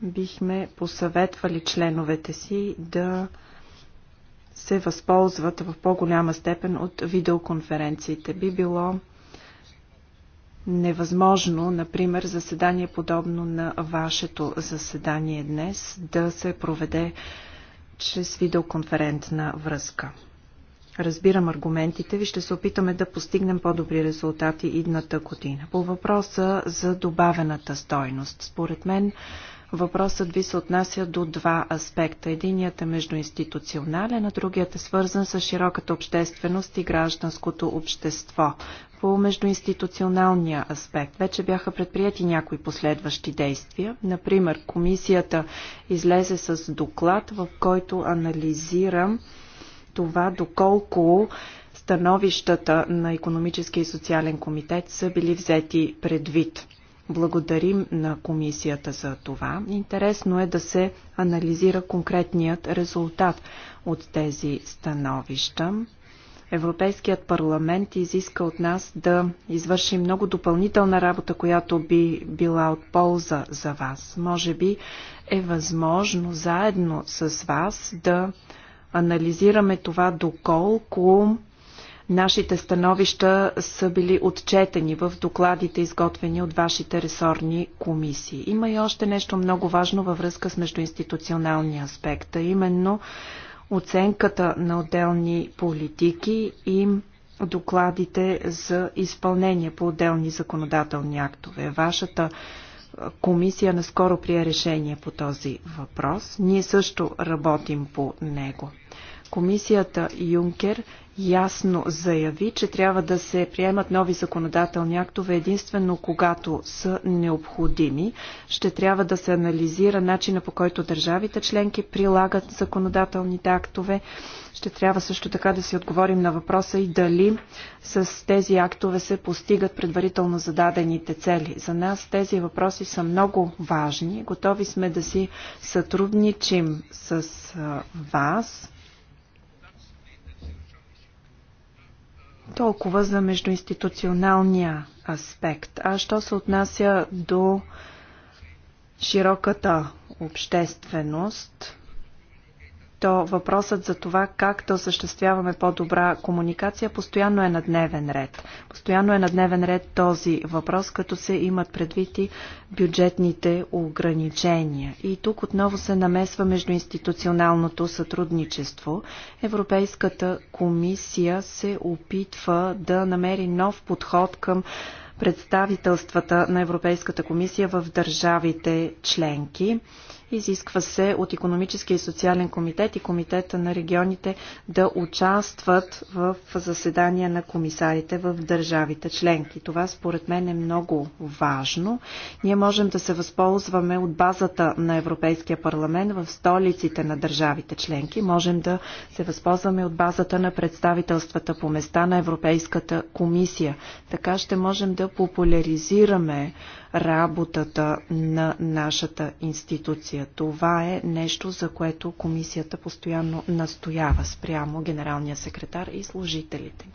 бихме посъветвали членовете си да се възползват в по-голяма степен от видеоконференциите. Би било невъзможно, например, заседание подобно на вашето заседание днес да се проведе чрез видеоконферентна връзка. Разбирам аргументите ви, ще се опитаме да постигнем по-добри резултати идната година. По въпроса за добавената стойност. Според мен Въпросът ви се отнася до два аспекта. Единият е междуинституционален, а другият е свързан с широката общественост и гражданското общество. По междуинституционалния аспект вече бяха предприяти някои последващи действия. Например, комисията излезе с доклад, в който анализирам това доколко становищата на економическия и социален комитет са били взети предвид. Благодарим на комисията за това. Интересно е да се анализира конкретният резултат от тези становища. Европейският парламент изиска от нас да извършим много допълнителна работа, която би била от полза за вас. Може би е възможно заедно с вас да анализираме това доколко Нашите становища са били отчетени в докладите, изготвени от вашите ресорни комисии. Има и още нещо много важно във връзка с междуинституционалния аспект, а именно оценката на отделни политики и докладите за изпълнение по отделни законодателни актове. Вашата комисия наскоро прие решение по този въпрос. Ние също работим по него. Комисията Юнкер ясно заяви, че трябва да се приемат нови законодателни актове единствено когато са необходими. Ще трябва да се анализира начина по който държавите членки прилагат законодателните актове. Ще трябва също така да си отговорим на въпроса и дали с тези актове се постигат предварително зададените цели. За нас тези въпроси са много важни. Готови сме да си сътрудничим с вас Толкова за междуинституционалния аспект. А що се отнася до широката общественост, то въпросът за това как да осъществяваме по-добра комуникация постоянно е на дневен ред. Постоянно е на дневен ред този въпрос, като се имат предвид и бюджетните ограничения. И тук отново се намесва между институционалното сътрудничество. Европейската комисия се опитва да намери нов подход към представителствата на Европейската комисия в държавите членки. Изисква се от економическия и социален комитет и комитета на регионите да участват в заседания на комисарите в държавите членки. Това според мен е много важно. Ние можем да се възползваме от базата на Европейския парламент в столиците на държавите членки. Можем да се възползваме от базата на представителствата по места на Европейската комисия. Така ще можем да популяризираме работата на нашата институция. Това е нещо, за което комисията постоянно настоява спрямо генералния секретар и служителите.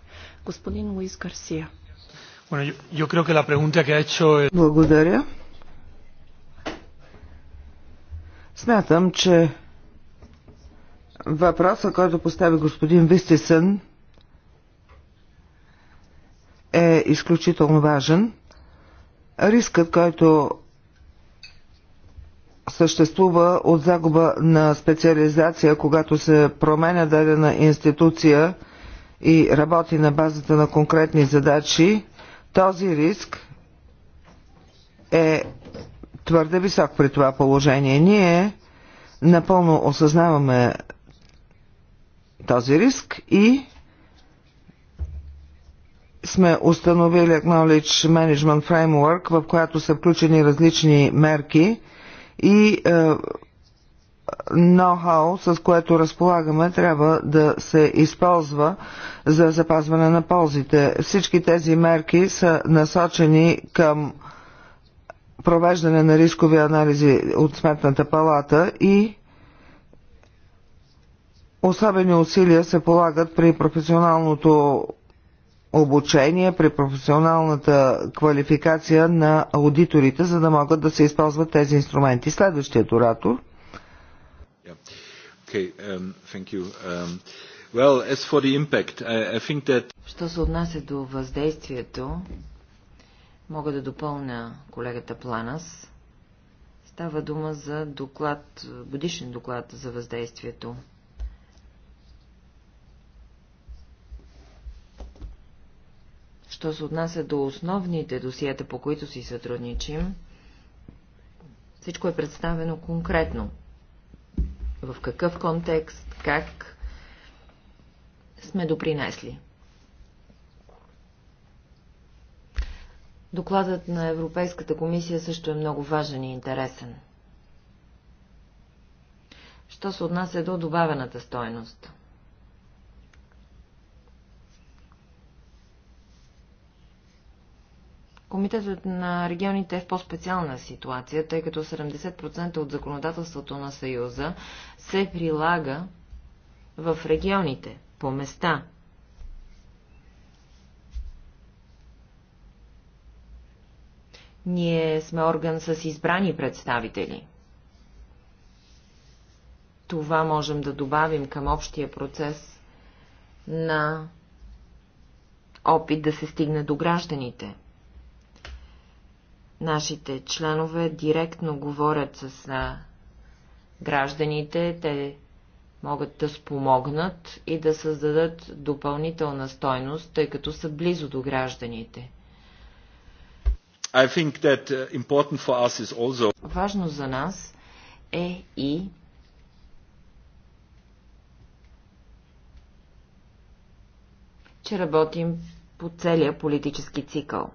Господин Луис Гарсия. Благодаря. Смятам, че въпросът, който постави господин Вистисън, е изключително важен. Рискът, който съществува от загуба на специализация, когато се променя дадена институция и работи на базата на конкретни задачи, този риск е твърде висок при това положение. Ние напълно осъзнаваме този риск и сме установили Acknowledge Management Framework, в която са включени различни мерки и ноу-хау, е, с което разполагаме, трябва да се използва за запазване на ползите. Всички тези мерки са насочени към провеждане на рискови анализи от Сметната палата и особени усилия се полагат при професионалното обучение, при професионалната квалификация на аудиторите, за да могат да се използват тези инструменти. Следващият оратор. Um, um, Що се отнася до въздействието, мога да допълня колегата Планас. Става дума за доклад, годишен доклад за въздействието. Що се отнася до основните досиета, по които си сътрудничим, всичко е представено конкретно. В какъв контекст, как сме допринесли. Докладът на Европейската комисия също е много важен и интересен. Що се отнася до добавената стойност? Комитетът на регионите е в по-специална ситуация, тъй като 70% от законодателството на Съюза се прилага в регионите, по места. Ние сме орган с избрани представители. Това можем да добавим към общия процес на опит да се стигне до гражданите – Нашите членове директно говорят с гражданите, те могат да спомогнат и да създадат допълнителна стойност, тъй като са близо до гражданите. I think that uh, important for us is also... Важно за нас е и че работим по целия политически цикъл.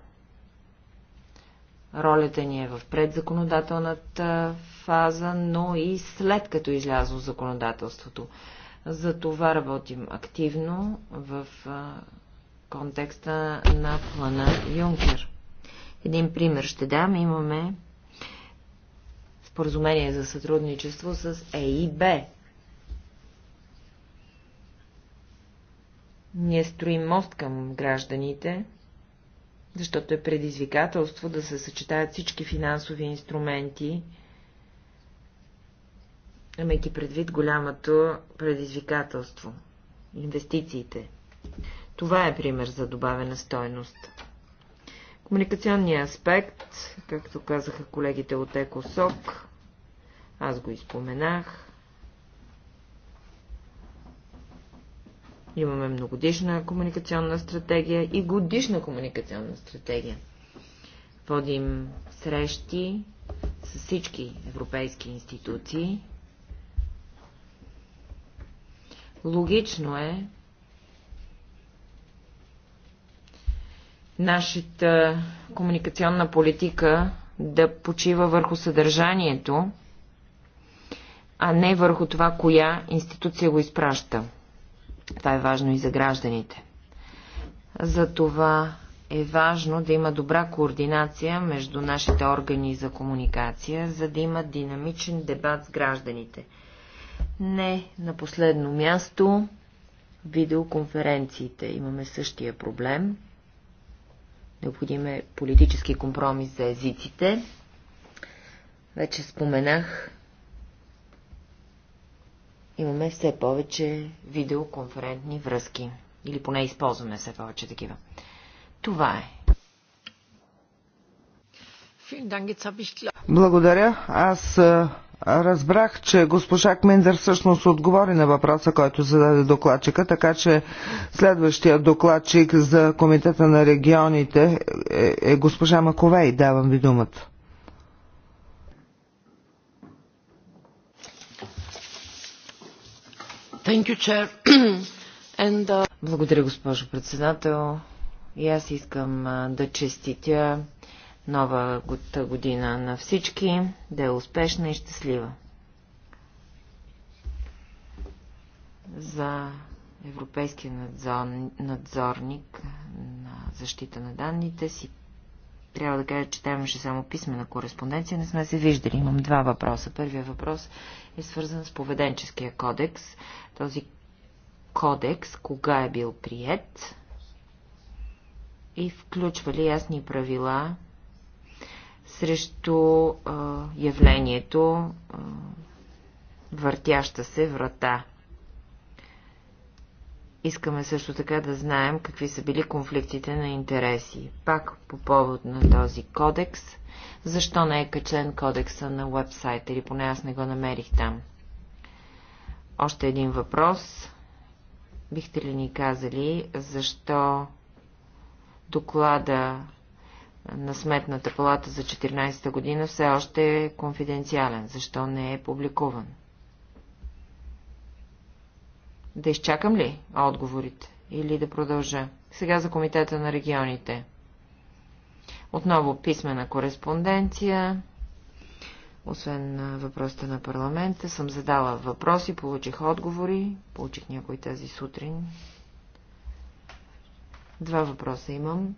Ролята ни е в предзаконодателната фаза, но и след като излязло законодателството. За това работим активно в контекста на плана Юнкер. Един пример ще дам. Имаме споразумение за сътрудничество с ЕИБ. Ние строим мост към гражданите защото е предизвикателство да се съчетаят всички финансови инструменти, имайки предвид голямото предизвикателство – инвестициите. Това е пример за добавена стойност. Комуникационният аспект, както казаха колегите от ЕКОСОК, аз го изпоменах, Имаме многодишна комуникационна стратегия и годишна комуникационна стратегия. Водим срещи с всички европейски институции. Логично е нашата комуникационна политика да почива върху съдържанието, а не върху това, коя институция го изпраща. Това е важно и за гражданите. За това е важно да има добра координация между нашите органи за комуникация, за да има динамичен дебат с гражданите. Не на последно място видеоконференциите. Имаме същия проблем. Необходим е политически компромис за езиците. Вече споменах имаме все повече видеоконферентни връзки. Или поне използваме все повече такива. Това е. Благодаря. Аз Разбрах, че госпожа Кмендер всъщност отговори на въпроса, който зададе докладчика, така че следващия докладчик за Комитета на регионите е, е госпожа Маковей. Давам ви думата. <clears throat> Uh, Благодаря, госпожо председател. И аз искам да честитя нова година на всички, да е успешна и щастлива. За Европейския надзор... надзорник на защита на данните си трябва да кажа, че там имаше само писмена кореспонденция. Не сме се виждали. Имам два въпроса. Първият въпрос е свързан с поведенческия кодекс. Този кодекс кога е бил прият и включва ли ясни правила срещу а, явлението а, въртяща се врата. Искаме също така да знаем какви са били конфликтите на интереси. Пак по повод на този кодекс, защо не е качен кодекса на вебсайт или поне аз не го намерих там. Още един въпрос. Бихте ли ни казали защо доклада на Сметната палата за 2014 година все още е конфиденциален? Защо не е публикуван? Да изчакам ли отговорите или да продължа? Сега за Комитета на регионите. Отново писмена кореспонденция. Освен въпросите на парламента, съм задала въпроси, получих отговори, получих някои тази сутрин. Два въпроса имам.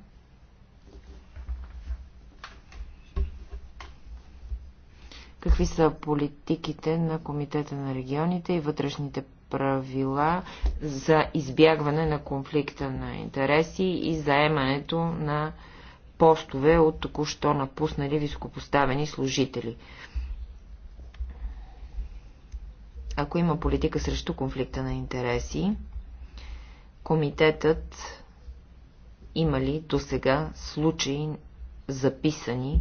Какви са политиките на Комитета на регионите и вътрешните правила за избягване на конфликта на интереси и заемането на постове от току-що напуснали високопоставени служители. Ако има политика срещу конфликта на интереси, комитетът има ли до сега случаи записани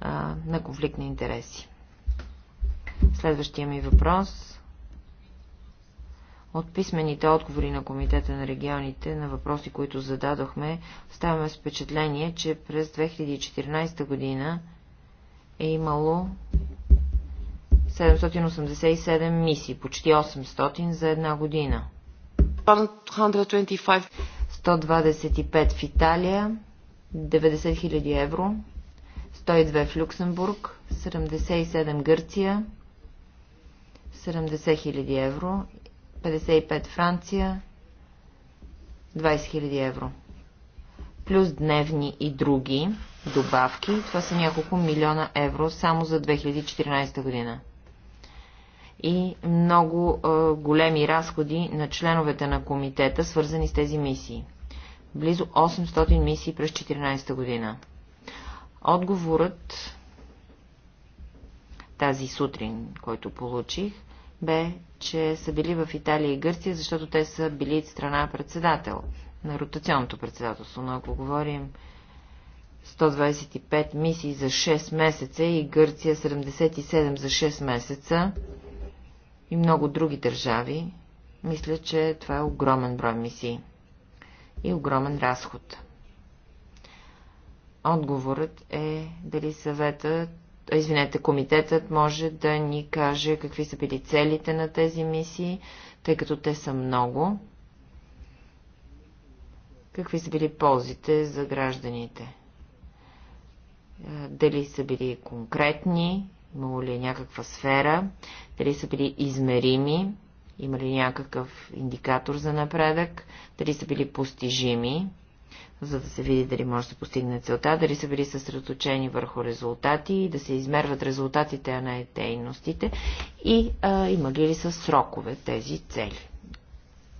а, на конфликт на интереси? Следващия ми въпрос от писмените отговори на Комитета на регионите на въпроси, които зададохме, ставаме с впечатление, че през 2014 година е имало 787 мисии, почти 800 за една година. 125, в Италия, 90 000 евро, 102 в Люксембург, 77 Гърция, 70 000 евро 55 Франция, 20 000 евро. Плюс дневни и други добавки, това са няколко милиона евро само за 2014 година. И много е, големи разходи на членовете на комитета, свързани с тези мисии. Близо 800 мисии през 2014 година. Отговорът тази сутрин, който получих, бе че са били в Италия и Гърция, защото те са били страна председател на ротационното председателство. Но ако говорим 125 мисии за 6 месеца и Гърция 77 за 6 месеца и много други държави, мисля, че това е огромен брой мисии и огромен разход. Отговорът е дали съветът извинете, комитетът може да ни каже какви са били целите на тези мисии, тъй като те са много. Какви са били ползите за гражданите? Е, дали са били конкретни, имало ли е някаква сфера, дали са били измерими, има ли някакъв индикатор за напредък, дали са били постижими, за да се види дали може да постигне целта, дали са били съсредоточени върху резултати и да се измерват резултатите, а не дейностите и а, има ли са срокове тези цели.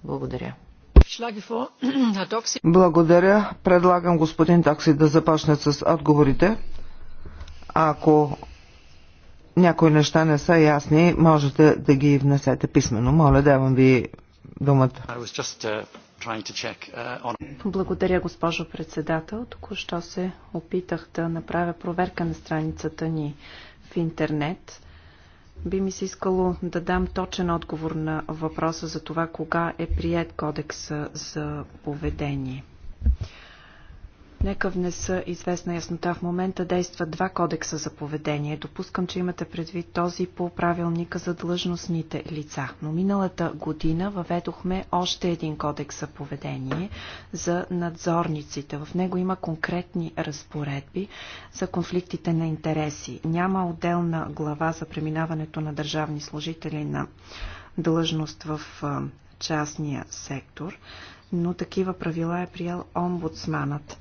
Благодаря. Благодаря. Предлагам господин Такси да започне с отговорите. Ако някои неща не са ясни, можете да ги внесете писменно. Моля, давам ви думата. Uh, Uh, Благодаря, госпожо председател. Току-що се опитах да направя проверка на страницата ни в интернет. Би ми се искало да дам точен отговор на въпроса за това кога е прият кодекса за поведение. Нека внеса известна яснота. В момента действа два кодекса за поведение. Допускам, че имате предвид този по правилника за длъжностните лица. Но миналата година въведохме още един кодекс за поведение за надзорниците. В него има конкретни разпоредби за конфликтите на интереси. Няма отделна глава за преминаването на държавни служители на длъжност в частния сектор, но такива правила е приел омбудсманът.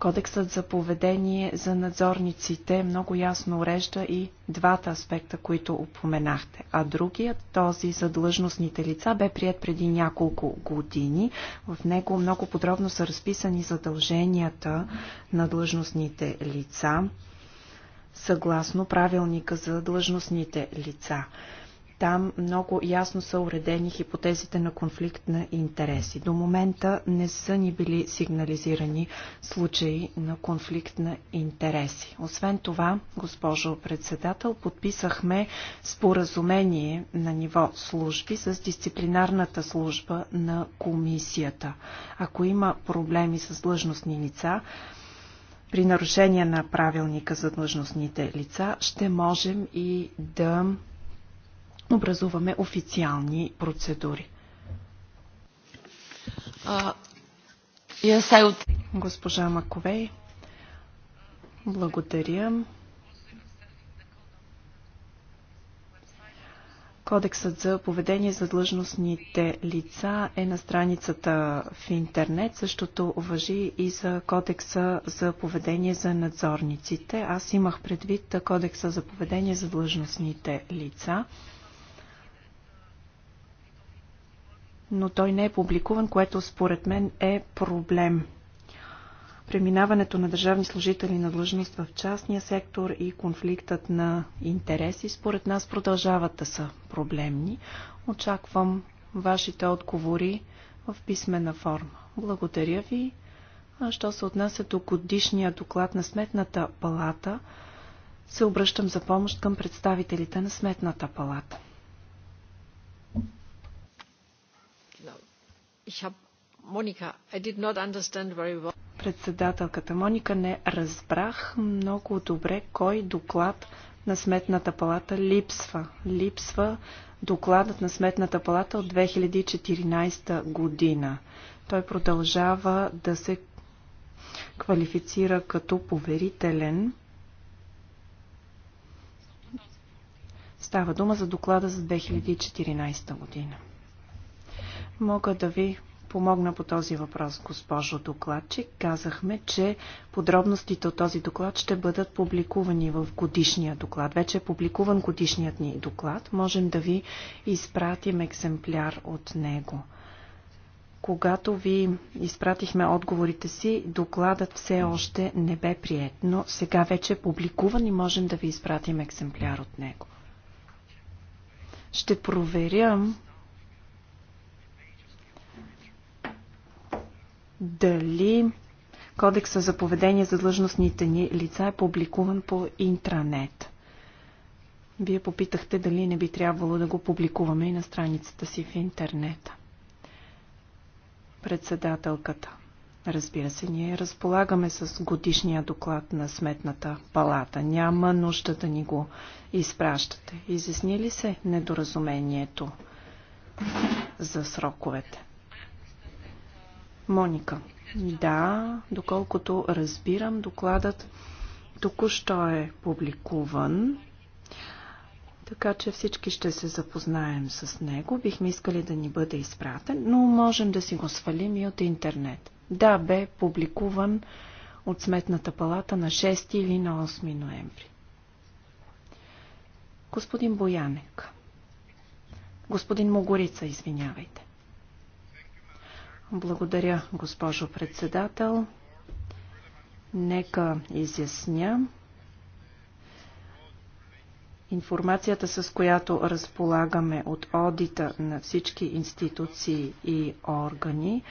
Кодексът за поведение за надзорниците много ясно урежда и двата аспекта, които упоменахте. А другият, този за длъжностните лица, бе прият преди няколко години. В него много подробно са разписани задълженията на длъжностните лица съгласно правилника за длъжностните лица. Там много ясно са уредени хипотезите на конфликт на интереси. До момента не са ни били сигнализирани случаи на конфликт на интереси. Освен това, госпожо председател, подписахме споразумение на ниво служби с дисциплинарната служба на комисията. Ако има проблеми с длъжностни лица, при нарушение на правилника за длъжностните лица ще можем и да образуваме официални процедури. Госпожа Маковей, благодаря. Кодексът за поведение за длъжностните лица е на страницата в интернет. Същото уважи и за кодекса за поведение за надзорниците. Аз имах предвид кодекса за поведение за длъжностните лица. но той не е публикуван, което според мен е проблем. Преминаването на държавни служители на длъжност в частния сектор и конфликтът на интереси според нас продължават да са проблемни. Очаквам вашите отговори в писмена форма. Благодаря ви. А що се отнася до годишния доклад на Сметната палата, се обръщам за помощ към представителите на Сметната палата. Председателката Моника не разбрах много добре кой доклад на Сметната палата липсва. Липсва докладът на Сметната палата от 2014 година. Той продължава да се квалифицира като поверителен. Става дума за доклада за 2014 година. Мога да ви помогна по този въпрос, госпожо докладчик. Казахме, че подробностите от този доклад ще бъдат публикувани в годишния доклад. Вече е публикуван годишният ни доклад. Можем да ви изпратим екземпляр от него. Когато ви изпратихме отговорите си, докладът все още не бе прият, но сега вече е публикуван и можем да ви изпратим екземпляр от него. Ще проверям. дали Кодекса за поведение за длъжностните ни лица е публикуван по интранет. Вие попитахте дали не би трябвало да го публикуваме и на страницата си в интернет. Председателката. Разбира се, ние разполагаме с годишния доклад на Сметната палата. Няма нужда да ни го изпращате. Изясни ли се недоразумението за сроковете? Моника. Да, доколкото разбирам, докладът току-що е публикуван, така че всички ще се запознаем с него. Бихме искали да ни бъде изпратен, но можем да си го свалим и от интернет. Да, бе публикуван от Сметната палата на 6 или на 8 ноември. Господин Боянек. Господин Могорица, извинявайте. Благодаря, госпожо председател. Нека изясня. Информацията, с която разполагаме от одита на всички институции и органи,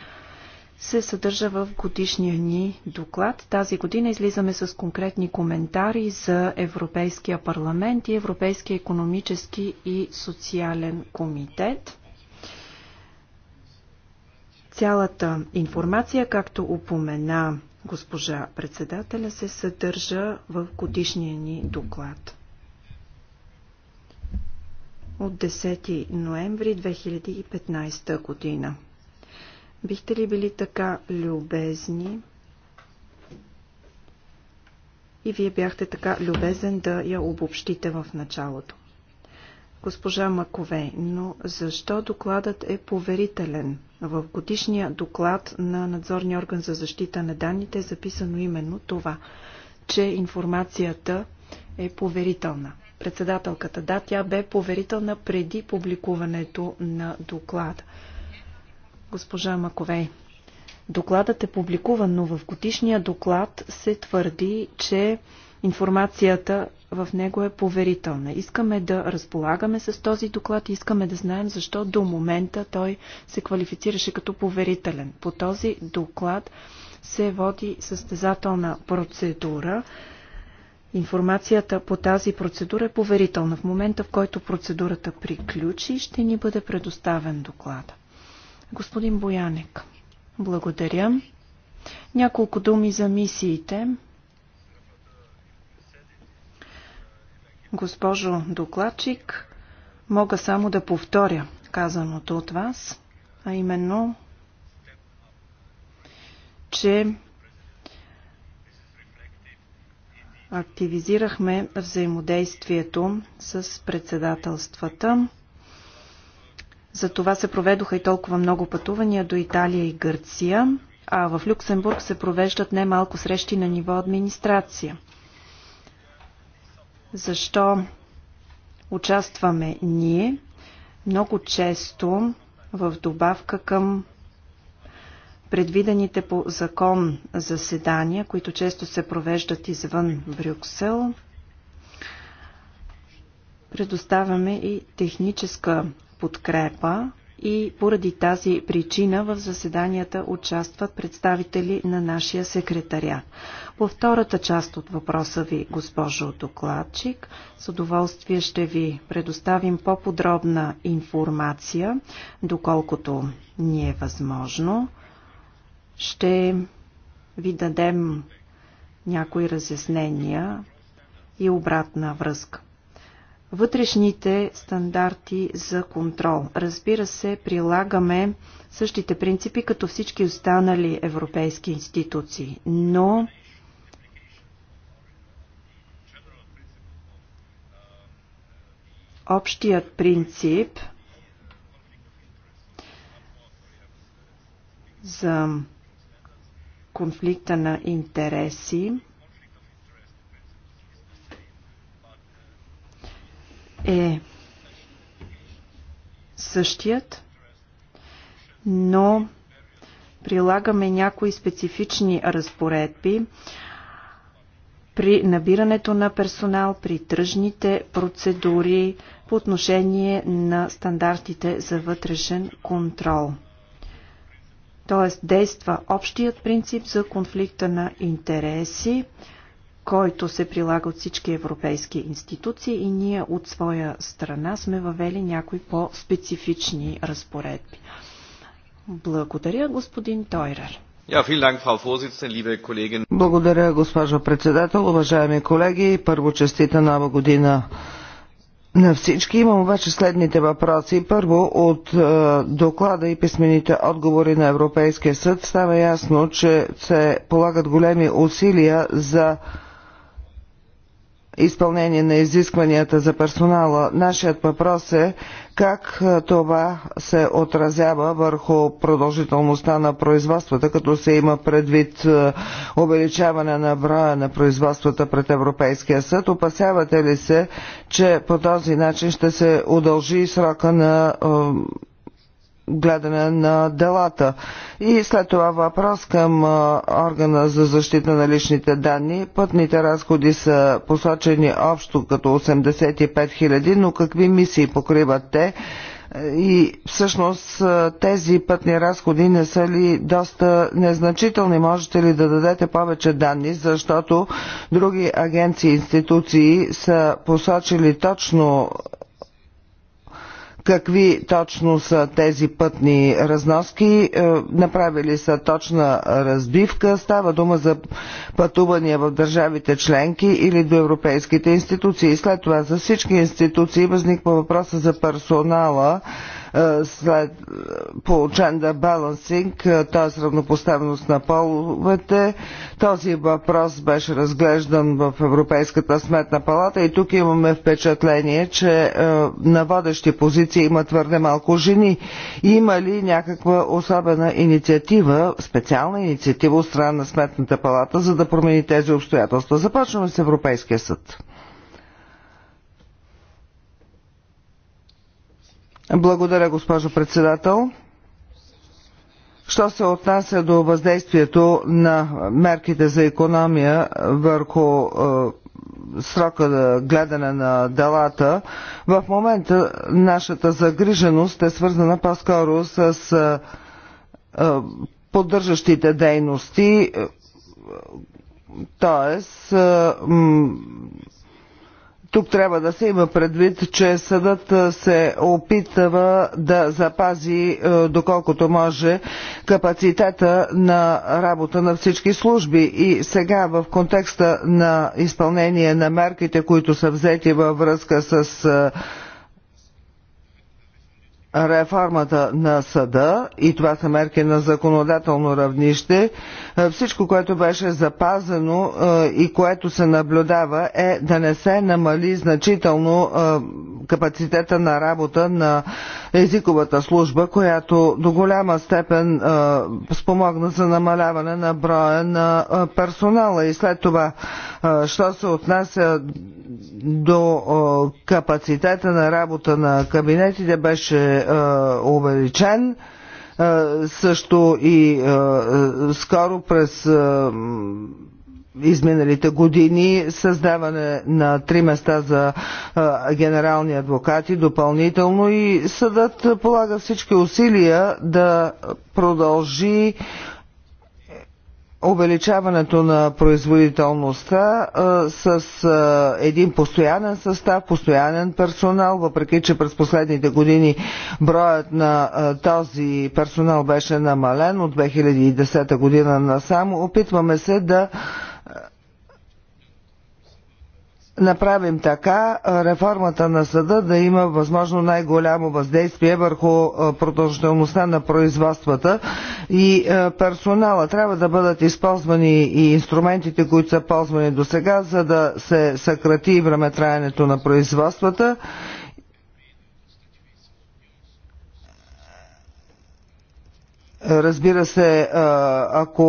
се съдържа в годишния ни доклад. Тази година излизаме с конкретни коментари за Европейския парламент и Европейския економически и социален комитет. Цялата информация, както упомена госпожа председателя, се съдържа в годишния ни доклад. От 10 ноември 2015 година. Бихте ли били така любезни и вие бяхте така любезен да я обобщите в началото. Госпожа Макове, но защо докладът е поверителен? В годишния доклад на надзорния орган за защита на данните е записано именно това, че информацията е поверителна. Председателката, да, тя бе поверителна преди публикуването на доклада. Госпожа Маковей, докладът е публикуван, но в годишния доклад се твърди, че информацията в него е поверителна. Искаме да разполагаме с този доклад и искаме да знаем защо до момента той се квалифицираше като поверителен. По този доклад се води състезателна процедура. Информацията по тази процедура е поверителна. В момента, в който процедурата приключи, ще ни бъде предоставен доклад. Господин Боянек, благодаря. Няколко думи за мисиите. Госпожо докладчик, мога само да повторя казаното от вас, а именно, че активизирахме взаимодействието с председателствата. За това се проведоха и толкова много пътувания до Италия и Гърция, а в Люксембург се провеждат немалко срещи на ниво администрация защо участваме ние много често в добавка към предвидените по закон заседания, които често се провеждат извън Брюксел. Предоставяме и техническа подкрепа и поради тази причина в заседанията участват представители на нашия секретаря. По втората част от въпроса ви, госпожо докладчик, с удоволствие ще ви предоставим по-подробна информация, доколкото ни е възможно. Ще ви дадем някои разяснения и обратна връзка вътрешните стандарти за контрол. Разбира се, прилагаме същите принципи като всички останали европейски институции, но общият принцип за конфликта на интереси е същият, но прилагаме някои специфични разпоредби при набирането на персонал, при тръжните процедури по отношение на стандартите за вътрешен контрол. Тоест действа общият принцип за конфликта на интереси – който се прилага от всички европейски институции и ние от своя страна сме въвели някои по-специфични разпоредби. Благодаря, господин Тойрер. Благодаря, госпожо председател, уважаеми колеги. Първо честита нова година на всички. Имам обаче следните въпроси. Първо, от е, доклада и писмените отговори на Европейския съд става ясно, че се полагат големи усилия за изпълнение на изискванията за персонала. Нашият въпрос е как е, това се отразява върху продължителността на производствата, като се има предвид е, увеличаване на броя на производствата пред Европейския съд. Опасявате ли се, че по този начин ще се удължи срока на е, гледане на делата. И след това въпрос към органа за защита на личните данни. Пътните разходи са посочени общо като 85 000, но какви мисии покриват те? И всъщност тези пътни разходи не са ли доста незначителни? Можете ли да дадете повече данни, защото други агенции и институции са посочили точно какви точно са тези пътни разноски. Е, направили са точна разбивка. Става дума за пътувания в държавите членки или до европейските институции. След това за всички институции възниква въпроса за персонала е, след, по gender balancing, т.е. равнопоставеност на половете. Този въпрос беше разглеждан в Европейската сметна палата и тук имаме впечатление, че е, на водещи позиции има твърде малко жени. Има ли някаква особена инициатива, специална инициатива от страна на сметната палата, за да промени тези обстоятелства? Започваме с Европейския съд. Благодаря, госпожо председател. Що се отнася до въздействието на мерките за економия върху е, срока на гледане на делата, в момента нашата загриженост е свързана по-скоро с е, е, поддържащите дейности, т.е тук трябва да се има предвид, че съдът се опитава да запази доколкото може капацитета на работа на всички служби. И сега в контекста на изпълнение на мерките, които са взети във връзка с реформата на съда и това са мерки на законодателно равнище, е, всичко, което беше запазено е, и което се наблюдава е да не се намали значително е, капацитета на работа на езиковата служба, която до голяма степен спомогна за намаляване на броя на персонала и след това, що се отнася до капацитета на работа на кабинетите, беше е увеличен е, също и е, скоро през е, изминалите години създаване на три места за генерални адвокати допълнително и съдът полага всички усилия да продължи увеличаването на производителността с един постоянен състав, постоянен персонал, въпреки че през последните години броят на този персонал беше намален от 2010 година насам. Опитваме се да направим така реформата на съда да има възможно най-голямо въздействие върху продължителността на производствата и персонала. Трябва да бъдат използвани и инструментите, които са ползвани до сега, за да се съкрати времетраенето на производствата Разбира се, ако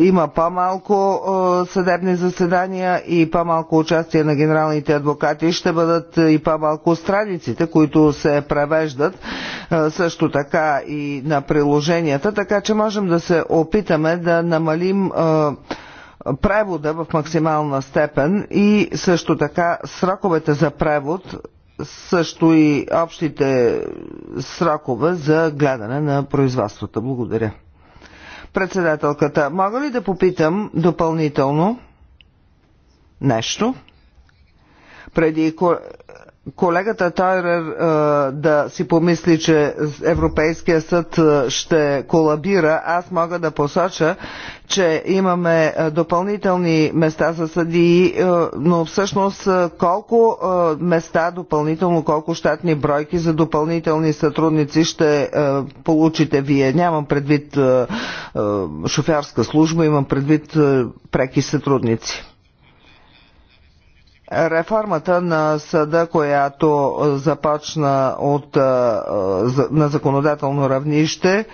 има по-малко съдебни заседания и по-малко участие на генералните адвокати, ще бъдат и по-малко страниците, които се превеждат също така и на приложенията, така че можем да се опитаме да намалим превода в максимална степен и също така сроковете за превод също и общите срокове за гледане на производствата. Благодаря. Председателката, мога ли да попитам допълнително нещо? Преди колегата Тайрер е, да си помисли, че Европейския съд е, ще колабира, аз мога да посоча, че имаме е, допълнителни места за съдии, но всъщност колко места допълнително, колко щатни бройки за допълнителни сътрудници ще получите вие? Нямам предвид шофьорска служба, имам предвид преки сътрудници. Реформата на съда, която започна от, на законодателно равнище,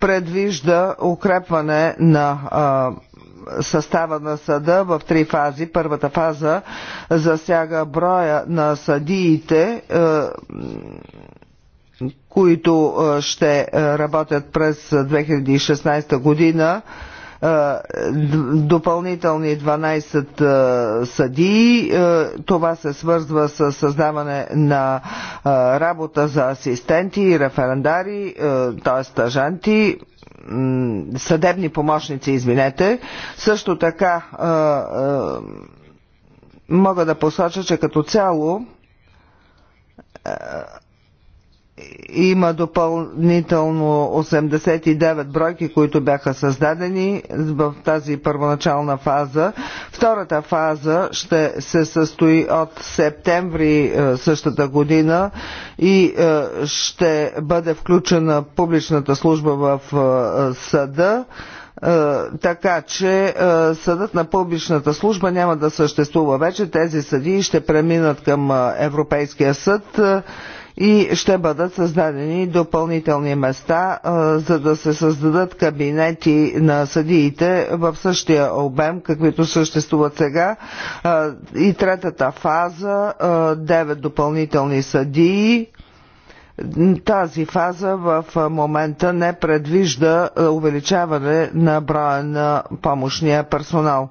предвижда укрепване на състава на съда в три фази. Първата фаза засяга броя на съдиите, които ще работят през 2016 година допълнителни 12 съдии. Това се свързва с създаване на работа за асистенти и референдари, т.е. стажанти съдебни помощници, извинете. Също така мога да посоча, че като цяло има допълнително 89 бройки, които бяха създадени в тази първоначална фаза. Втората фаза ще се състои от септември е, същата година и е, ще бъде включена публичната служба в е, съда така че съдът на публичната служба няма да съществува вече. Тези съдии ще преминат към Европейския съд и ще бъдат създадени допълнителни места, за да се създадат кабинети на съдиите в същия обем, каквито съществуват сега. И третата фаза, 9 допълнителни съдии, тази фаза в момента не предвижда увеличаване на броя на помощния персонал.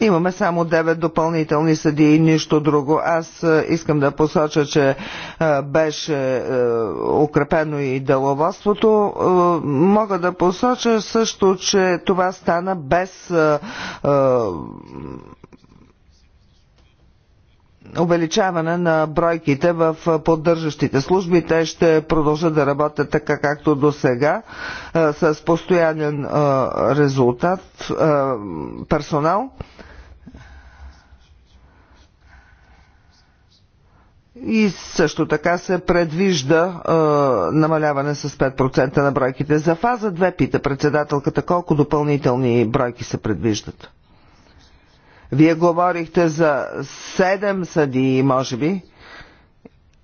Имаме само 9 допълнителни съдии, нищо друго. Аз е, искам да посоча, че е, беше е, укрепено и деловодството. Мога да посоча също, че това стана без увеличаване на бройките в поддържащите служби. Те ще продължат да работят така както до сега, с постоянен резултат, персонал. И също така се предвижда е, намаляване с 5% на бройките. За фаза 2 пита председателката колко допълнителни бройки се предвиждат. Вие говорихте за 7 съдии, може би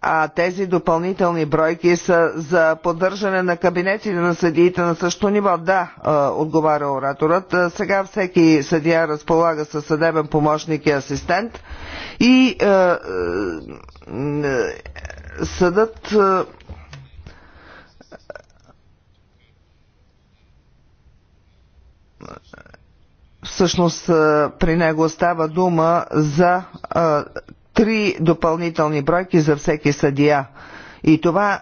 а тези допълнителни бройки са за поддържане на кабинетите на съдиите на също ниво. Да, отговаря ораторът. Сега всеки съдия разполага със съдебен помощник и асистент и е, е, съдът всъщност при него става дума за три допълнителни бройки за всеки съдия. И това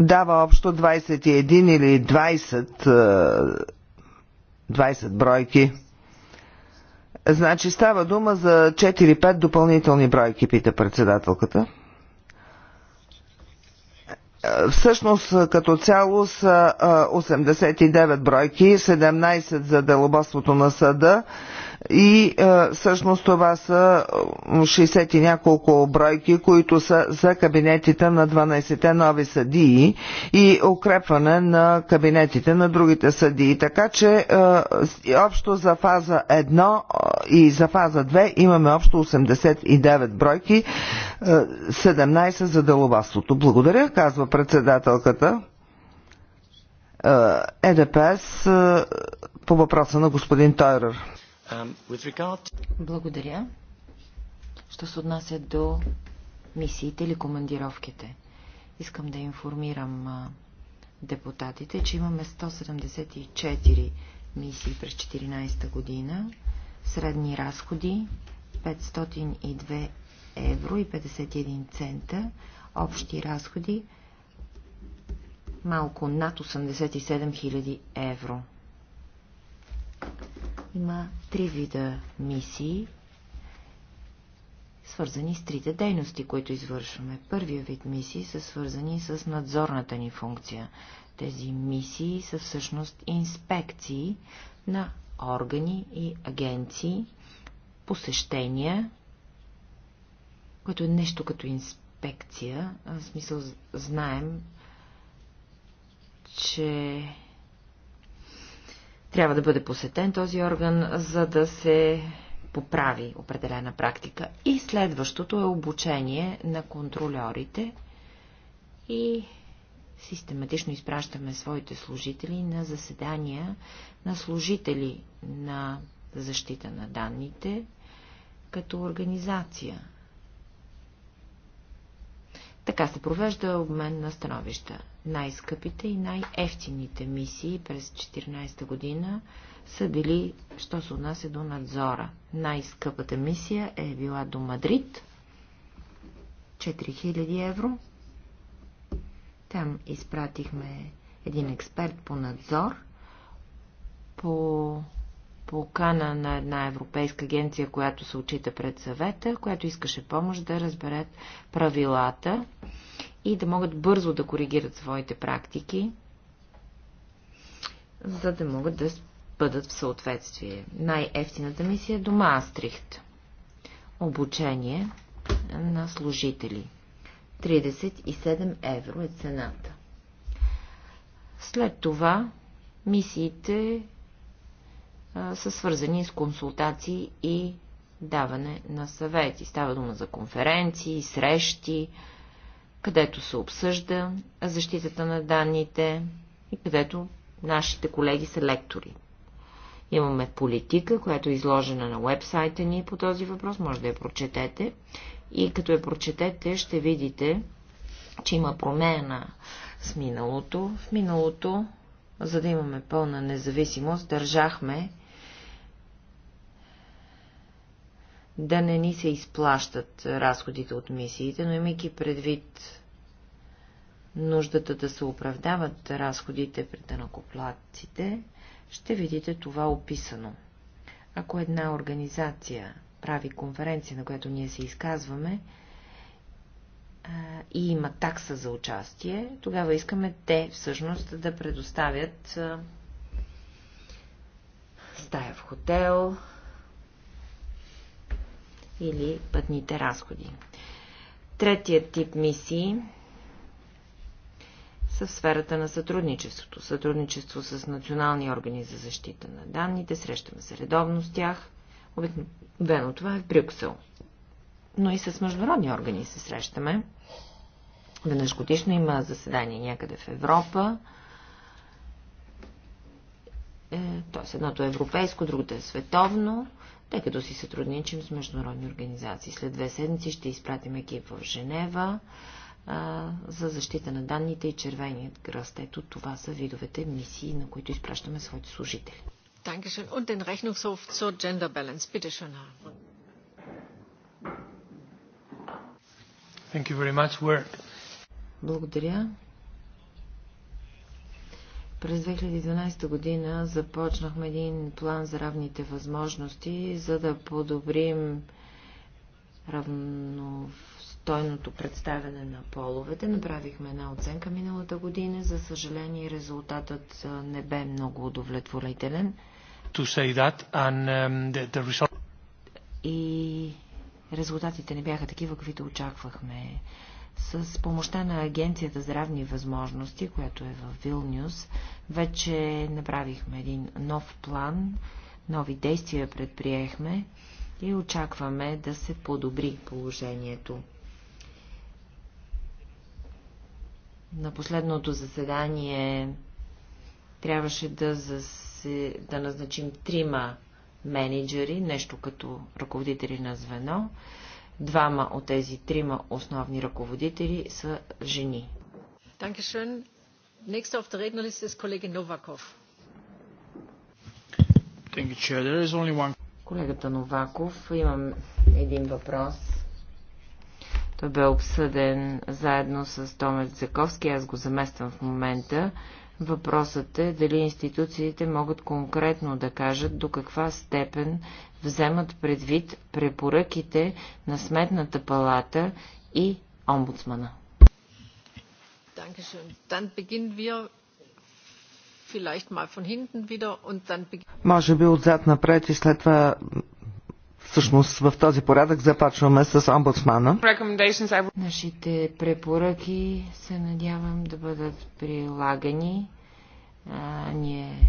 дава общо 21 или 20, 20 е, бройки. Значи става дума за 4-5 допълнителни бройки, пита председателката. Е, всъщност е, като цяло са 89 бройки, 17 за делободството на съда, и е, всъщност това са 60 и няколко бройки, които са за кабинетите на 12-те нови съдии и укрепване на кабинетите на другите съдии. Така че е, общо за фаза 1 е, и за фаза 2 имаме общо 89 бройки, е, 17 за деловаството. Благодаря, казва председателката. ЕДПС е е, по въпроса на господин Тойрър. Um, Благодаря. Що се отнася до мисиите или командировките. Искам да информирам депутатите, че имаме 174 мисии през 2014 година, средни разходи 502 евро и 51 цента, общи разходи малко над 87 000 евро. Има три вида мисии, свързани с трите дейности, които извършваме. Първия вид мисии са свързани с надзорната ни функция. Тези мисии са всъщност инспекции на органи и агенции, посещения, което е нещо като инспекция. В смисъл знаем, че трябва да бъде посетен този орган, за да се поправи определена практика. И следващото е обучение на контролерите и систематично изпращаме своите служители на заседания на служители на защита на данните като организация така се провежда обмен на становища. Най-скъпите и най-ефтините мисии през 14-та година са били, що се отнася до надзора. Най-скъпата мисия е била до Мадрид, 4000 евро. Там изпратихме един експерт по надзор, по покана на една европейска агенция, която се очита пред съвета, която искаше помощ да разберат правилата и да могат бързо да коригират своите практики, за да могат да бъдат в съответствие. Най-ефтината мисия е до Маастрихт. Обучение на служители. 37 евро е цената. След това мисиите са свързани с консултации и даване на съвети. Става дума за конференции, срещи, където се обсъжда защитата на данните и където нашите колеги са лектори. Имаме политика, която е изложена на вебсайта ни по този въпрос, може да я прочетете. И като я прочетете, ще видите, че има промена с миналото. В миналото, за да имаме пълна независимост, държахме да не ни се изплащат разходите от мисиите, но имайки предвид нуждата да се оправдават разходите при данакоплатците, ще видите това описано. Ако една организация прави конференция, на която ние се изказваме, и има такса за участие, тогава искаме те всъщност да предоставят стая в хотел, или пътните разходи. Третият тип мисии са в сферата на сътрудничеството. Сътрудничество с национални органи за защита на данните, срещаме се редовно с тях. Обикновено това е в Брюксел. Но и с международни органи се срещаме. Веднъж годишно има заседание някъде в Европа. Е, тоест едното е европейско, другото е световно тъй като си сътрудничим с международни организации. След две седмици ще изпратим екип в Женева а, за защита на данните и червеният кръст. Ето това са видовете мисии, на които изпращаме своите служители. Благодаря. През 2012 година започнахме един план за равните възможности, за да подобрим равностойното представяне на половете. Направихме една оценка миналата година. За съжаление, резултатът не бе много удовлетворителен. That, and, um, the, the result... И резултатите не бяха такива, каквито очаквахме. С помощта на Агенцията за равни възможности, която е в Вилнюс, вече направихме един нов план, нови действия предприехме и очакваме да се подобри положението. На последното заседание трябваше да, засе, да назначим трима менеджери, нещо като ръководители на звено. Двама от тези трима основни ръководители са жени. Колегата Новаков, имам един въпрос. Той бе обсъден заедно с Томец Заковски, аз го замествам в момента. Въпросът е дали институциите могат конкретно да кажат до каква степен вземат предвид препоръките на Сметната палата и омбудсмана. Може би отзад напред и след това Всъщност в този порядък започваме с омбудсмана. Нашите препоръки се надявам да бъдат прилагани. А, ние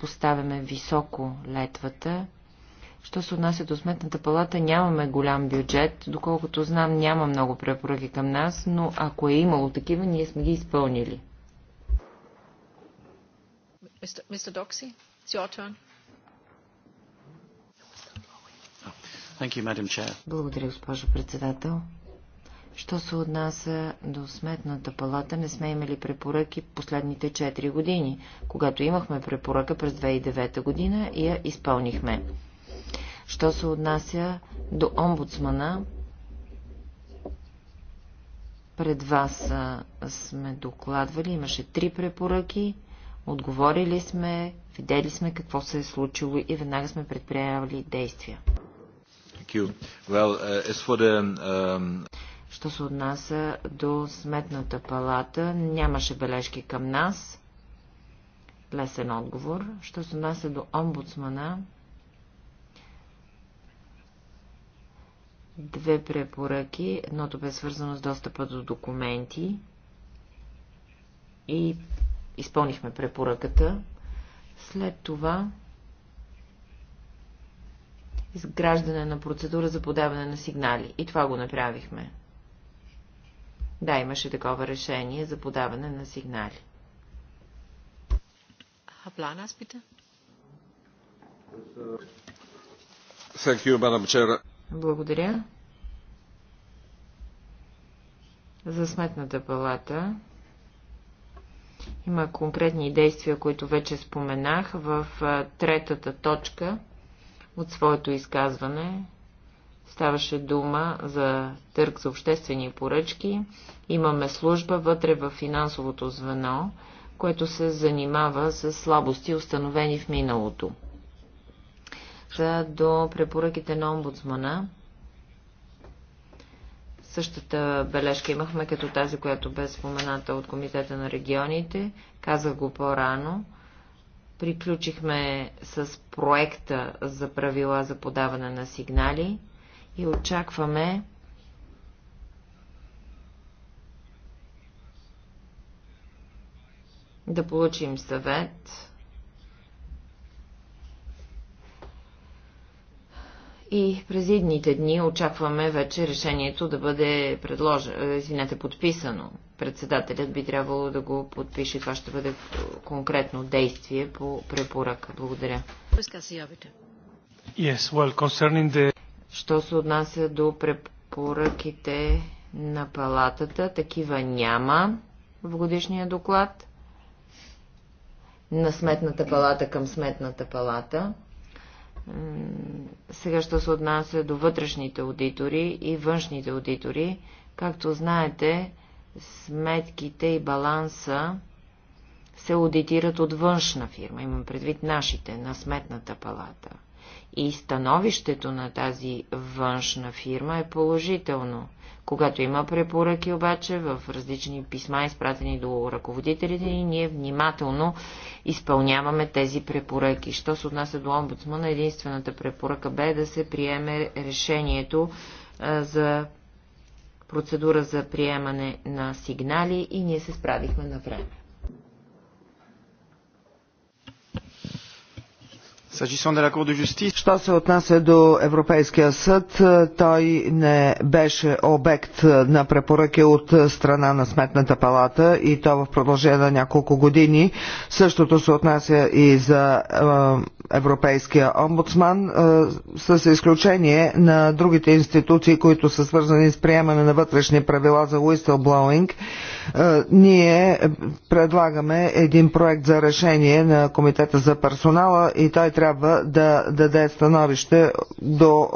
поставяме високо летвата Що се отнася до сметната палата, нямаме голям бюджет. Доколкото знам, няма много препоръки към нас, но ако е имало такива, ние сме ги изпълнили. Thank you, Madam Chair. Благодаря, госпожо председател. Що се отнася до сметната палата, не сме имали препоръки последните 4 години. Когато имахме препоръка през 2009 година, я изпълнихме. Що се отнася до омбудсмана, пред вас сме докладвали, имаше три препоръки, отговорили сме, видели сме какво се е случило и веднага сме предприемали действия. Well, uh, the, um... Що се отнася до сметната палата, нямаше бележки към нас. Лесен отговор. Що се отнася до омбудсмана, две препоръки. Едното бе свързано с достъпа до документи и изпълнихме препоръката. След това изграждане на процедура за подаване на сигнали. И това го направихме. Да, имаше такова решение за подаване на сигнали. А плана, спите? Thank you, Madam Chair. Благодаря. За сметната палата има конкретни действия, които вече споменах в третата точка от своето изказване. Ставаше дума за търг за обществени поръчки. Имаме служба вътре в финансовото звено, което се занимава с слабости, установени в миналото до препоръките на омбудсмана. Същата бележка имахме като тази, която бе спомената от Комитета на регионите. Казах го по-рано. Приключихме с проекта за правила за подаване на сигнали и очакваме да получим съвет И през едните дни очакваме вече решението да бъде предлож... извинете, подписано. Председателят би трябвало да го подпише. Това ще бъде конкретно действие по препоръка. Благодаря. Yes, well, concerning the... Що се отнася до препоръките на палатата, такива няма в годишния доклад на Сметната палата към Сметната палата. Сега ще се отнася до вътрешните аудитори и външните аудитори. Както знаете, сметките и баланса се аудитират от външна фирма, имам предвид нашите, на сметната палата. И становището на тази външна фирма е положително. Когато има препоръки обаче в различни писма, изпратени до ръководителите ни, ние внимателно изпълняваме тези препоръки. Що се отнася до омбудсмана, единствената препоръка бе да се приеме решението за процедура за приемане на сигнали и ние се справихме на време. Що се отнася до Европейския съд, е, той не беше обект на препоръки от страна на Сметната палата и то в продължение на няколко години. Същото се отнася и за е, Европейския омбудсман, е, с изключение на другите институции, които са свързани с приемане на вътрешни правила за whistleblowing. Ние предлагаме един проект за решение на Комитета за персонала и той трябва трябва да даде становище до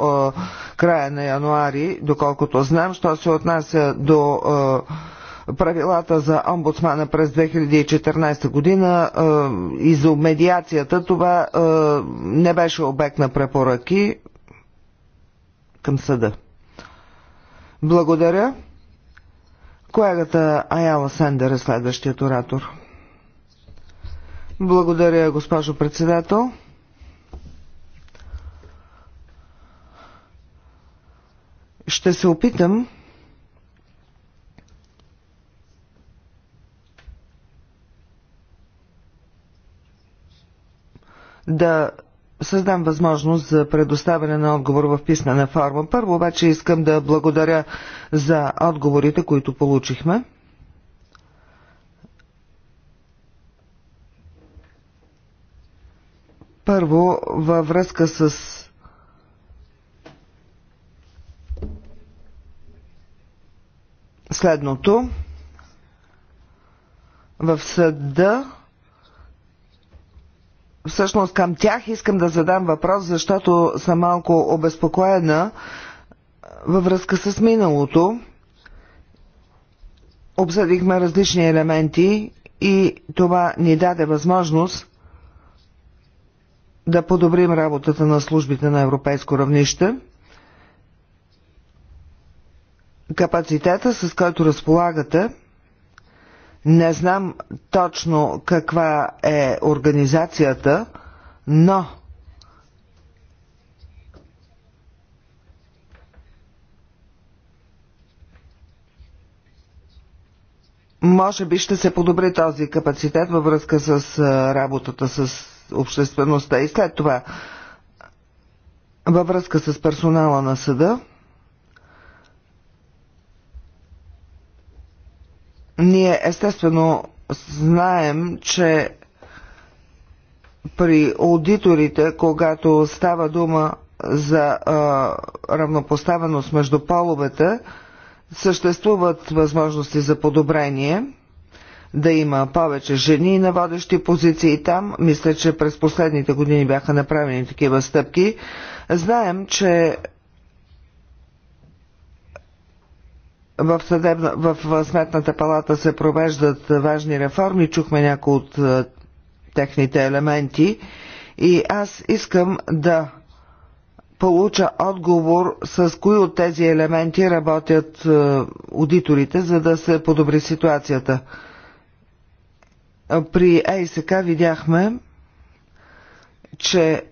края на януари, доколкото знам, що се отнася до правилата за омбудсмана през 2014 година и за медиацията, това не беше обект на препоръки към съда. Благодаря. Колегата Аяла Сендер е следващият оратор. Благодаря, госпожо председател. Ще се опитам да създам възможност за предоставяне на отговор в писмена форма. Първо обаче искам да благодаря за отговорите, които получихме. Първо, във връзка с следното. В съда всъщност към тях искам да задам въпрос, защото съм малко обезпокоена във връзка с миналото. Обсъдихме различни елементи и това ни даде възможност да подобрим работата на службите на европейско равнище – капацитета, с който разполагате. Не знам точно каква е организацията, но може би ще се подобри този капацитет във връзка с работата с обществеността и след това във връзка с персонала на съда. Ние естествено знаем, че при аудиторите, когато става дума за а, равнопоставеност между половете, съществуват възможности за подобрение, да има повече жени на водещи позиции там. Мисля, че през последните години бяха направени такива стъпки. Знаем, че в, съдебна, в Сметната палата се провеждат важни реформи, чухме някои от е, техните елементи и аз искам да получа отговор с кои от тези елементи работят е, аудиторите, за да се подобри ситуацията. При ЕСК видяхме, че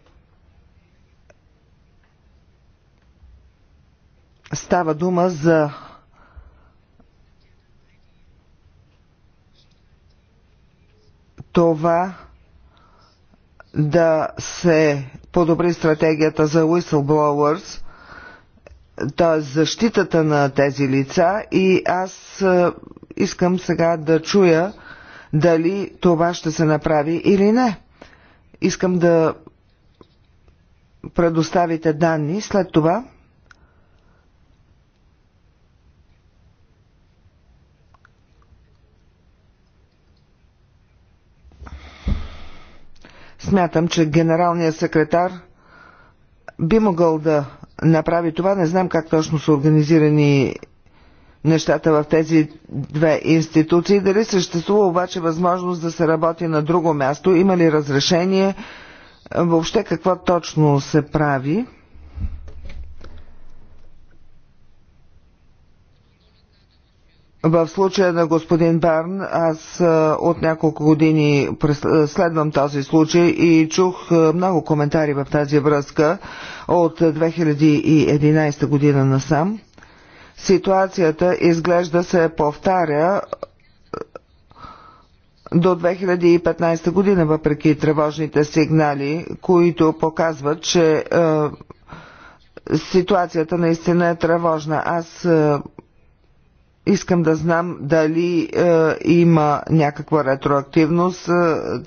става дума за това да се подобри стратегията за whistleblowers, т.е. защитата на тези лица и аз искам сега да чуя дали това ще се направи или не. Искам да предоставите данни, след това Смятам, че генералният секретар би могъл да направи това. Не знам как точно са организирани нещата в тези две институции. Дали съществува обаче възможност да се работи на друго място? Има ли разрешение? Въобще какво точно се прави? В случая на господин Барн, аз от няколко години следвам този случай и чух много коментари в тази връзка от 2011 година насам. Ситуацията изглежда се повтаря до 2015 година, въпреки тревожните сигнали, които показват, че е, ситуацията наистина е тревожна. Аз е, искам да знам дали е, има някаква ретроактивност, е,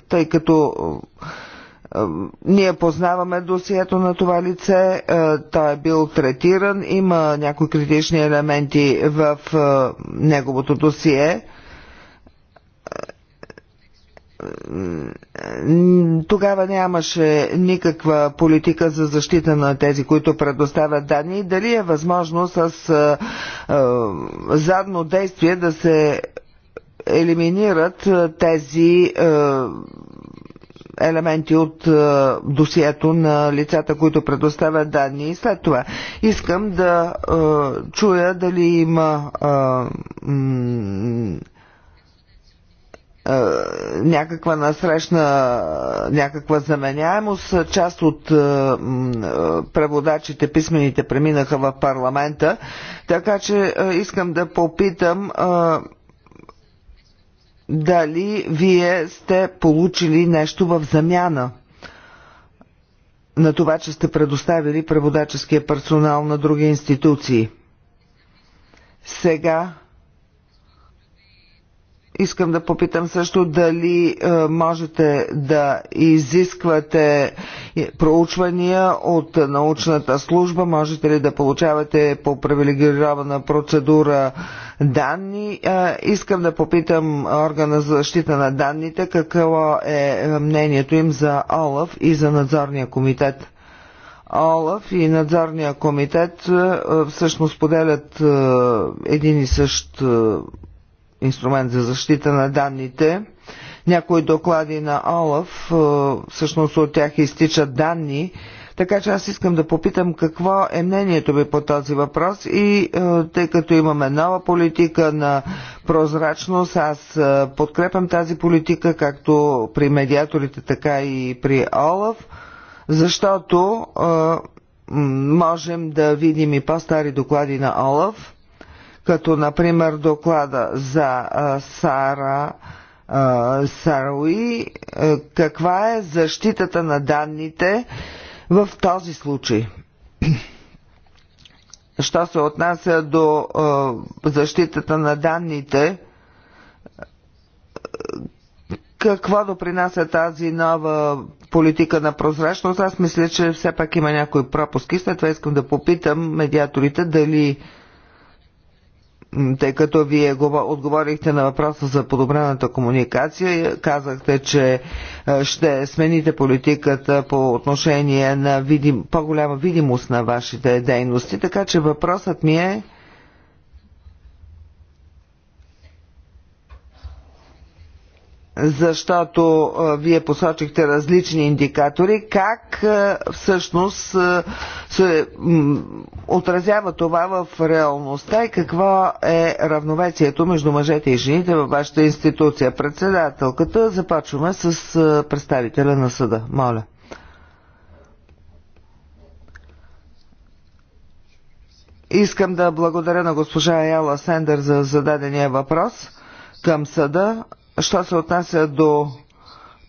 тъй като е, е, ние познаваме досието на това лице, е, той е бил третиран, има някои критични елементи в е, неговото досие тогава нямаше никаква политика за защита на тези, които предоставят данни. Дали е възможно с задно действие да се елиминират тези елементи от досието на лицата, които предоставят данни. И след това искам да чуя дали има е, някаква насрещна, някаква заменяемост. Част от е, е, преводачите, писмените преминаха в парламента, така че искам да попитам дали вие сте получили нещо в замяна на това, че сте предоставили преводаческия персонал на други институции. Сега Искам да попитам също дали е, можете да изисквате проучвания от научната служба, можете ли да получавате по привилегирована процедура данни. Е, искам да попитам органа за защита на данните какво е мнението им за ОЛАФ и за надзорния комитет. ОЛАФ и надзорния комитет е, всъщност поделят един и същ инструмент за защита на данните. Някои доклади на ОЛАФ, е, всъщност от тях изтичат данни, така че аз искам да попитам какво е мнението ви по този въпрос и е, тъй като имаме нова политика на прозрачност, аз е, подкрепям тази политика както при медиаторите, така и при ОЛАФ, защото можем да видим и по-стари доклади на ОЛАФ като например доклада за Сара Саруи, каква е защитата на данните в този случай? Що се отнася до защитата на данните, какво допринася тази нова политика на прозрачност? Аз мисля, че все пак има някои пропуски. След това искам да попитам медиаторите дали тъй като вие отговорихте на въпроса за подобрената комуникация, казахте, че ще смените политиката по отношение на видим, по-голяма видимост на вашите дейности, така че въпросът ми е защото вие посочихте различни индикатори, как всъщност се отразява това в реалността и какво е равновесието между мъжете и жените във вашата институция. Председателката, започваме с представителя на съда. Моля. Искам да благодаря на госпожа Яла Сендер за зададения въпрос към съда що се отнася до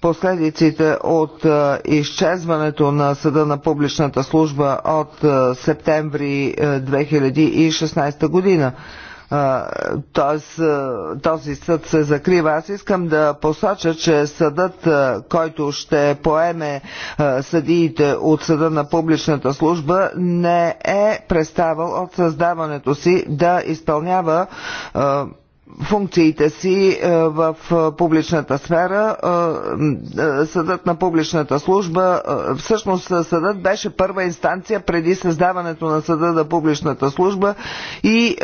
последиците от е, изчезването на съда на публичната служба от е, септември 2016 е, година. Тоест, този съд се закрива. Аз искам да посоча, че съдът, който ще поеме съдиите от съда на публичната служба, не е преставал от създаването си да изпълнява функциите си е, в е, публичната сфера. Е, съдът на публичната служба, всъщност съдът беше първа инстанция преди създаването на съда на публичната служба и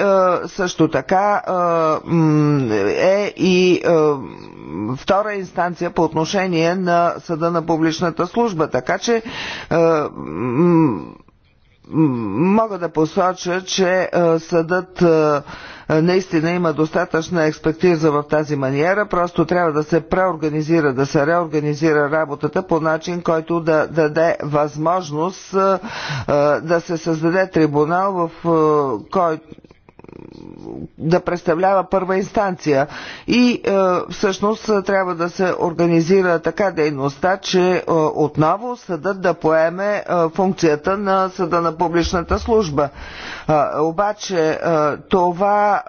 също така е и втора инстанция по отношение на съда на публичната служба. Така че мога да посоча, че съдът наистина има достатъчна експертиза в тази маниера, просто трябва да се преорганизира, да се реорганизира работата по начин, който да даде възможност да се създаде трибунал, в който да представлява първа инстанция. И е, всъщност трябва да се организира така дейността, че е, отново съдът да поеме е, функцията на съда на публичната служба. Е, обаче е, това,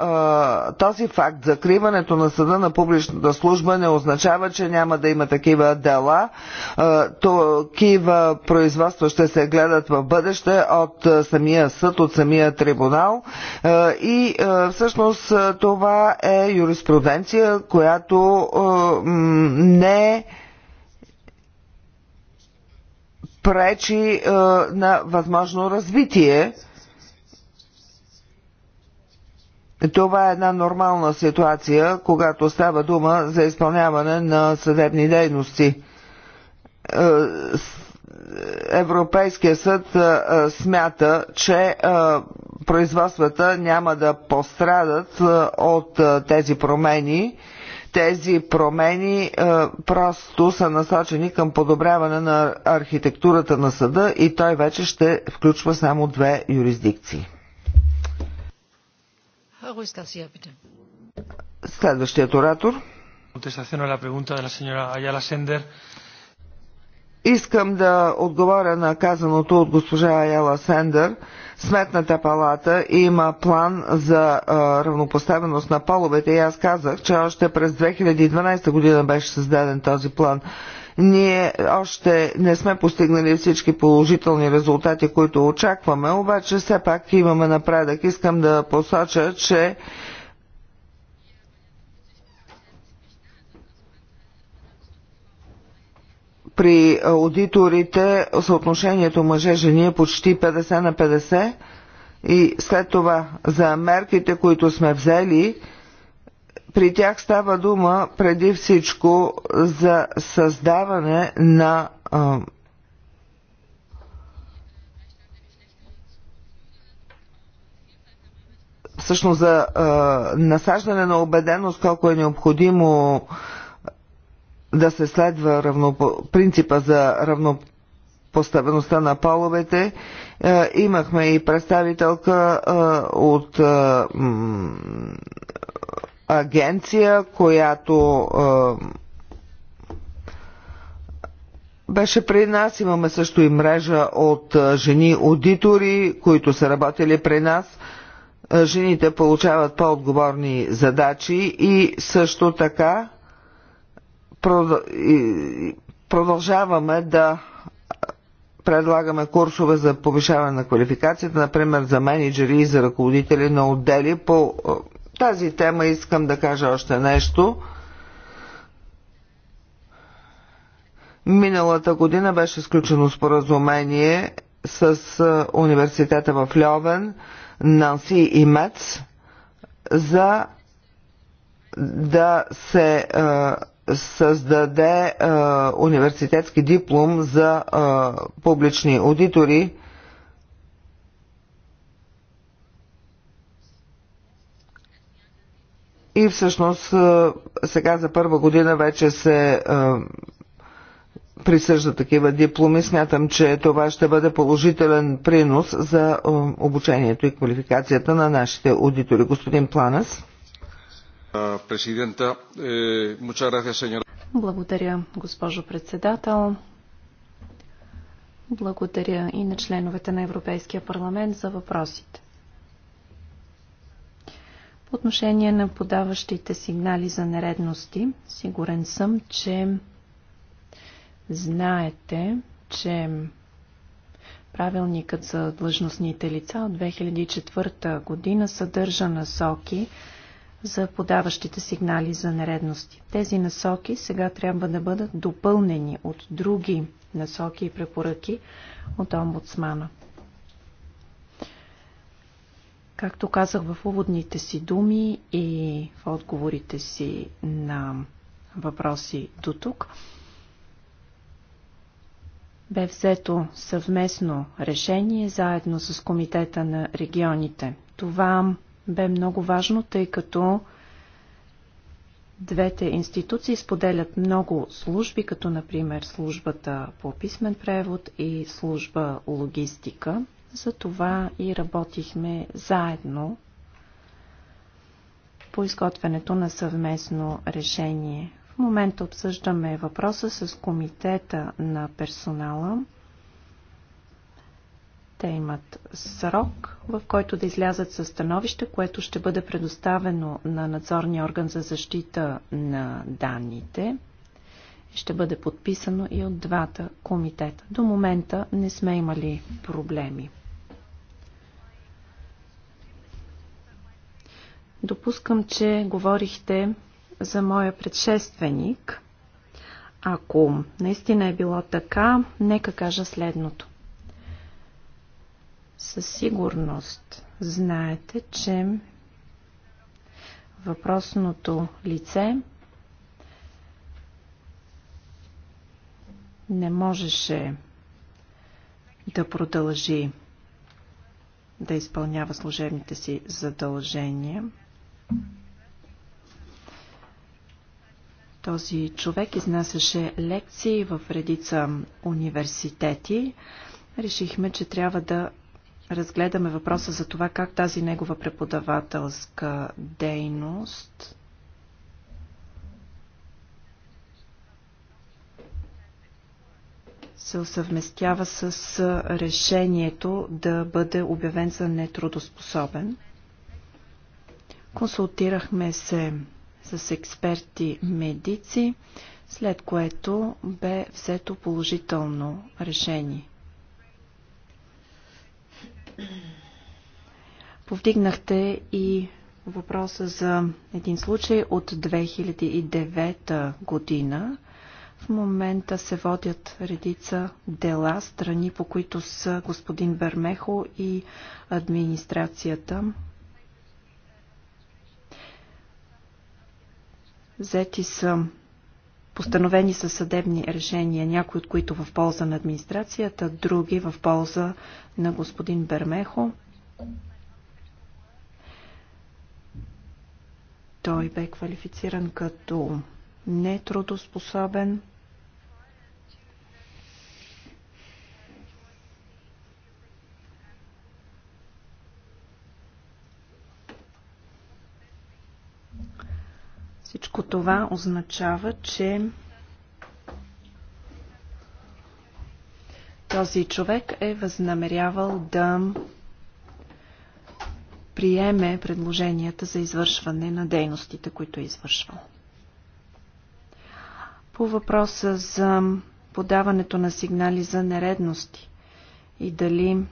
е, този факт, закриването на съда на публичната служба не означава, че няма да има такива дела. Е, такива производства ще се гледат в бъдеще от е, самия съд, от самия трибунал. Е, и е, всъщност е, това е юриспруденция, която е, не пречи на възможно развитие. Това е една нормална ситуация, когато става дума за изпълняване на съдебни дейности. Европейския съд смята, че производствата няма да пострадат е, от е, тези промени. Тези промени е, просто са насочени към подобряване на архитектурата на съда и той вече ще включва само две юрисдикции. Следващият оратор. Искам да отговоря на казаното от госпожа Аяла Сендер – Сметната палата има план за а, равнопоставеност на половете и аз казах, че още през 2012 година беше създаден този план. Ние още не сме постигнали всички положителни резултати, които очакваме, обаче все пак имаме напредък. Искам да посоча, че при аудиторите съотношението мъже-жени е почти 50 на 50 и след това за мерките, които сме взели, при тях става дума преди всичко за създаване на а, всъщност за а, насаждане на убеденост колко е необходимо а, да се следва равнопо... принципа за равнопоставеността на половете. Е, имахме и представителка е, от е, агенция, която е, беше при нас. Имаме също и мрежа от е, жени аудитори, които са работили при нас. Е, жените получават по-отговорни задачи и също така продължаваме да предлагаме курсове за повишаване на квалификацията, например за менеджери и за ръководители на отдели. По е, тази тема искам да кажа още нещо. Миналата година беше сключено споразумение с е, университета в Льовен, Нанси и Мец за да се а, е, създаде университетски диплом за публични аудитори. И всъщност сега за първа година вече се присъжда такива дипломи. Смятам, че това ще бъде положителен принос за обучението и квалификацията на нашите аудитори. Господин Планас. Е, Благодаря, госпожо председател. Благодаря и на членовете на Европейския парламент за въпросите. По отношение на подаващите сигнали за нередности, сигурен съм, че знаете, че правилникът за длъжностните лица от 2004 година съдържа насоки, за подаващите сигнали за нередности. Тези насоки сега трябва да бъдат допълнени от други насоки и препоръки от омбудсмана. Както казах в уводните си думи и в отговорите си на въпроси до тук, бе взето съвместно решение заедно с Комитета на регионите. Това бе много важно, тъй като двете институции споделят много служби, като например службата по писмен превод и служба логистика. За това и работихме заедно по изготвянето на съвместно решение. В момента обсъждаме въпроса с комитета на персонала – те имат срок, в който да излязат със становище, което ще бъде предоставено на надзорния орган за защита на данните ще бъде подписано и от двата комитета. До момента не сме имали проблеми. Допускам, че говорихте за моя предшественик. Ако наистина е било така, нека кажа следното. Със сигурност знаете, че въпросното лице не можеше да продължи да изпълнява служебните си задължения. Този човек изнасяше лекции в редица университети. Решихме, че трябва да разгледаме въпроса за това как тази негова преподавателска дейност се съвместява с решението да бъде обявен за нетрудоспособен. Консултирахме се с експерти медици, след което бе взето положително решение. Повдигнахте и въпроса за един случай от 2009 година. В момента се водят редица дела, страни по които са господин Бермехо и администрацията. Взети са постановени са съдебни решения, някои от които в полза на администрацията, други в полза на господин Бермехо. Той бе квалифициран като нетрудоспособен. Всичко това означава, че този човек е възнамерявал да приеме предложенията за извършване на дейностите, които е извършвал. По въпроса за подаването на сигнали за нередности и дали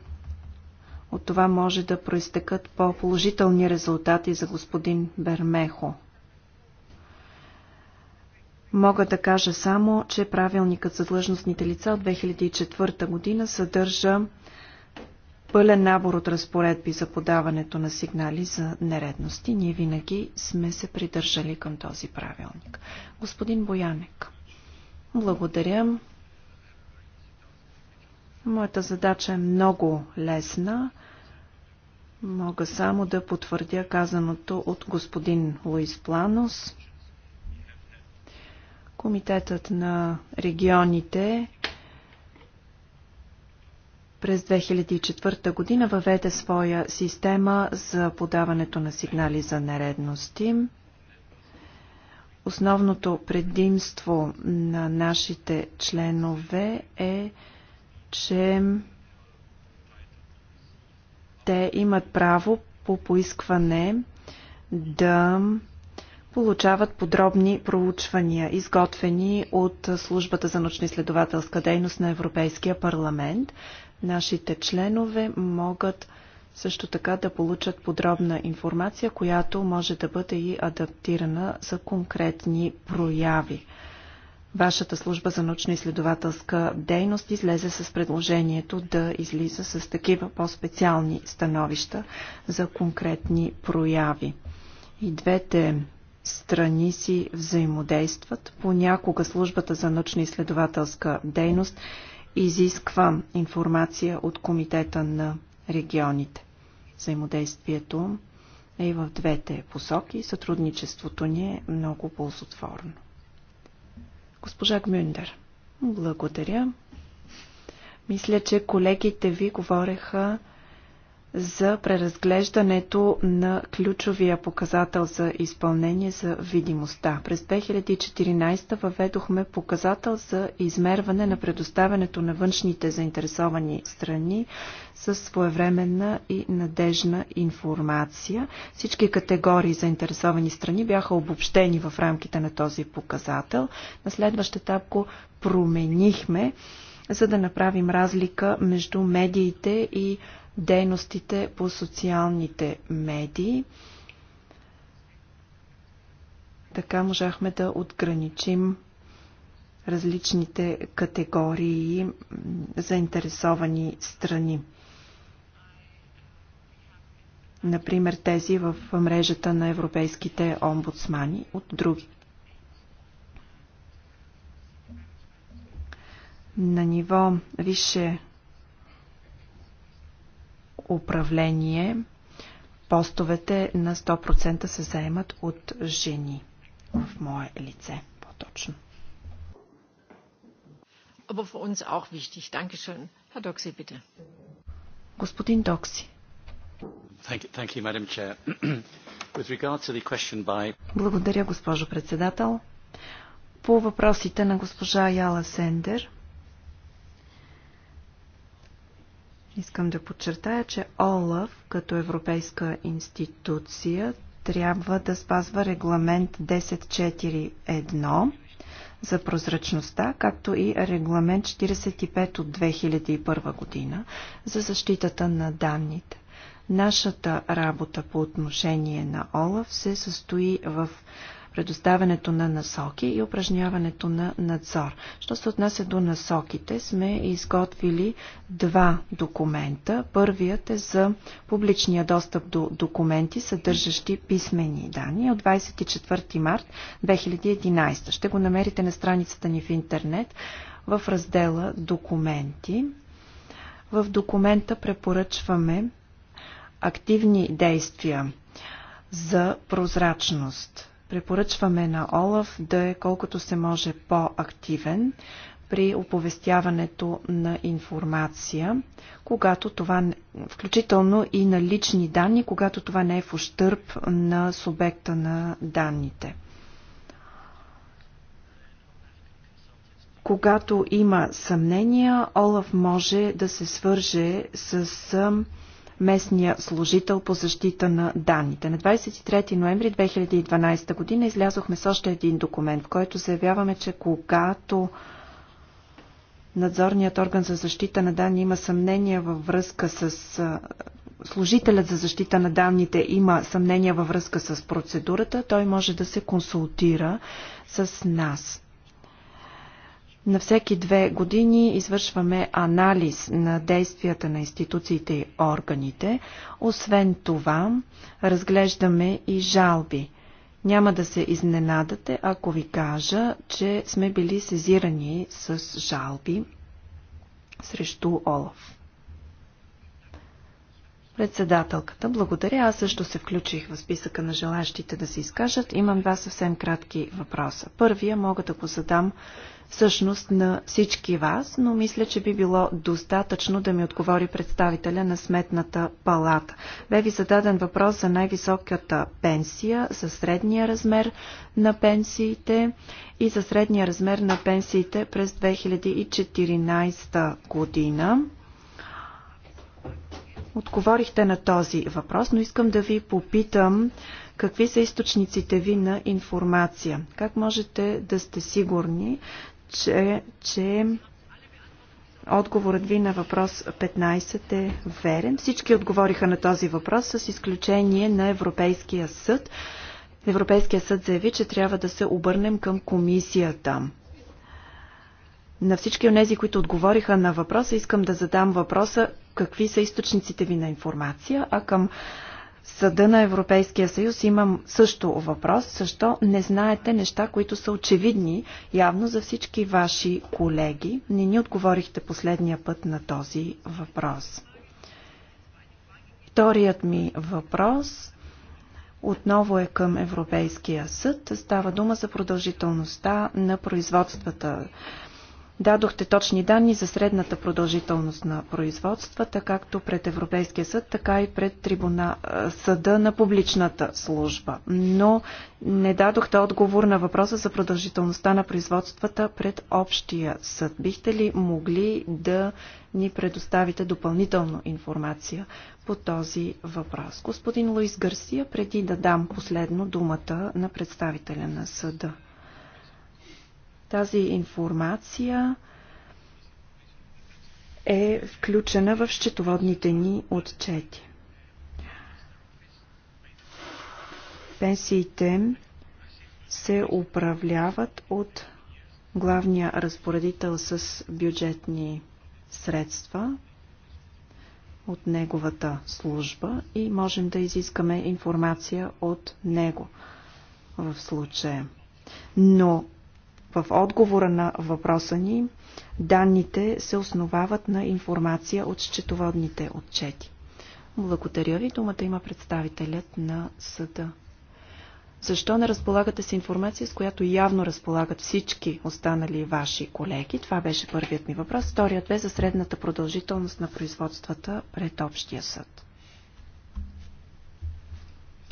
от това може да проистекат по-положителни резултати за господин Бермехо – Мога да кажа само, че правилникът за длъжностните лица от 2004 година съдържа пълен набор от разпоредби за подаването на сигнали за нередности. Ние винаги сме се придържали към този правилник. Господин Боянек, благодаря. Моята задача е много лесна. Мога само да потвърдя казаното от господин Луис Планос. Комитетът на регионите през 2004 година въведе своя система за подаването на сигнали за нередности. Основното предимство на нашите членове е, че те имат право по поискване да получават подробни проучвания, изготвени от Службата за научно-изследователска дейност на Европейския парламент. Нашите членове могат също така да получат подробна информация, която може да бъде и адаптирана за конкретни прояви. Вашата служба за научно-изследователска дейност излезе с предложението да излиза с такива по-специални становища за конкретни прояви. И двете страни си взаимодействат. Понякога службата за научно-изследователска дейност изисква информация от Комитета на регионите. Взаимодействието е и в двете посоки. Сътрудничеството ни е много ползотворно. Госпожа Гмюндер, благодаря. Мисля, че колегите ви говореха за преразглеждането на ключовия показател за изпълнение за видимостта. През 2014 въведохме показател за измерване на предоставянето на външните заинтересовани страни с своевременна и надежна информация. Всички категории заинтересовани страни бяха обобщени в рамките на този показател. На следващ етап го променихме за да направим разлика между медиите и дейностите по социалните медии. Така можахме да отграничим различните категории заинтересовани страни. Например, тези в мрежата на европейските омбудсмани от други. На ниво висше управление постовете на 100% се заемат от жени в мое лице по-точно. Господин Докси. Thank you, thank you, <clears throat> With to the question by... Благодаря, госпожо председател. По въпросите на госпожа Яла Сендер – Искам да подчертая, че ОЛАВ като европейска институция трябва да спазва регламент 1041 за прозрачността, както и регламент 45 от 2001 година за защитата на данните. Нашата работа по отношение на ОЛАВ се състои в предоставянето на насоки и упражняването на надзор. Що се отнася до насоките, сме изготвили два документа. Първият е за публичния достъп до документи, съдържащи писмени данни от 24 март 2011. Ще го намерите на страницата ни в интернет в раздела Документи. В документа препоръчваме активни действия за прозрачност Препоръчваме на Олаф да е колкото се може по-активен при оповестяването на информация, когато това, включително и на лични данни, когато това не е в ущърп на субекта на данните. Когато има съмнения, Олаф може да се свърже с местния служител по защита на данните. На 23 ноември 2012 година излязохме с още един документ, в който заявяваме, че когато надзорният орган за защита на данни има съмнения във връзка с служителят за защита на данните има съмнения във връзка с процедурата, той може да се консултира с нас. На всеки две години извършваме анализ на действията на институциите и органите. Освен това, разглеждаме и жалби. Няма да се изненадате, ако ви кажа, че сме били сезирани с жалби срещу Олаф. Председателката, благодаря. Аз също се включих в списъка на желащите да се изкажат. Имам два съвсем кратки въпроса. Първия мога да го задам всъщност на всички вас, но мисля, че би било достатъчно да ми отговори представителя на Сметната палата. Бе ви зададен въпрос за най-високата пенсия, за средния размер на пенсиите и за средния размер на пенсиите през 2014 година. Отговорихте на този въпрос, но искам да ви попитам какви са източниците ви на информация. Как можете да сте сигурни, че, че отговорът ви на въпрос 15 е верен. Всички отговориха на този въпрос с изключение на Европейския съд. Европейския съд заяви, че трябва да се обърнем към комисията. На всички от тези, които отговориха на въпроса, искам да задам въпроса какви са източниците ви на информация, а към Съда на Европейския съюз имам също въпрос. Защо не знаете неща, които са очевидни явно за всички ваши колеги? Не ни отговорихте последния път на този въпрос. Вторият ми въпрос отново е към Европейския съд. Става дума за продължителността на производствата Дадохте точни данни за средната продължителност на производствата, както пред Европейския съд, така и пред трибуна, съда на публичната служба. Но не дадохте отговор на въпроса за продължителността на производствата пред общия съд. Бихте ли могли да ни предоставите допълнително информация по този въпрос? Господин Луис Гарсия, преди да дам последно думата на представителя на съда. Тази информация е включена в счетоводните ни отчети. Пенсиите се управляват от главния разпоредител с бюджетни средства от неговата служба и можем да изискаме информация от него в случая. Но в отговора на въпроса ни данните се основават на информация от счетоводните отчети. Благодаря ви. Думата има представителят на съда. Защо не разполагате с информация, с която явно разполагат всички останали ваши колеги? Това беше първият ми въпрос. Вторият бе за средната продължителност на производствата пред Общия съд.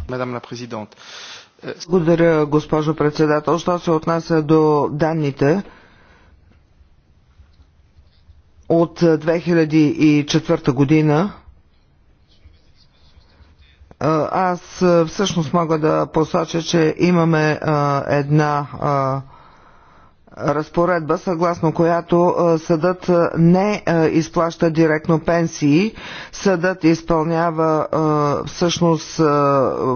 Мадам ла президент, благодаря, госпожо председател. Що се отнася до данните, от 2004 година аз всъщност мога да посоча, че имаме една разпоредба, съгласно която е, съдът е, не е, изплаща директно пенсии, съдът изпълнява всъщност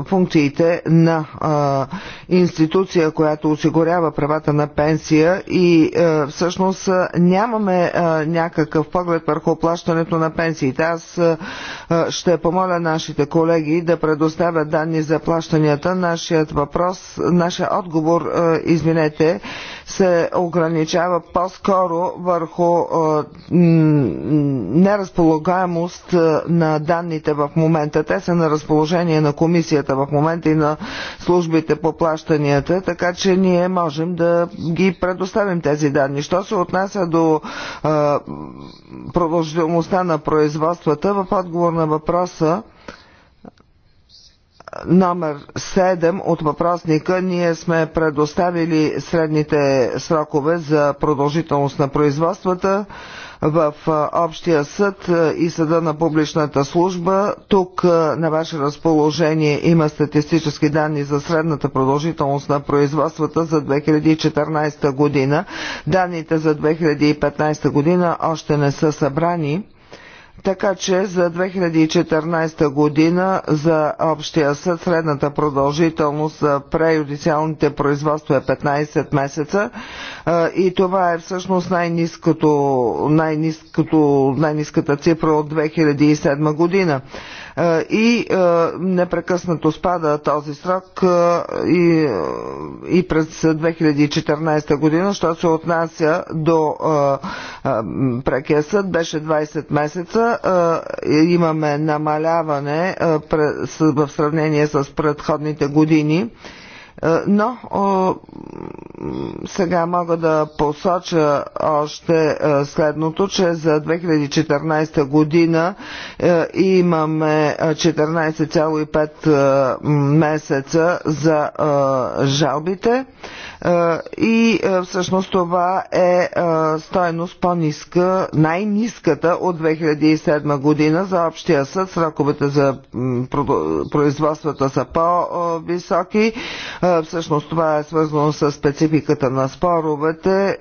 функциите на институция, която осигурява правата на пенсия и всъщност нямаме някакъв поглед върху плащането на пенсиите. Аз ще помоля нашите колеги да предоставят данни за плащанията. Нашият въпрос, нашия отговор, извинете, се ограничава по-скоро върху неразполагаемост на данните в момента. Те са на разположение на комисията в момента и на службите по плащанията, така че ние можем да ги предоставим тези данни. Що се отнася до продължителността на производствата, в отговор на въпроса, номер 7 от въпросника ние сме предоставили средните срокове за продължителност на производствата в Общия съд и Съда на публичната служба. Тук на ваше разположение има статистически данни за средната продължителност на производствата за 2014 година. Данните за 2015 година още не са събрани. Така че за 2014 година за Общия съд средната продължителност за преюдициалните производства е 15 месеца и това е всъщност най-низкото, най-низкото, най-низката цифра от 2007 година. И непрекъснато спада този срок и, и през 2014 година, що се отнася до прекия съд, беше 20 месеца е, имаме намаляване в сравнение с предходните години. Но сега мога да посоча още следното, че за 2014 година имаме 14,5 месеца за жалбите. Е, и е, всъщност това е, е стойност по-ниска, най-ниската от 2007 година за общия съд. Сроковете за производствата са по-високи. Всъщност това е свързано с спецификата на споровете.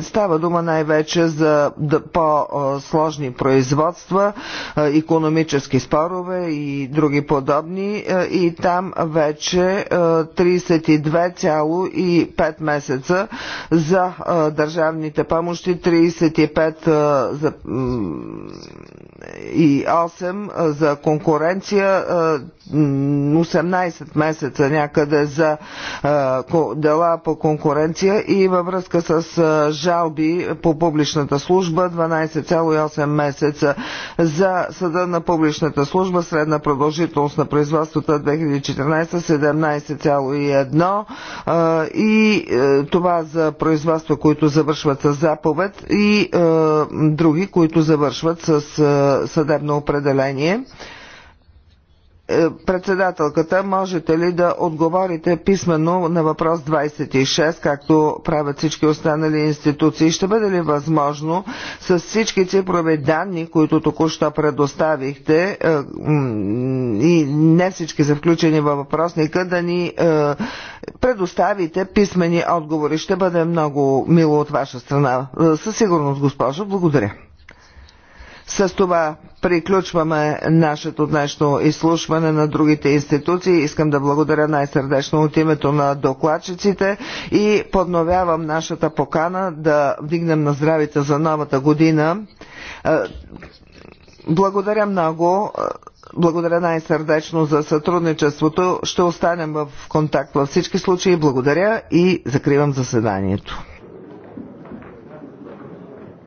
Става дума най-вече за по-сложни производства, економически спорове и други подобни. И там вече 30 32,5 месеца за държавните помощи, 35 за и 8 за конкуренция, 18 месеца някъде за дела по конкуренция и във връзка с жалби по публичната служба 12,8 месеца за съда на публичната служба, средна продължителност на производствата 2014 17,1 и е, това за производства, които завършват с заповед и е, други, които завършват с е, съдебно определение. Е, председателката, можете ли да отговорите писменно на въпрос 26, както правят всички останали институции? Ще бъде ли възможно с всички цифрови данни, които току-що предоставихте е, и не всички са включени във въпросника, да ни е, предоставите писмени отговори? Ще бъде много мило от ваша страна. Със сигурност, госпожо, благодаря. С това приключваме нашето днешно изслушване на другите институции. Искам да благодаря най-сърдечно от името на докладчиците и подновявам нашата покана да вдигнем на здравите за новата година. Е, благодаря много. Е, благодаря най-сърдечно за сътрудничеството. Ще останем в контакт във всички случаи. Благодаря и закривам заседанието.